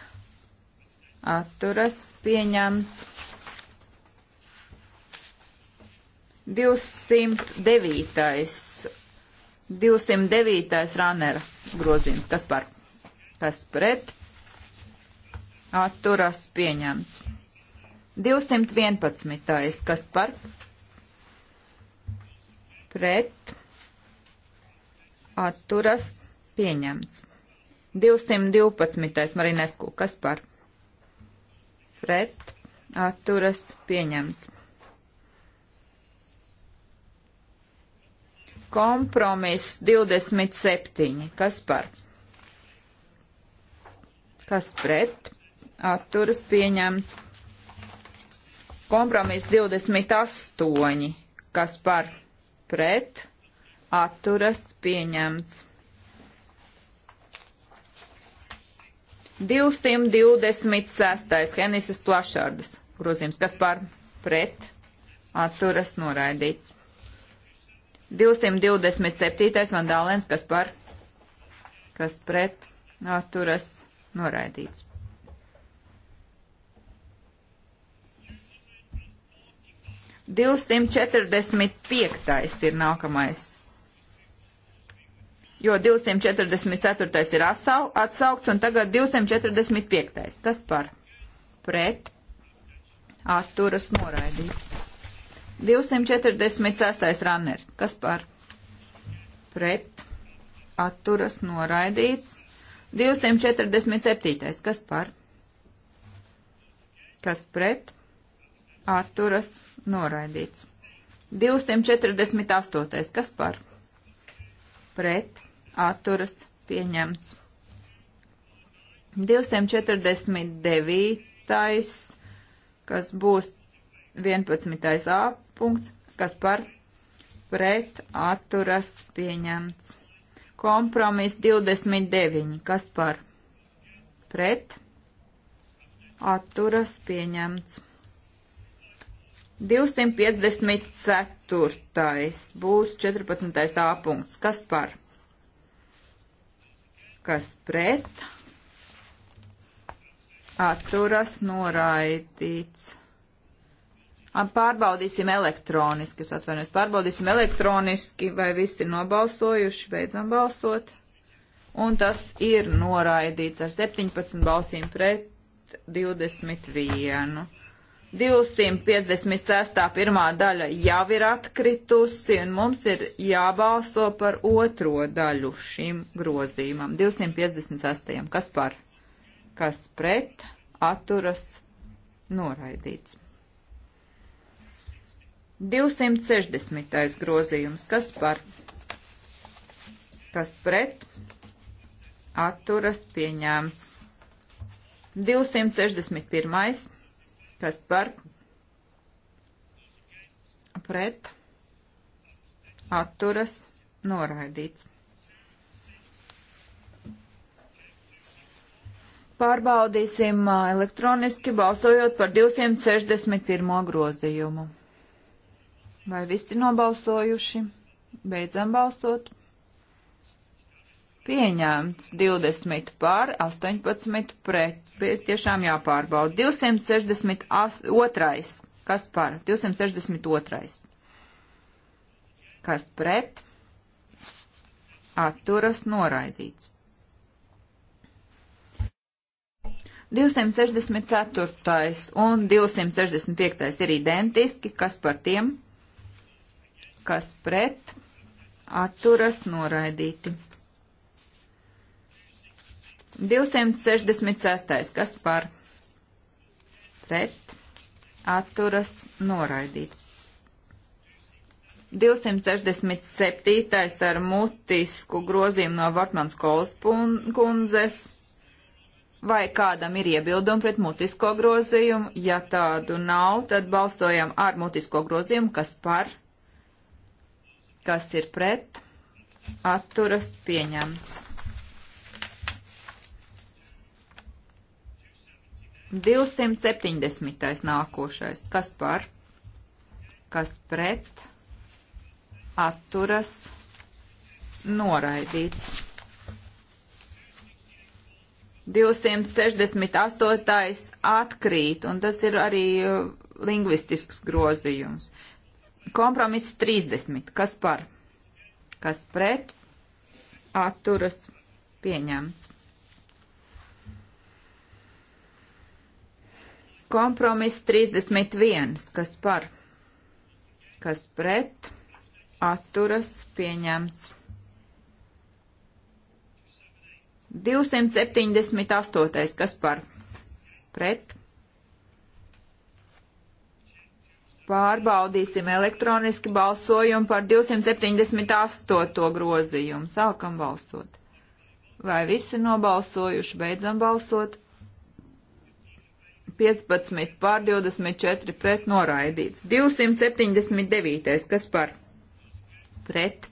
Atturas pieņemts. 209. 209. ranera grozījums. Kas par? Kas pret? Atturas pieņemts. 211. Kas par? Pret. Atturas pieņemts. 212. Marinesku. Kas par? Pret. Atturas pieņemts. Kompromiss 27. Kas par? Kas pret? Atturas pieņemts. Kompromiss 28. Kas par? Pret? Atturas pieņemts. 226. Henises plašārdas grozījums. Kas par? Pret? Atturas noraidīts. 227. vandālēns, kas par, kas pret atturas noraidīts. Divsimt četrdesmit piektais ir nākamais, jo 244. ir atsau, atsaukts un tagad 245. Kas par pret atturas noraidīts? 246. runners. Kas par? Pret. Atturas noraidīts. 247. Kas par? Kas pret? Atturas noraidīts. 248. Kas par? Pret. Atturas pieņemts. 249. kas būs 11. ap punkts, kas par pret atturas pieņemts. Kompromis 29, kas par pret atturas pieņemts. 254. būs 14. A punkts. Kas par? Kas pret? Atturas noraidīts. Pārbaudīsim elektroniski, es atvainojos, pārbaudīsim elektroniski, vai visi ir nobalsojuši, beidzam balsot. Un tas ir noraidīts ar 17 balsīm pret 21. 256. pirmā daļa jau ir atkritusi, un mums ir jābalso par otro daļu šim grozījumam. 256. kas par, kas pret, atturas, noraidīts. 260. grozījums. Kas par? Kas pret? Atturas pieņēmts. 261. Kas par? Pret. Atturas noraidīts. Pārbaudīsim uh, elektroniski balsojot par 261. grozījumu. Vai visi nobalsojuši? Beidzam balsot. Pieņemts 20 pār, 18 pret. Tiešām jāpārbauda. 262. Kas par? 262. Kas pret? Atturas noraidīts. 264. un 265. ir identiski. Kas par tiem? kas pret, atturas noraidīti. 266. kas par pret, atturas noraidīts. 267. ar mutisku grozījumu no Vartmans Kols kundzes. Vai kādam ir iebildumi pret mutisko grozījumu? Ja tādu nav, tad balsojam ar mutisko grozījumu, kas par kas ir pret, atturas pieņemts. 270. nākošais, kas par, kas pret, atturas noraidīts. 268. atkrīt, un tas ir arī uh, lingvistisks grozījums. Kompromiss 30. Kas par? Kas pret? Atturas pieņemts. Kompromiss 31. Kas par? Kas pret? Atturas pieņemts. 278. Kas par? Pret? Pārbaudīsim elektroniski balsojumu par 278. grozījumu. Sākam balsot. Vai visi nobalsojuši? Beidzam balsot. 15 pār 24 pret noraidīts. 279. kas par pret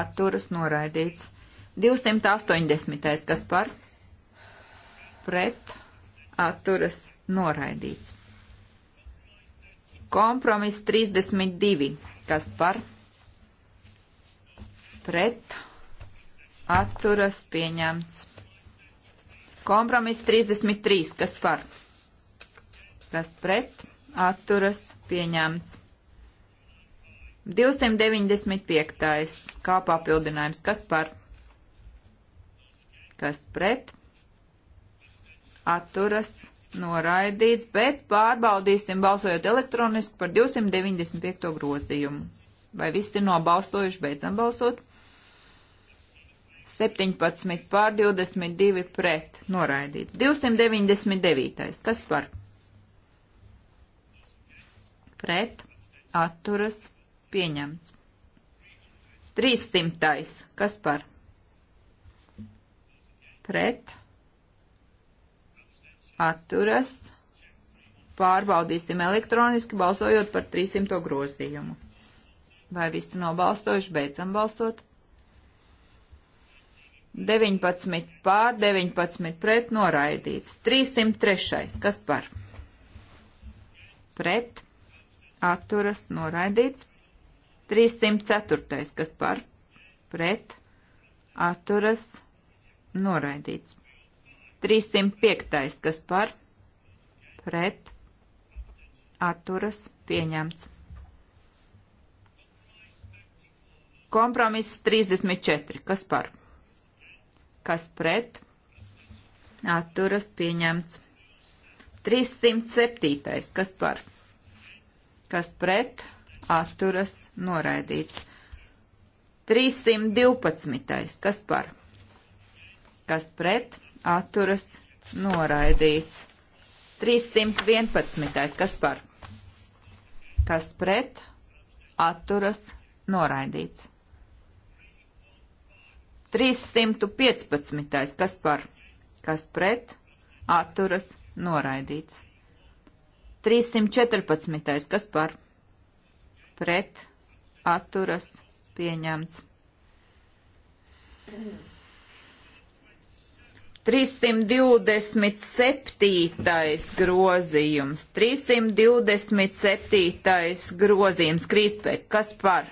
atturas noraidīts. 280. kas par pret atturas noraidīts. Kompromiss 32. Kas par? Pret. Atturas pieņemts. Kompromiss 33. Kas par? Kas pret? Atturas pieņemts. 295. Kā papildinājums? Kas par? Kas pret? Atturas pieņemts noraidīts, bet pārbaudīsim balsojot elektroniski par 295. grozījumu. Vai visi ir nobalsojuši, beidzam balsot? 17 pār 22 pret noraidīts. 299. Kas par? Pret atturas pieņemts. 300. Kas par? Pret atturas. Pārbaudīsim elektroniski, balsojot par 300 grozījumu. Vai visi nobalstojuši, beidzam balsot? 19 pār, 19 pret, noraidīts. 303. Kas par? Pret, atturas, noraidīts. 304. Kas par? Pret, atturas, noraidīts. 305. kas par pret atturas pieņemts. Kompromiss 34. Kas par? Kas pret? Atturas pieņemts. 307. Kas par? Kas pret? Atturas noraidīts. 312. Kas par? Kas pret? atturas noraidīts. 311. kas par, kas pret, atturas noraidīts. 315. kas par, kas pret, atturas noraidīts. 314. kas par, pret, atturas pieņemts. Mm. 327. grozījums, 327. grozījums, Krīspēk, kas par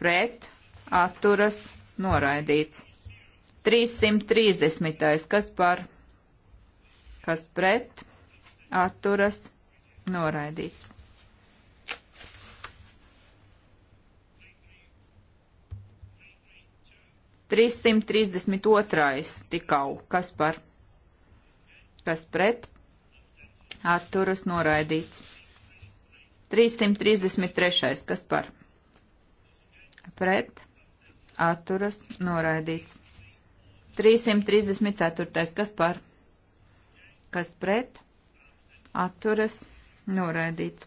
pret atturas noraidīts. 330. kas par, kas pret atturas noraidīts. 332. tikau, kas par, kas pret, atturas noraidīts. 333. kas par, pret, atturas noraidīts. 334. kas par, kas pret, atturas noraidīts.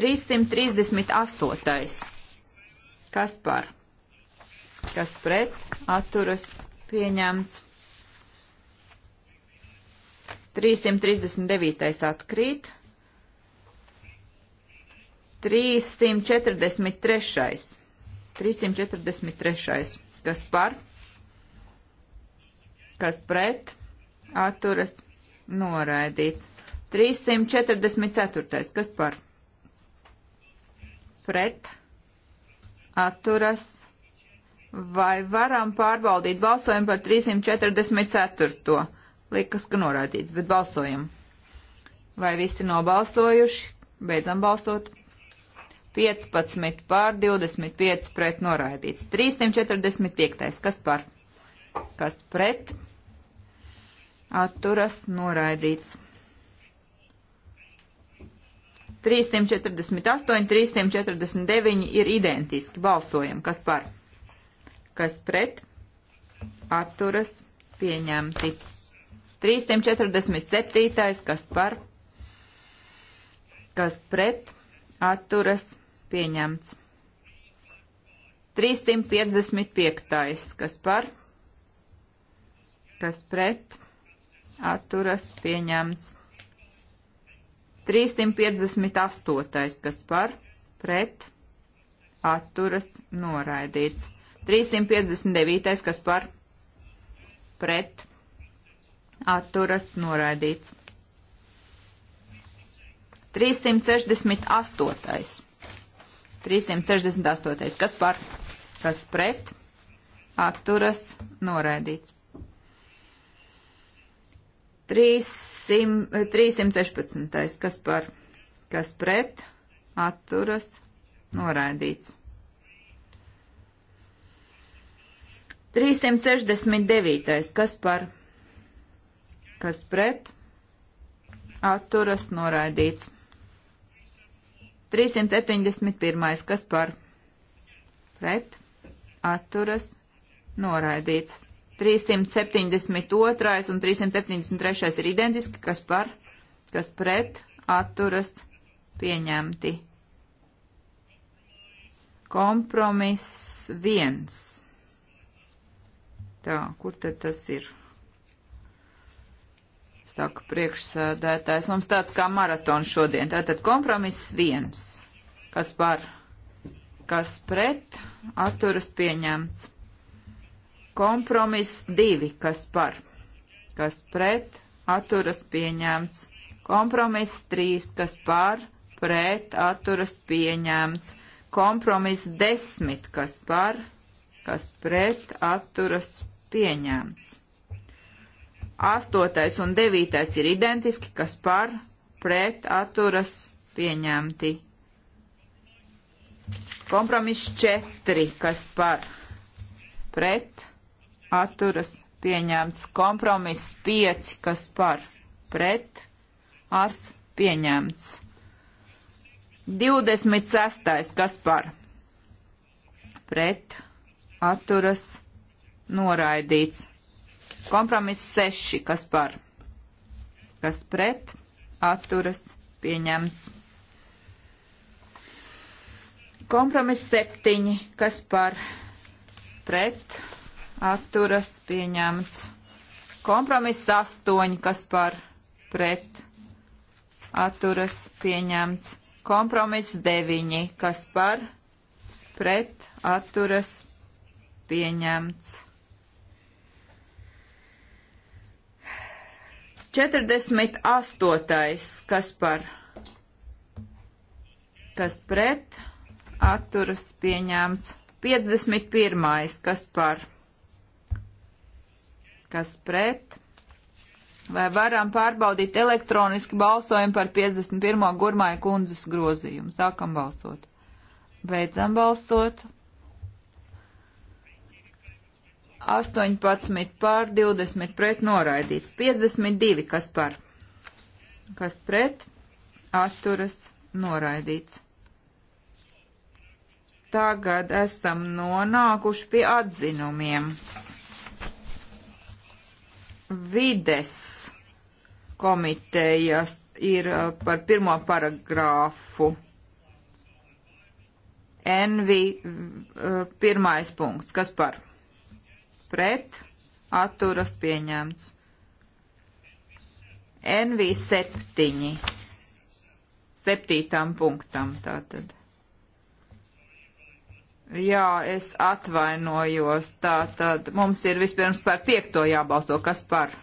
338. Kas par? Kas pret? Atturas pieņemts. 339. atkrīt. 343. 343. Kas par? Kas pret? Atturas noraidīts. 344. Kas par? Pret? atturas. Vai varam pārbaudīt balsojumu par 344. Likas, ka norādīts, bet balsojam. Vai visi nobalsojuši? Beidzam balsot. 15 pār 25 pret noraidīts. 345. Kas par? Kas pret? Atturas noraidīts. 348, 349 ir identiski. Balsojam, kas par, kas pret, atturas, pieņemti. 347, kas par, kas pret, atturas, pieņemts. 355, kas par, kas pret, atturas, pieņemts. 358. kas par pret atturas noraidīts. 359. kas par pret atturas noraidīts. 368. 368. kas par kas pret atturas noraidīts. 300, 316. Eh, Kas par? Kas pret? Atturas. Noraidīts. 369. Kas par? Kas pret? Atturas. Noraidīts. 371. Kas par? Pret? Atturas. Noraidīts. 372 un 373 ir identiski, kas par, kas pret, atturas pieņemti. Kompromiss viens. Tā, kur tad tas ir? Saka priekšsēdētājs. Mums tāds kā maratons šodien. Tātad kompromiss viens. Kas par, kas pret, atturas pieņemts. Kompromiss 2, kas par, kas pret, atturas pieņemts. Kompromiss 3, kas par, pret, atturas pieņemts. Kompromiss 10, kas par, kas pret, atturas pieņemts. 8. un 9. ir identiski, kas par, pret, atturas pieņemti. Kompromiss 4, kas par, pret, atturas pieņemts. Kompromiss 5, kas par pret, ars pieņemts. 26. kas par pret, atturas noraidīts. Kompromiss 6, kas par kas pret, atturas pieņemts. Kompromiss 7, kas par pret, atturas pieņemts. Kompromiss astoņi, kas par pret atturas pieņemts. Kompromiss deviņi, kas par pret atturas pieņemts. 48. kas par kas pret atturas pieņemts. 51. kas par pret kas pret. Vai varam pārbaudīt elektroniski balsojumu par 51. gurmāja kundzes grozījumu? Sākam balsot. Beidzam balsot. 18 pār 20 pret noraidīts. 52 kas par? Kas pret? Atturas noraidīts. Tagad esam nonākuši pie atzinumiem vides komitejas ir uh, par pirmo paragrāfu. NV uh, pirmais punkts. Kas par? Pret atturas pieņemts. NV septiņi. Septītām punktam tātad. Jā, es atvainojos. Tā tad mums ir vispirms par piekto jābalso, kas par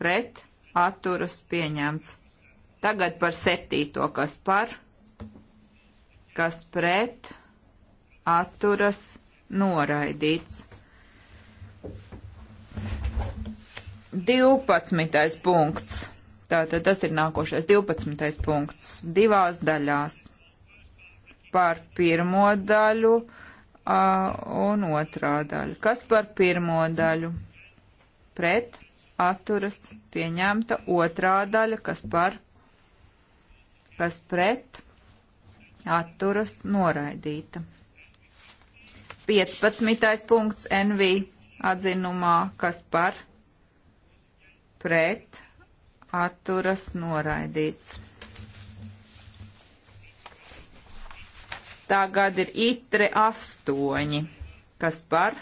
pret atturas pieņemts. Tagad par septīto, kas par, kas pret atturas noraidīts. 12. punkts. Tātad tas ir nākošais 12. punkts divās daļās. Par pirmo daļu un otrā daļa. Kas par pirmo daļu? Pret atturas pieņemta otrā daļa, kas par, kas pret atturas noraidīta. 15. punkts NV atzinumā, kas par, pret atturas noraidīts. Tagad ir itre astoņi. Kas par?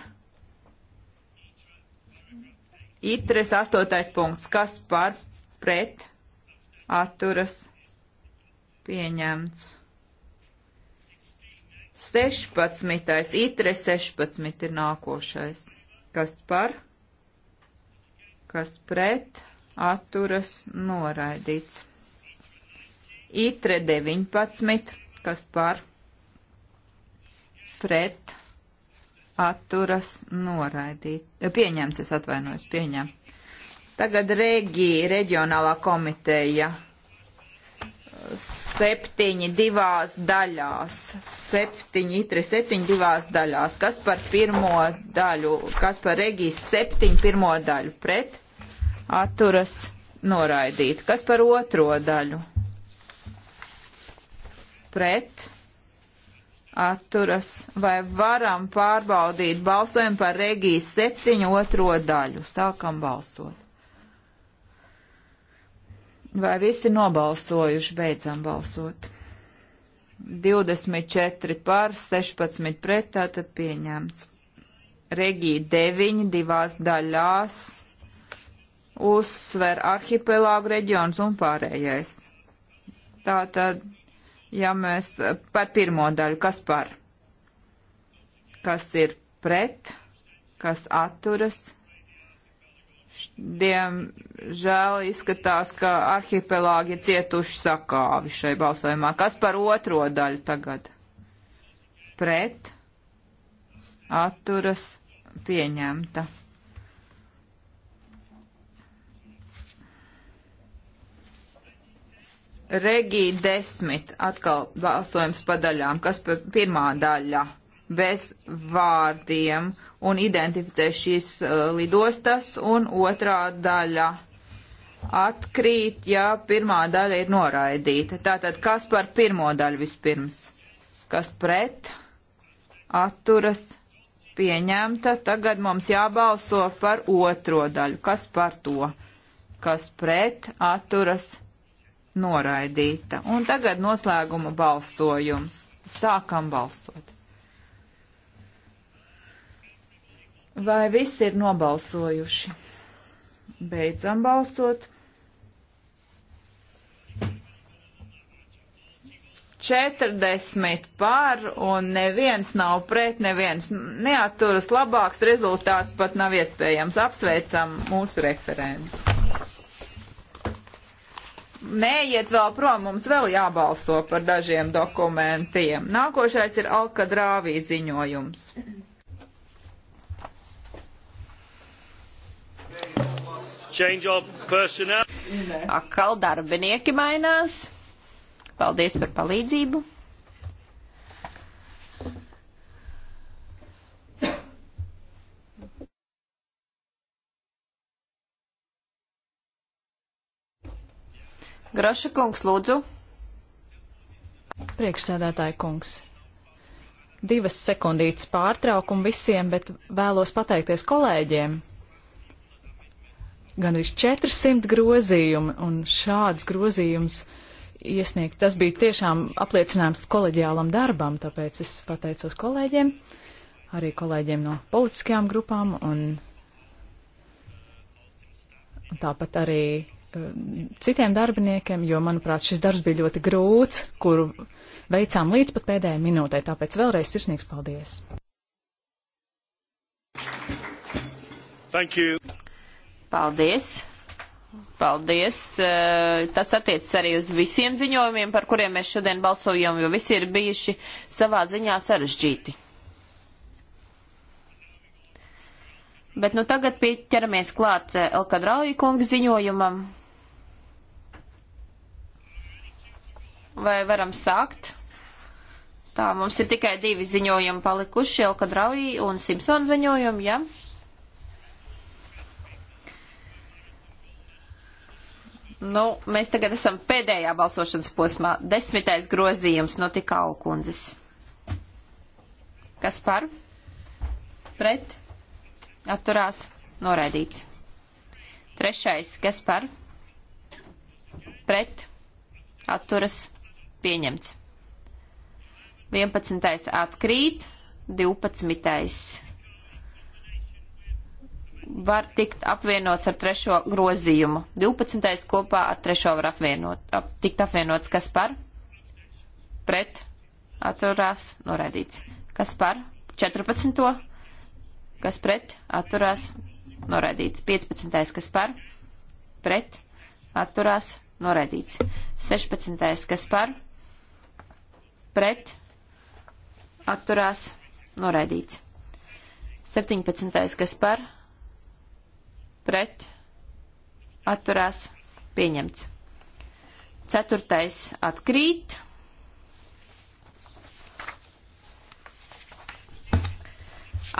Itres astotais punkts. Kas par? Pret? Atturas? Pieņemts. 16. Itre 16 ir nākošais. Kas par? Kas pret? Atturas? Noraidīts. Itre 19. Kas par? pret atturas noraidīt. Eh, pieņemts, es atvainojos, pieņem. Tagad Regija, reģionālā komiteja, septiņi divās daļās, septiņi, itri septiņi divās daļās. Kas par pirmo daļu, kas par Regijas septiņu pirmo daļu pret atturas noraidīt? Kas par otro daļu? Pret atturas, vai varam pārbaudīt balsojumu par Regijas 7 otro daļu. Sākam balsot. Vai visi nobalsojuši, beidzam balsot? 24 par, 16 pret, tātad pieņemts. Regija 9 divās daļās uzsver arhipelāgu reģions un pārējais. Tātad ja mēs eh, par pirmo daļu, kas par, kas ir pret, kas atturas. Diemžēl izskatās, ka arhipelāgi ir cietuši sakāvi šai balsojumā. Kas par otro daļu tagad? Pret, atturas, pieņemta. Regī desmit, atkal balsojums padaļām, kas par pirmā daļa bez vārdiem un identificē šīs uh, lidostas, un otrā daļa atkrīt, ja pirmā daļa ir noraidīta. Tātad, kas par pirmo daļu vispirms? Kas pret? Atturas pieņemta. Tagad mums jābalso par otro daļu. Kas par to? Kas pret? Atturas pieņemta noraidīta. Un tagad noslēguma balsojums. Sākam balsot. Vai visi ir nobalsojuši? Beidzam balsot. 40 par un neviens nav pret, neviens neaturas labāks rezultāts pat nav iespējams. Apsveicam mūsu referentu. Neiet vēl prom, mums vēl jābalso par dažiem dokumentiem. Nākošais ir Alkadrāvī ziņojums. Atkal darbinieki mainās. Paldies par palīdzību. Graša kungs, lūdzu. Priekšsēdētāja kungs. Divas sekundītes pārtraukumu visiem, bet vēlos pateikties kolēģiem. Gan arī 400 grozījumi un šāds grozījums iesniegt. Tas bija tiešām apliecinājums kolēģiālam darbam, tāpēc es pateicos kolēģiem, arī kolēģiem no politiskajām grupām un, un tāpat arī Um, citiem darbiniekiem, jo, manuprāt, šis darbs bija ļoti grūts, kuru veicām līdz pat pēdējai minūtei. Tāpēc vēlreiz sirsnīgs paldies! Thank you. Paldies! Paldies! Eh, tas attiecas arī uz visiem ziņojumiem, par kuriem mēs šodien balsojam, jo visi ir bijuši savā ziņā sarežģīti. Bet nu tagad pieķeramies klāt eh, Elkadrauja kunga ziņojumam. Vai varam sākt? Tā, mums ir tikai divi ziņojumi palikuši, Elka Draujī un Simpsona ziņojumi, ja? Nu, mēs tagad esam pēdējā balsošanas posmā. Desmitais grozījums no tikā aukundzes. Kas par? Pret? Atturās? Noraidīts. Trešais. Kas par? Pret? Atturas? pieņemts. 11. atkrīt, 12. var tikt apvienots ar trešo grozījumu. 12. kopā ar trešo var apvienot, ap, tikt apvienots kas par? Pret, atturās, noraidīts. Kas par? 14. kas pret, atturās, noraidīts. 15. kas par? Pret, atturās, noraidīts. 16. kas par? pret, atturās, noraidīts. 17. kas par, pret, atturās, pieņemts. 4. atkrīt.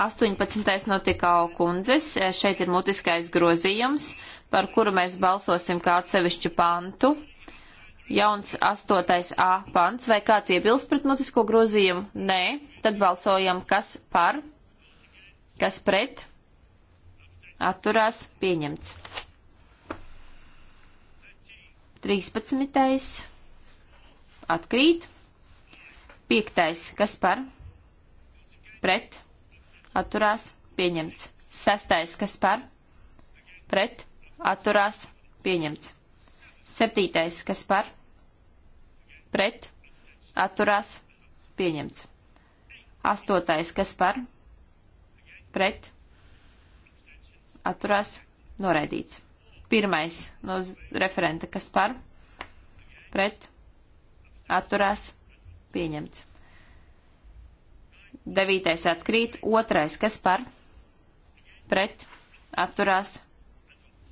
Astoņpadsmitais notika aukundzes, šeit ir mutiskais grozījums, par kuru mēs balsosim kā atsevišķu pantu jauns 8a pants. Vai kāds iebilst pret mutisko grozījumu? Nē. Tad balsojam, kas par, kas pret, atturās, pieņemts. 13. atkrīt. 5. kas par, pret, atturās, pieņemts. 6. kas par, pret, atturās, pieņemts. 7. kas par, pret, atturās, pieņemts. Astotais, kas par, pret, atturās, noraidīts. Pirmais no referenta, kas par, pret, atturās, pieņemts. Devītais atkrīt, otrais, kas par, pret, atturās,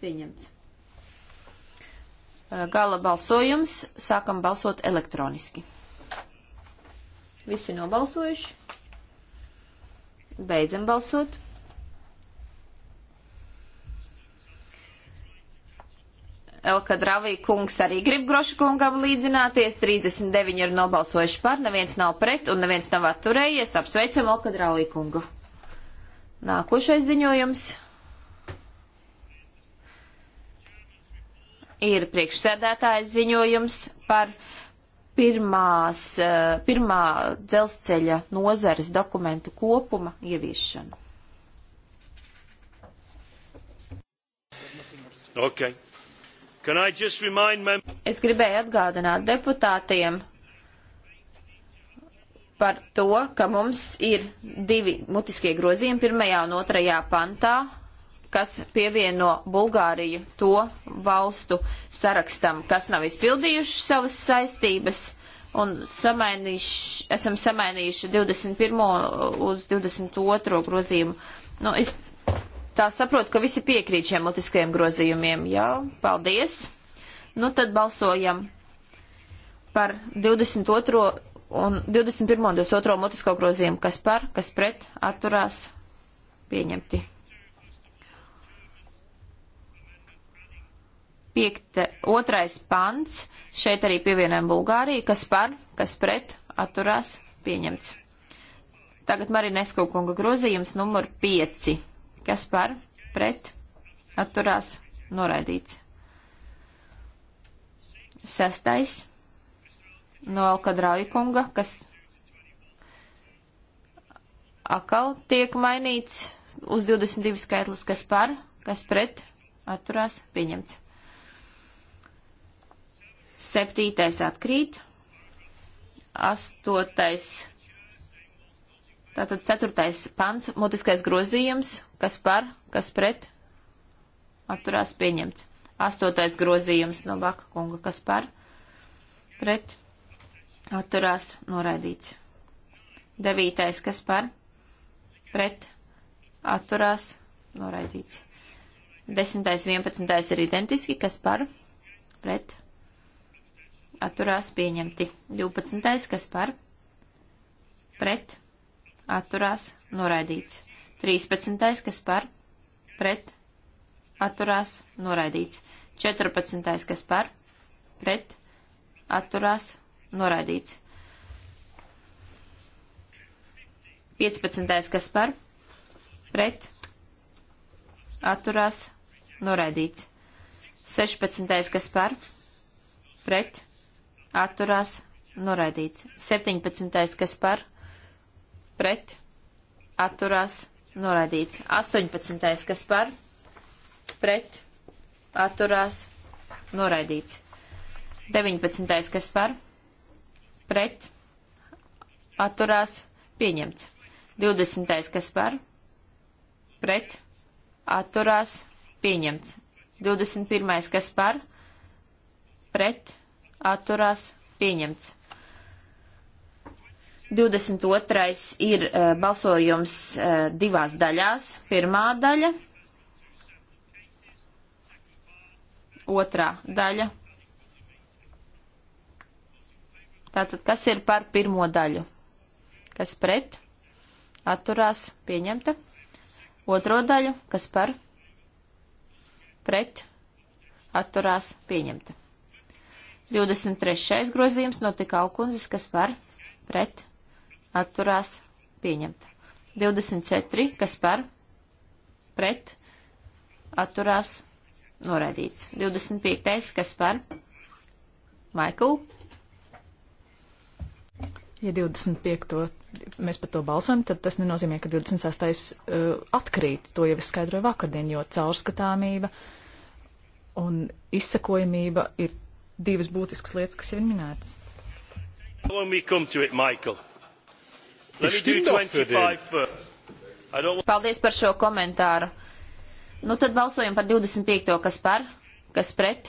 pieņemts. Eh, gala balsojums. Sākam balsot elektroniski. Visi nobalsojuši. Beidzam balsot. Elka Dravī kungs arī grib Grošu kungam līdzināties. 39 ir nobalsojuši par, neviens nav pret un neviens nav atturējies. Apsveicam Elka Dravī kungu. Nākošais ziņojums. ir priekšsēdētājs ziņojums par pirmās, eh, pirmā dzelzceļa nozares dokumentu kopuma ieviešanu. Okay. My... Es gribēju atgādināt deputātiem par to, ka mums ir divi mutiskie grozījumi pirmajā un otrajā pantā kas pievieno Bulgāriju to valstu sarakstam, kas nav izpildījuši savas saistības un samainījuši, esam samainījuši 21. uz 22. grozījumu. Nu, es tā saprotu, ka visi piekrīt šiem mutiskajiem grozījumiem. Jā, paldies. Nu, tad balsojam par 22. un 21. un 22. mutisko grozījumu. Kas par, kas pret, atturās, pieņemti. Piekta, otrais pants, šeit arī pievienojam Bulgāriju, kas par, kas pret, atturās, pieņemts. Tagad Marinesko kunga grozījums numur 5, kas par, pret, atturās, noraidīts. Sestais no Alkadrauja kunga, kas atkal tiek mainīts uz 22 skaitlis, kas par, kas pret, atturās, pieņemts. Septītais atkrīt. Astotais. Tātad ceturtais pants, mutiskais grozījums, kas par, kas pret, atturās pieņemts. Astotais grozījums no Baka kunga, kas par, pret, atturās noraidīts. Devītais, kas par, pret, atturās noraidīts. Desmitais, vienpadsmitais ir identiski, kas par, pret, atturās noraidīts atturās pieņemti. 12. kas par, pret, atturās noraidīts. 13. kas par, pret, atturās noraidīts. 14. kas par, pret, atturās noraidīts. 15. kas par, pret, atturās noraidīts. 16. kas par, pret, atturās noraidīts. 17. kas par pret atturās noraidīts. 18. kas par pret atturās noraidīts. 19. kas par pret atturās pieņemts. 20. kas par pret atturās pieņemts. 21. kas par pret atturās pieņemts. 22. ir uh, balsojums uh, divās daļās. Pirmā daļa, otrā daļa. Tātad, kas ir par pirmo daļu? Kas pret? Atturās pieņemta. Otro daļu, kas par? Pret? Atturās pieņemta. 23. grozījums no tik augundzes, kas par pret atturās pieņemt. 24. kas par pret atturās noraidīts. 25. kas par Michael. Ja 25. To, mēs par to balsojam, tad tas nenozīmē, ka 26. Uh, atkrīt. To jau es skaidroju vakardien, jo caurskatāmība un izsakojamība ir divas būtiskas lietas, kas jau ir minētas. Paldies par šo komentāru. Nu tad balsojam par 25. kas par, kas pret,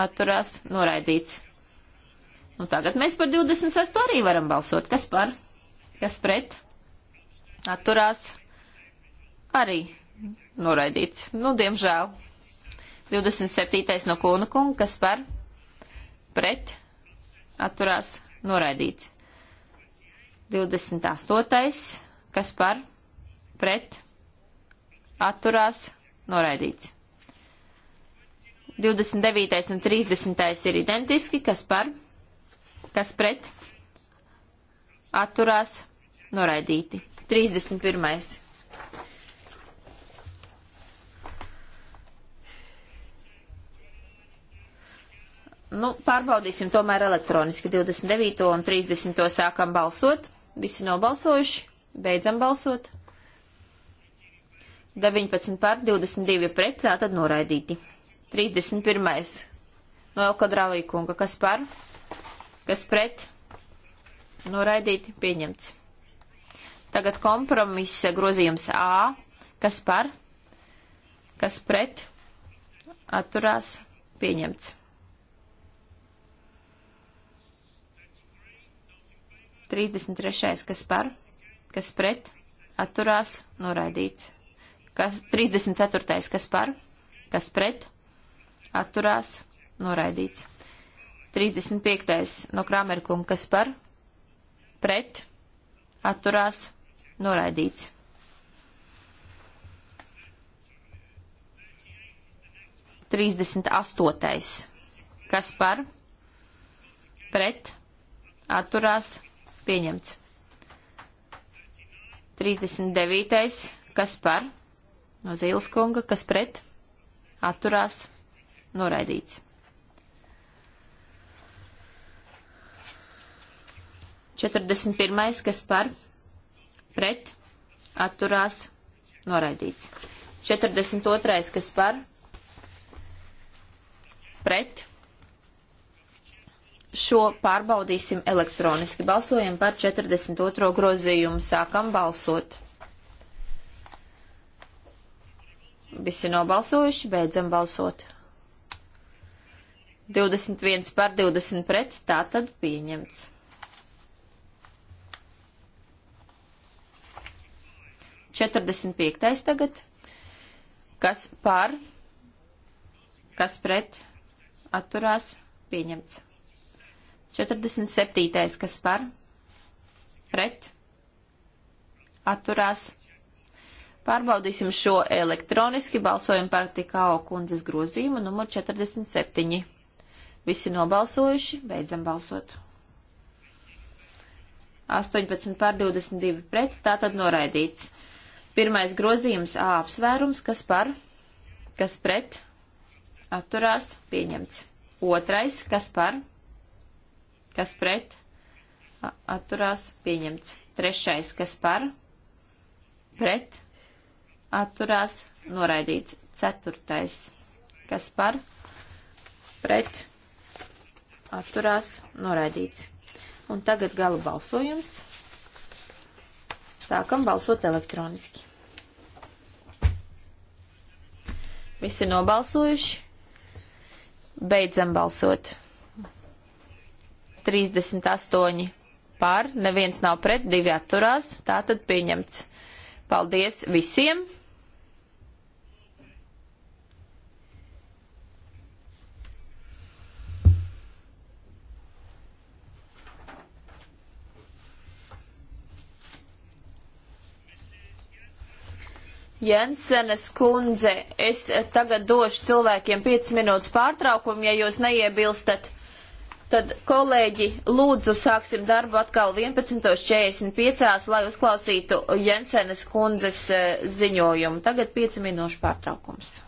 atturās, noraidīts. Nu tagad mēs par 26. arī varam balsot. Kas par, kas pret, atturās, arī noraidīts. Nu, diemžēl. 27. no Kūna kunga, kas par, pret, atturās, noraidīts. 28. kas par, pret, atturās, noraidīts. 29. un 30. ir identiski, kas par, kas pret, atturās, noraidīti. 31. Nu, pārbaudīsim tomēr elektroniski. 29. un 30. sākam balsot. Visi nobalsojuši. Beidzam balsot. 19 pār 22 pret, tātad noraidīti. 31. No Elkadrāvī kunga. Kas par? Kas pret? Noraidīti. Pieņemts. Tagad kompromisa grozījums A. Kas par? Kas pret? Atturās. Pieņemts. 33. kas par, kas pret, atturās, noraidīts. Kas, 34. kas par, kas pret, atturās, noraidīts. 35. no Kramerkunga, kas par, pret, atturās, noraidīts. 38. kas par, pret, atturās, Pieņemts. 39. Kas par? No Zīles kunga. Kas pret? Atturās. Noraidīts. 41. Kas par? Pret? Atturās. Noraidīts. 42. Kas par? Pret? Šo pārbaudīsim elektroniski. Balsojam par 42. grozījumu. Sākam balsot. Visi nobalsojuši, beidzam balsot. 21 par 20 pret, tā tad pieņemts. 45. tagad. Kas par, kas pret, atturās, pieņemts. 47. kas par, pret, atturās. Pārbaudīsim šo elektroniski, balsojam par Tikao kundzes grozījumu numur 47. Visi nobalsojuši, beidzam balsot. 18 pār 22 pret, tātad noraidīts. Pirmais grozījums A apsvērums, kas par, kas pret, atturās, pieņemts. Otrais, kas par, kas pret, atturās pieņemts. Trešais, kas par, pret, atturās noraidīts. Ceturtais, kas par, pret, atturās noraidīts. Un tagad gala balsojums. Sākam balsot elektroniski. Visi nobalsojuši. Beidzam balsot. 38 par, neviens nav pret, divi atturās, tā tad pieņemts. Paldies visiem! Jensenes kundze, es tagad došu cilvēkiem 5 minūtes pārtraukumu, ja jūs neiebilstat. Tad, kolēģi, lūdzu, sāksim darbu atkal 11.45, lai uzklausītu Jensenes kundzes eh, ziņojumu. Tagad 5 minūšu pārtraukums.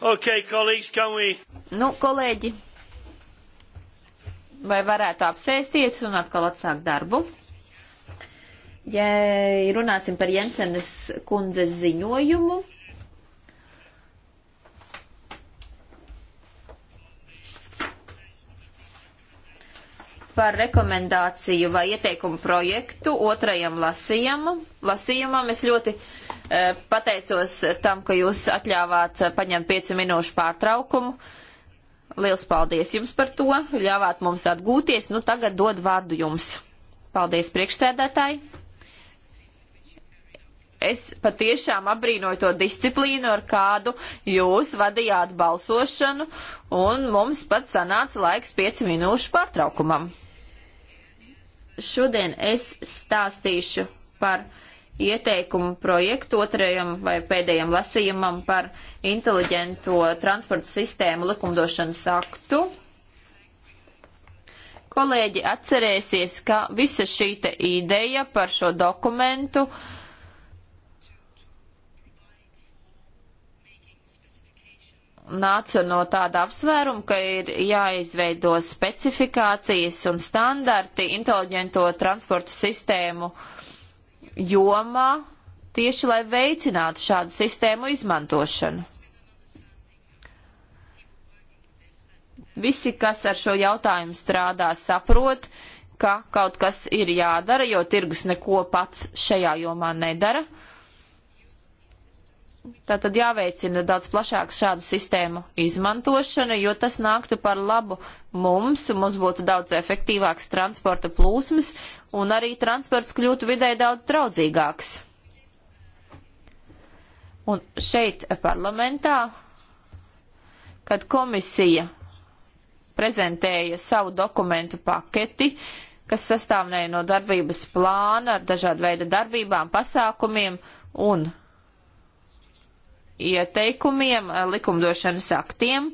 Okay, colleagues, can we... Nu, kolēģi, vai varētu apsēsties un atkal atsākt darbu? Ja runāsim par Jensenes kundzes ziņojumu. par rekomendāciju vai ieteikumu projektu otrajam lasījumam. Lasījumam es ļoti uh, Eh, pateicos tam, ka jūs atļāvāt eh, paņemt piecu minūšu pārtraukumu. Liels paldies jums par to, ļāvāt mums atgūties. Nu, tagad dod vārdu jums. Paldies, priekšsēdētāji. Es patiešām abrīnoju to disciplīnu, ar kādu jūs vadījāt balsošanu, un mums pat sanāca laiks 5 minūšu pārtraukumam. Šodien es stāstīšu par ieteikumu projektu otrajam vai pēdējam lasījumam par inteliģento transporta sistēmu likumdošanas aktu. Kolēģi atcerēsies, ka visa šī ideja par šo dokumentu nāca no tāda apsvēruma, ka ir jāizveido specifikācijas un standarti inteliģento transportu sistēmu uh, jomā, tieši lai veicinātu šādu sistēmu izmantošanu. Visi, kas ar šo jautājumu strādā, saprot, ka kaut kas ir jādara, jo tirgus neko pats šajā jomā nedara. Uh, Tātad jāveicina daudz plašāk šādu sistēmu izmantošana, jo tas nāktu par labu mums, mums būtu daudz efektīvāks transporta plūsmas un arī transports kļūtu vidē daudz draudzīgāks. Un šeit parlamentā, kad komisija prezentēja savu dokumentu paketi, kas sastāvnēja no darbības plāna ar dažādu veidu darbībām, pasākumiem un ieteikumiem, eh, likumdošanas aktiem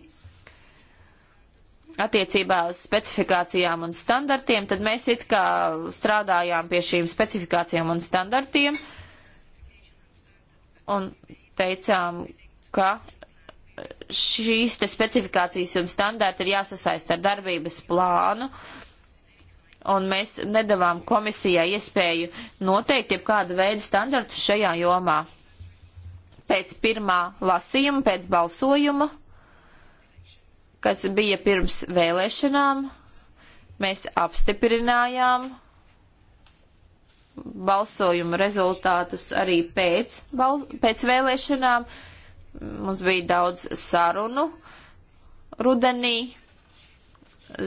attiecībā uz specifikācijām un standartiem, tad mēs it kā strādājām pie šīm specifikācijām un standartiem un teicām, ka šīs te specifikācijas un standarti ir jāsasaist ar darbības plānu, un mēs nedavām komisijai iespēju noteikt jebkādu veidu standartus šajā jomā pēc pirmā lasījuma, pēc balsojuma, kas bija pirms vēlēšanām, mēs apstiprinājām balsojuma rezultātus arī pēc, bal, pēc vēlēšanām. Mums bija daudz sarunu rudenī,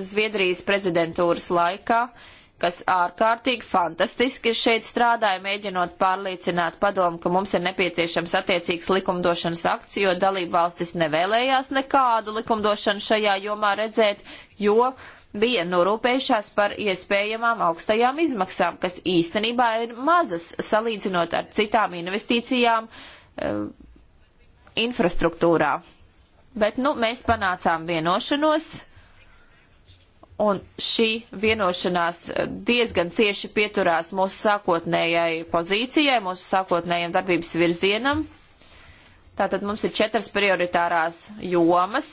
Zviedrijas prezidentūras laikā. Uh, kas ārkārtīgi fantastiski šeit strādāja, mēģinot pārliecināt padomu, ka mums ir nepieciešams attiecīgs likumdošanas akts, jo dalība valstis nevēlējās nekādu likumdošanu šajā jomā redzēt, jo bija norūpējušās par iespējamām augstajām izmaksām, kas īstenībā ir mazas salīdzinot ar citām investīcijām e, infrastruktūrā. Bet, nu, mēs panācām vienošanos Un šī vienošanās diezgan cieši pieturās mūsu sākotnējai pozīcijai, mūsu sākotnējiem darbības virzienam. Tātad mums ir četras prioritārās jomas.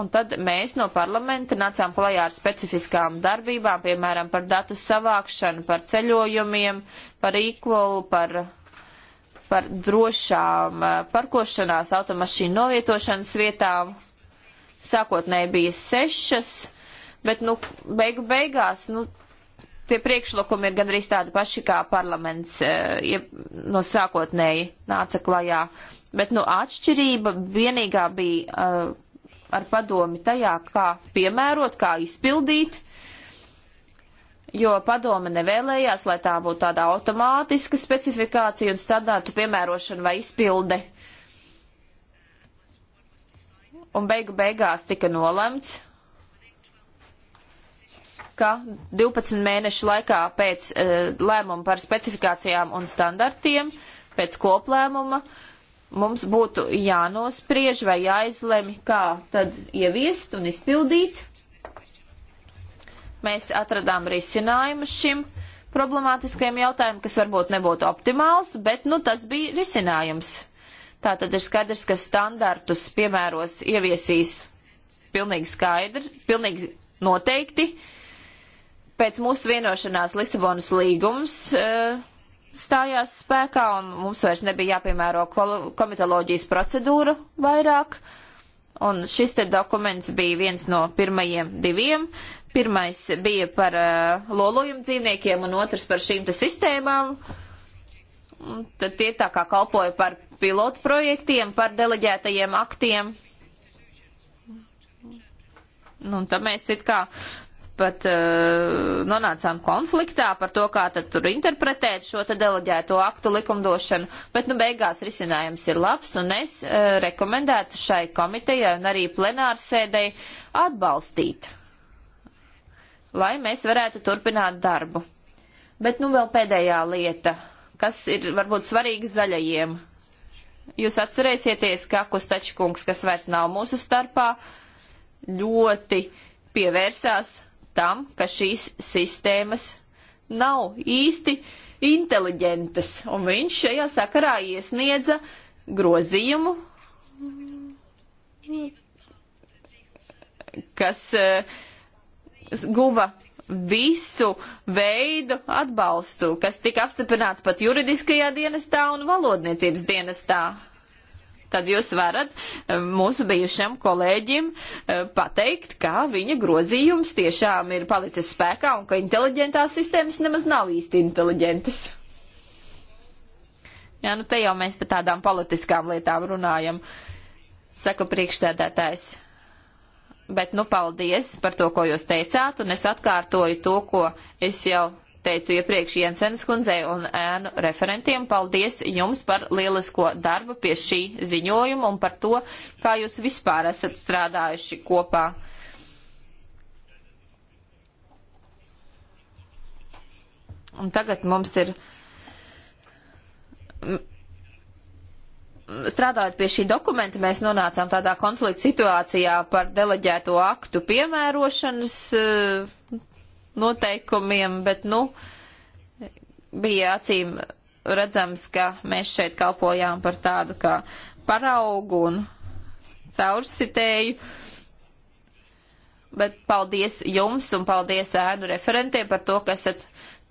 Un tad mēs no parlamenta nācām klajā ar specifiskām darbībām, piemēram, par datu savākšanu, par ceļojumiem, par equal, par par drošām eh, parkošanās automašīnu novietošanas vietām Sākotnēji bija sešas, bet, nu, beigu beigās, nu, tie priekšlikumi ir gandrīz tādi paši, kā parlaments ja eh, no sākotnēji nāca klajā. Bet, nu, atšķirība vienīgā bija uh, ar padomi tajā, kā piemērot, kā izpildīt, jo padome nevēlējās, lai tā būtu tāda automātiska specifikācija un standārtu piemērošana vai izpilde un beigu beigās tika nolemts, ka 12 mēnešu laikā pēc uh, lēmuma par specifikācijām un standartiem, pēc koplēmuma, mums būtu jānospriež vai jāizlemj, kā tad ieviest un izpildīt. Mēs atradām risinājumu šim problemātiskajam jautājumam, kas varbūt nebūtu optimāls, bet nu, tas bija risinājums. Tā tad ir skaidrs, ka standartus piemēros ieviesīs pilnīgi skaidri, pilnīgi noteikti. Pēc mūsu vienošanās Lisabonas līgums eh, stājās spēkā un mums vairs nebija jāpiemēro komitoloģijas procedūra vairāk. Un šis te dokuments bija viens no pirmajiem diviem. Pirmais bija par uh, eh, lolojumu dzīvniekiem un otrs par šīm te sistēmām. Uh, Tad tie tā kā kalpoja par pilotu projektiem, par deleģētajiem aktiem. Nu, un tad mēs it kā pat uh, nonācām konfliktā par to, kā tad tur interpretēt šo te deleģēto aktu likumdošanu, bet nu beigās risinājums ir labs, un es uh, rekomendētu šai komitejai un arī plenārsēdei atbalstīt, lai mēs varētu turpināt darbu. Bet nu vēl pēdējā lieta. Uh, kas ir varbūt svarīgi zaļajiem. Jūs atcerēsieties, ka Akustačs kungs, kas vairs nav mūsu starpā, ļoti pievērsās tam, ka šīs sistēmas nav īsti inteliģentas, un viņš šajā sakarā iesniedza grozījumu, kas uh, guva visu veidu atbalstu, kas tika apstiprināts pat juridiskajā dienestā un valodniecības dienestā. Tad jūs varat eh, mūsu bijušam kolēģim eh, pateikt, ka viņa grozījums tiešām ir palicis spēkā un ka inteliģentās sistēmas nemaz nav īsti inteliģentas. Jā, nu te jau mēs par tādām politiskām lietām runājam, saka priekšsēdētājs bet nu paldies par to, ko jūs teicāt, un es atkārtoju to, ko es jau teicu iepriekš Jensenas kundzei un ēnu referentiem. Paldies jums par lielisko darbu pie šī ziņojuma un par to, kā jūs vispār esat strādājuši kopā. Un tagad mums ir strādājot pie šī dokumenta, mēs nonācām tādā konflikta situācijā par deleģēto aktu piemērošanas eh, noteikumiem, bet, nu, bija acīm redzams, ka mēs šeit kalpojām par tādu kā paraugu un caursitēju. Bet paldies jums un paldies ēnu referentiem par to, ka esat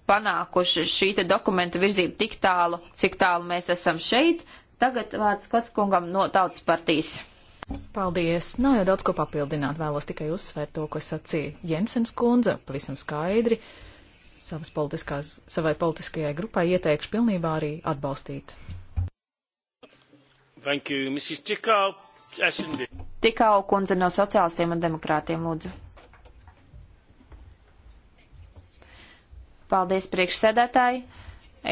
panākuši šī te dokumenta virzību tik tālu, cik tālu mēs esam šeit. Tagad vārds Kotskungam no Tautas partijas. Paldies! Nav jau daudz ko papildināt, vēlos tikai uzsvērt to, ko sacīja Jensens kundze, pavisam skaidri. Savas politiskās, savai politiskajai grupai ieteikšu pilnībā arī atbalstīt. Thank you, Mrs. Tikau. Tikau kundze no sociālistiem un demokrātiem lūdzu. Paldies priekšsēdētāji.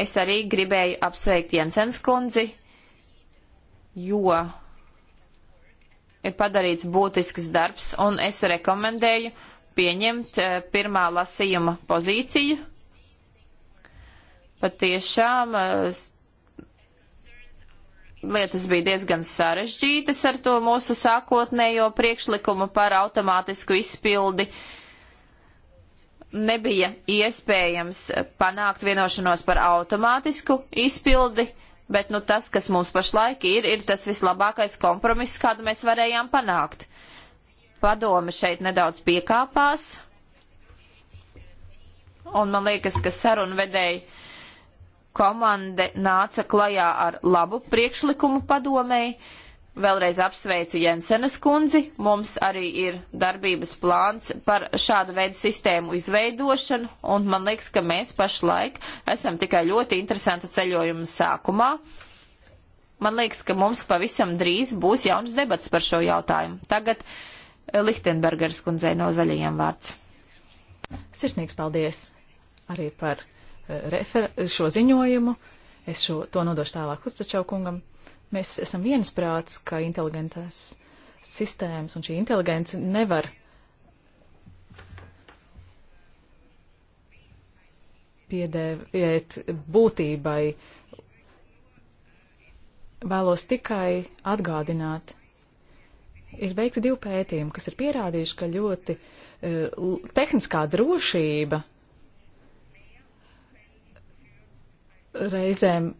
Es arī gribēju apsveikt Jensens kundzi jo ir padarīts būtisks darbs, un es rekomendēju pieņemt eh, pirmā lasījuma pozīciju. Patiešām eh, lietas bija diezgan sarežģītas ar to mūsu sākotnējo priekšlikumu par automātisku izpildi. Nebija iespējams panākt vienošanos par automātisku izpildi, bet nu, tas, kas mums pašlaik ir, ir tas vislabākais kompromiss, kādu mēs varējām panākt. Padome šeit nedaudz piekāpās, un man liekas, ka sarunvedēji komande nāca klajā ar labu priekšlikumu padomēji Vēlreiz apsveicu Jensenes kundzi. Mums arī ir darbības plāns par šādu veidu sistēmu izveidošanu, un man liekas, ka mēs pašlaik esam tikai ļoti interesanta ceļojuma sākumā. Man liekas, ka mums pavisam drīz būs jauns debats par šo jautājumu. Tagad eh, Lichtenbergers kundzei no zaļajiem vārds. Sirsnīgs paldies arī par eh, refer šo ziņojumu. Es šo, to nodošu tālāk Uztačau kungam. Mēs esam viensprāts, ka inteligentās sistēmas un šī inteligence nevar piedēvēt būtībai. Vēlos tikai atgādināt, ir veikti divi pētījumi, kas ir pierādījuši, ka ļoti uh, tehniskā drošība reizēm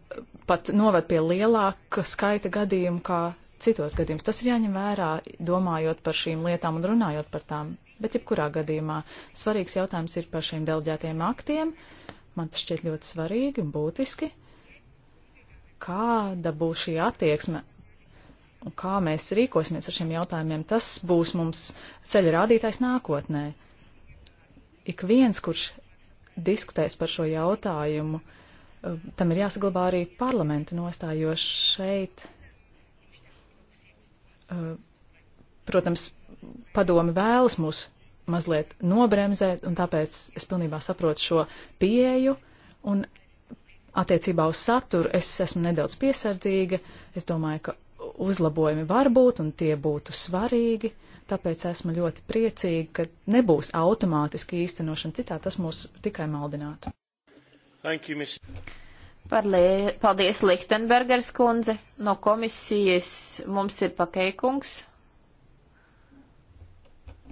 pat novad pie lielāka skaita gadījumu kā citos gadījumos. Tas ir jāņem vērā, domājot par šīm lietām un runājot par tām. Bet jebkurā gadījumā svarīgs jautājums ir par šiem delģētiem aktiem. Man tas šķiet ļoti svarīgi un būtiski. Kāda būs šī attieksme un kā mēs rīkosimies ar šiem jautājumiem, tas būs mums ceļa rādītājs nākotnē. Ik viens, kurš diskutēs par šo jautājumu, uh, tam ir jāsaglabā arī parlamenta nostāja, jo šeit, eh, protams, padomi vēlas mūs mazliet nobremzēt, un tāpēc es pilnībā saprotu šo pieeju, un attiecībā uz saturu es esmu nedaudz piesardzīga, es domāju, ka uzlabojumi var būt, un tie būtu svarīgi, tāpēc esmu ļoti priecīga, ka nebūs automātiski īstenošana citā, tas mūs tikai maldinātu. Thank you, Miss. Parlie, paldies, Lichtenbergers kundze. No komisijas mums ir pakeikungs.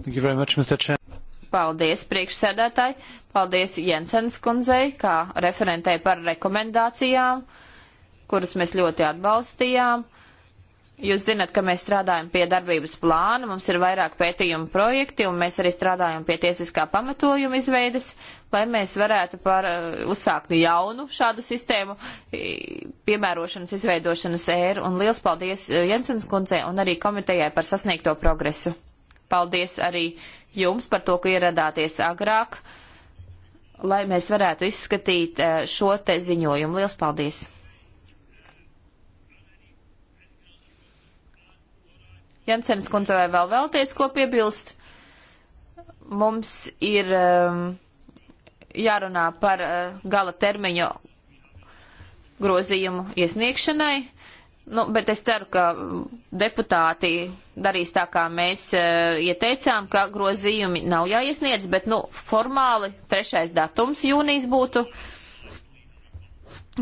Thank you very much, Mr. Chair. Paldies, priekšsēdētāji. Paldies Jensens kundzei, kā referentei par rekomendācijām, kuras mēs ļoti atbalstījām. Jūs zināt, ka mēs strādājam pie darbības plāna, mums ir vairāk pētījumu projekti, un mēs arī strādājam pie tiesiskā pamatojuma izveides, lai mēs varētu par, eh, uzsākt jaunu šādu sistēmu piemērošanas izveidošanas ēru. Un liels paldies eh, Jensens kundzei un arī komitejai par sasniegto progresu. Paldies arī jums par to, ka ieradāties agrāk, lai mēs varētu izskatīt eh, šo te ziņojumu. Liels paldies! Jansenis kundze, vai vēl vēlties ko piebilst? Mums ir um, jārunā par uh, gala termiņu grozījumu iesniegšanai, nu, bet es ceru, ka deputāti darīs tā, kā mēs uh, ieteicām, ka grozījumi nav jāiesniedz, bet nu, formāli trešais datums jūnijas būtu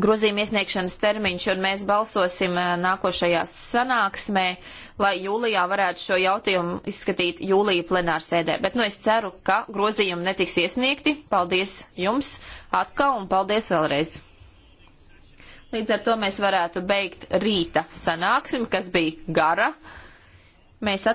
grozījuma iesniegšanas termiņš, un mēs balsosim uh, nākošajā sanāksmē lai jūlijā varētu šo jautājumu izskatīt jūlija plenārsēdē. Bet nu es ceru, ka grozījumi netiks iesniegti. Paldies jums atkal un paldies vēlreiz. Līdz ar to mēs varētu beigt rīta sanāksim, kas bija gara. Mēs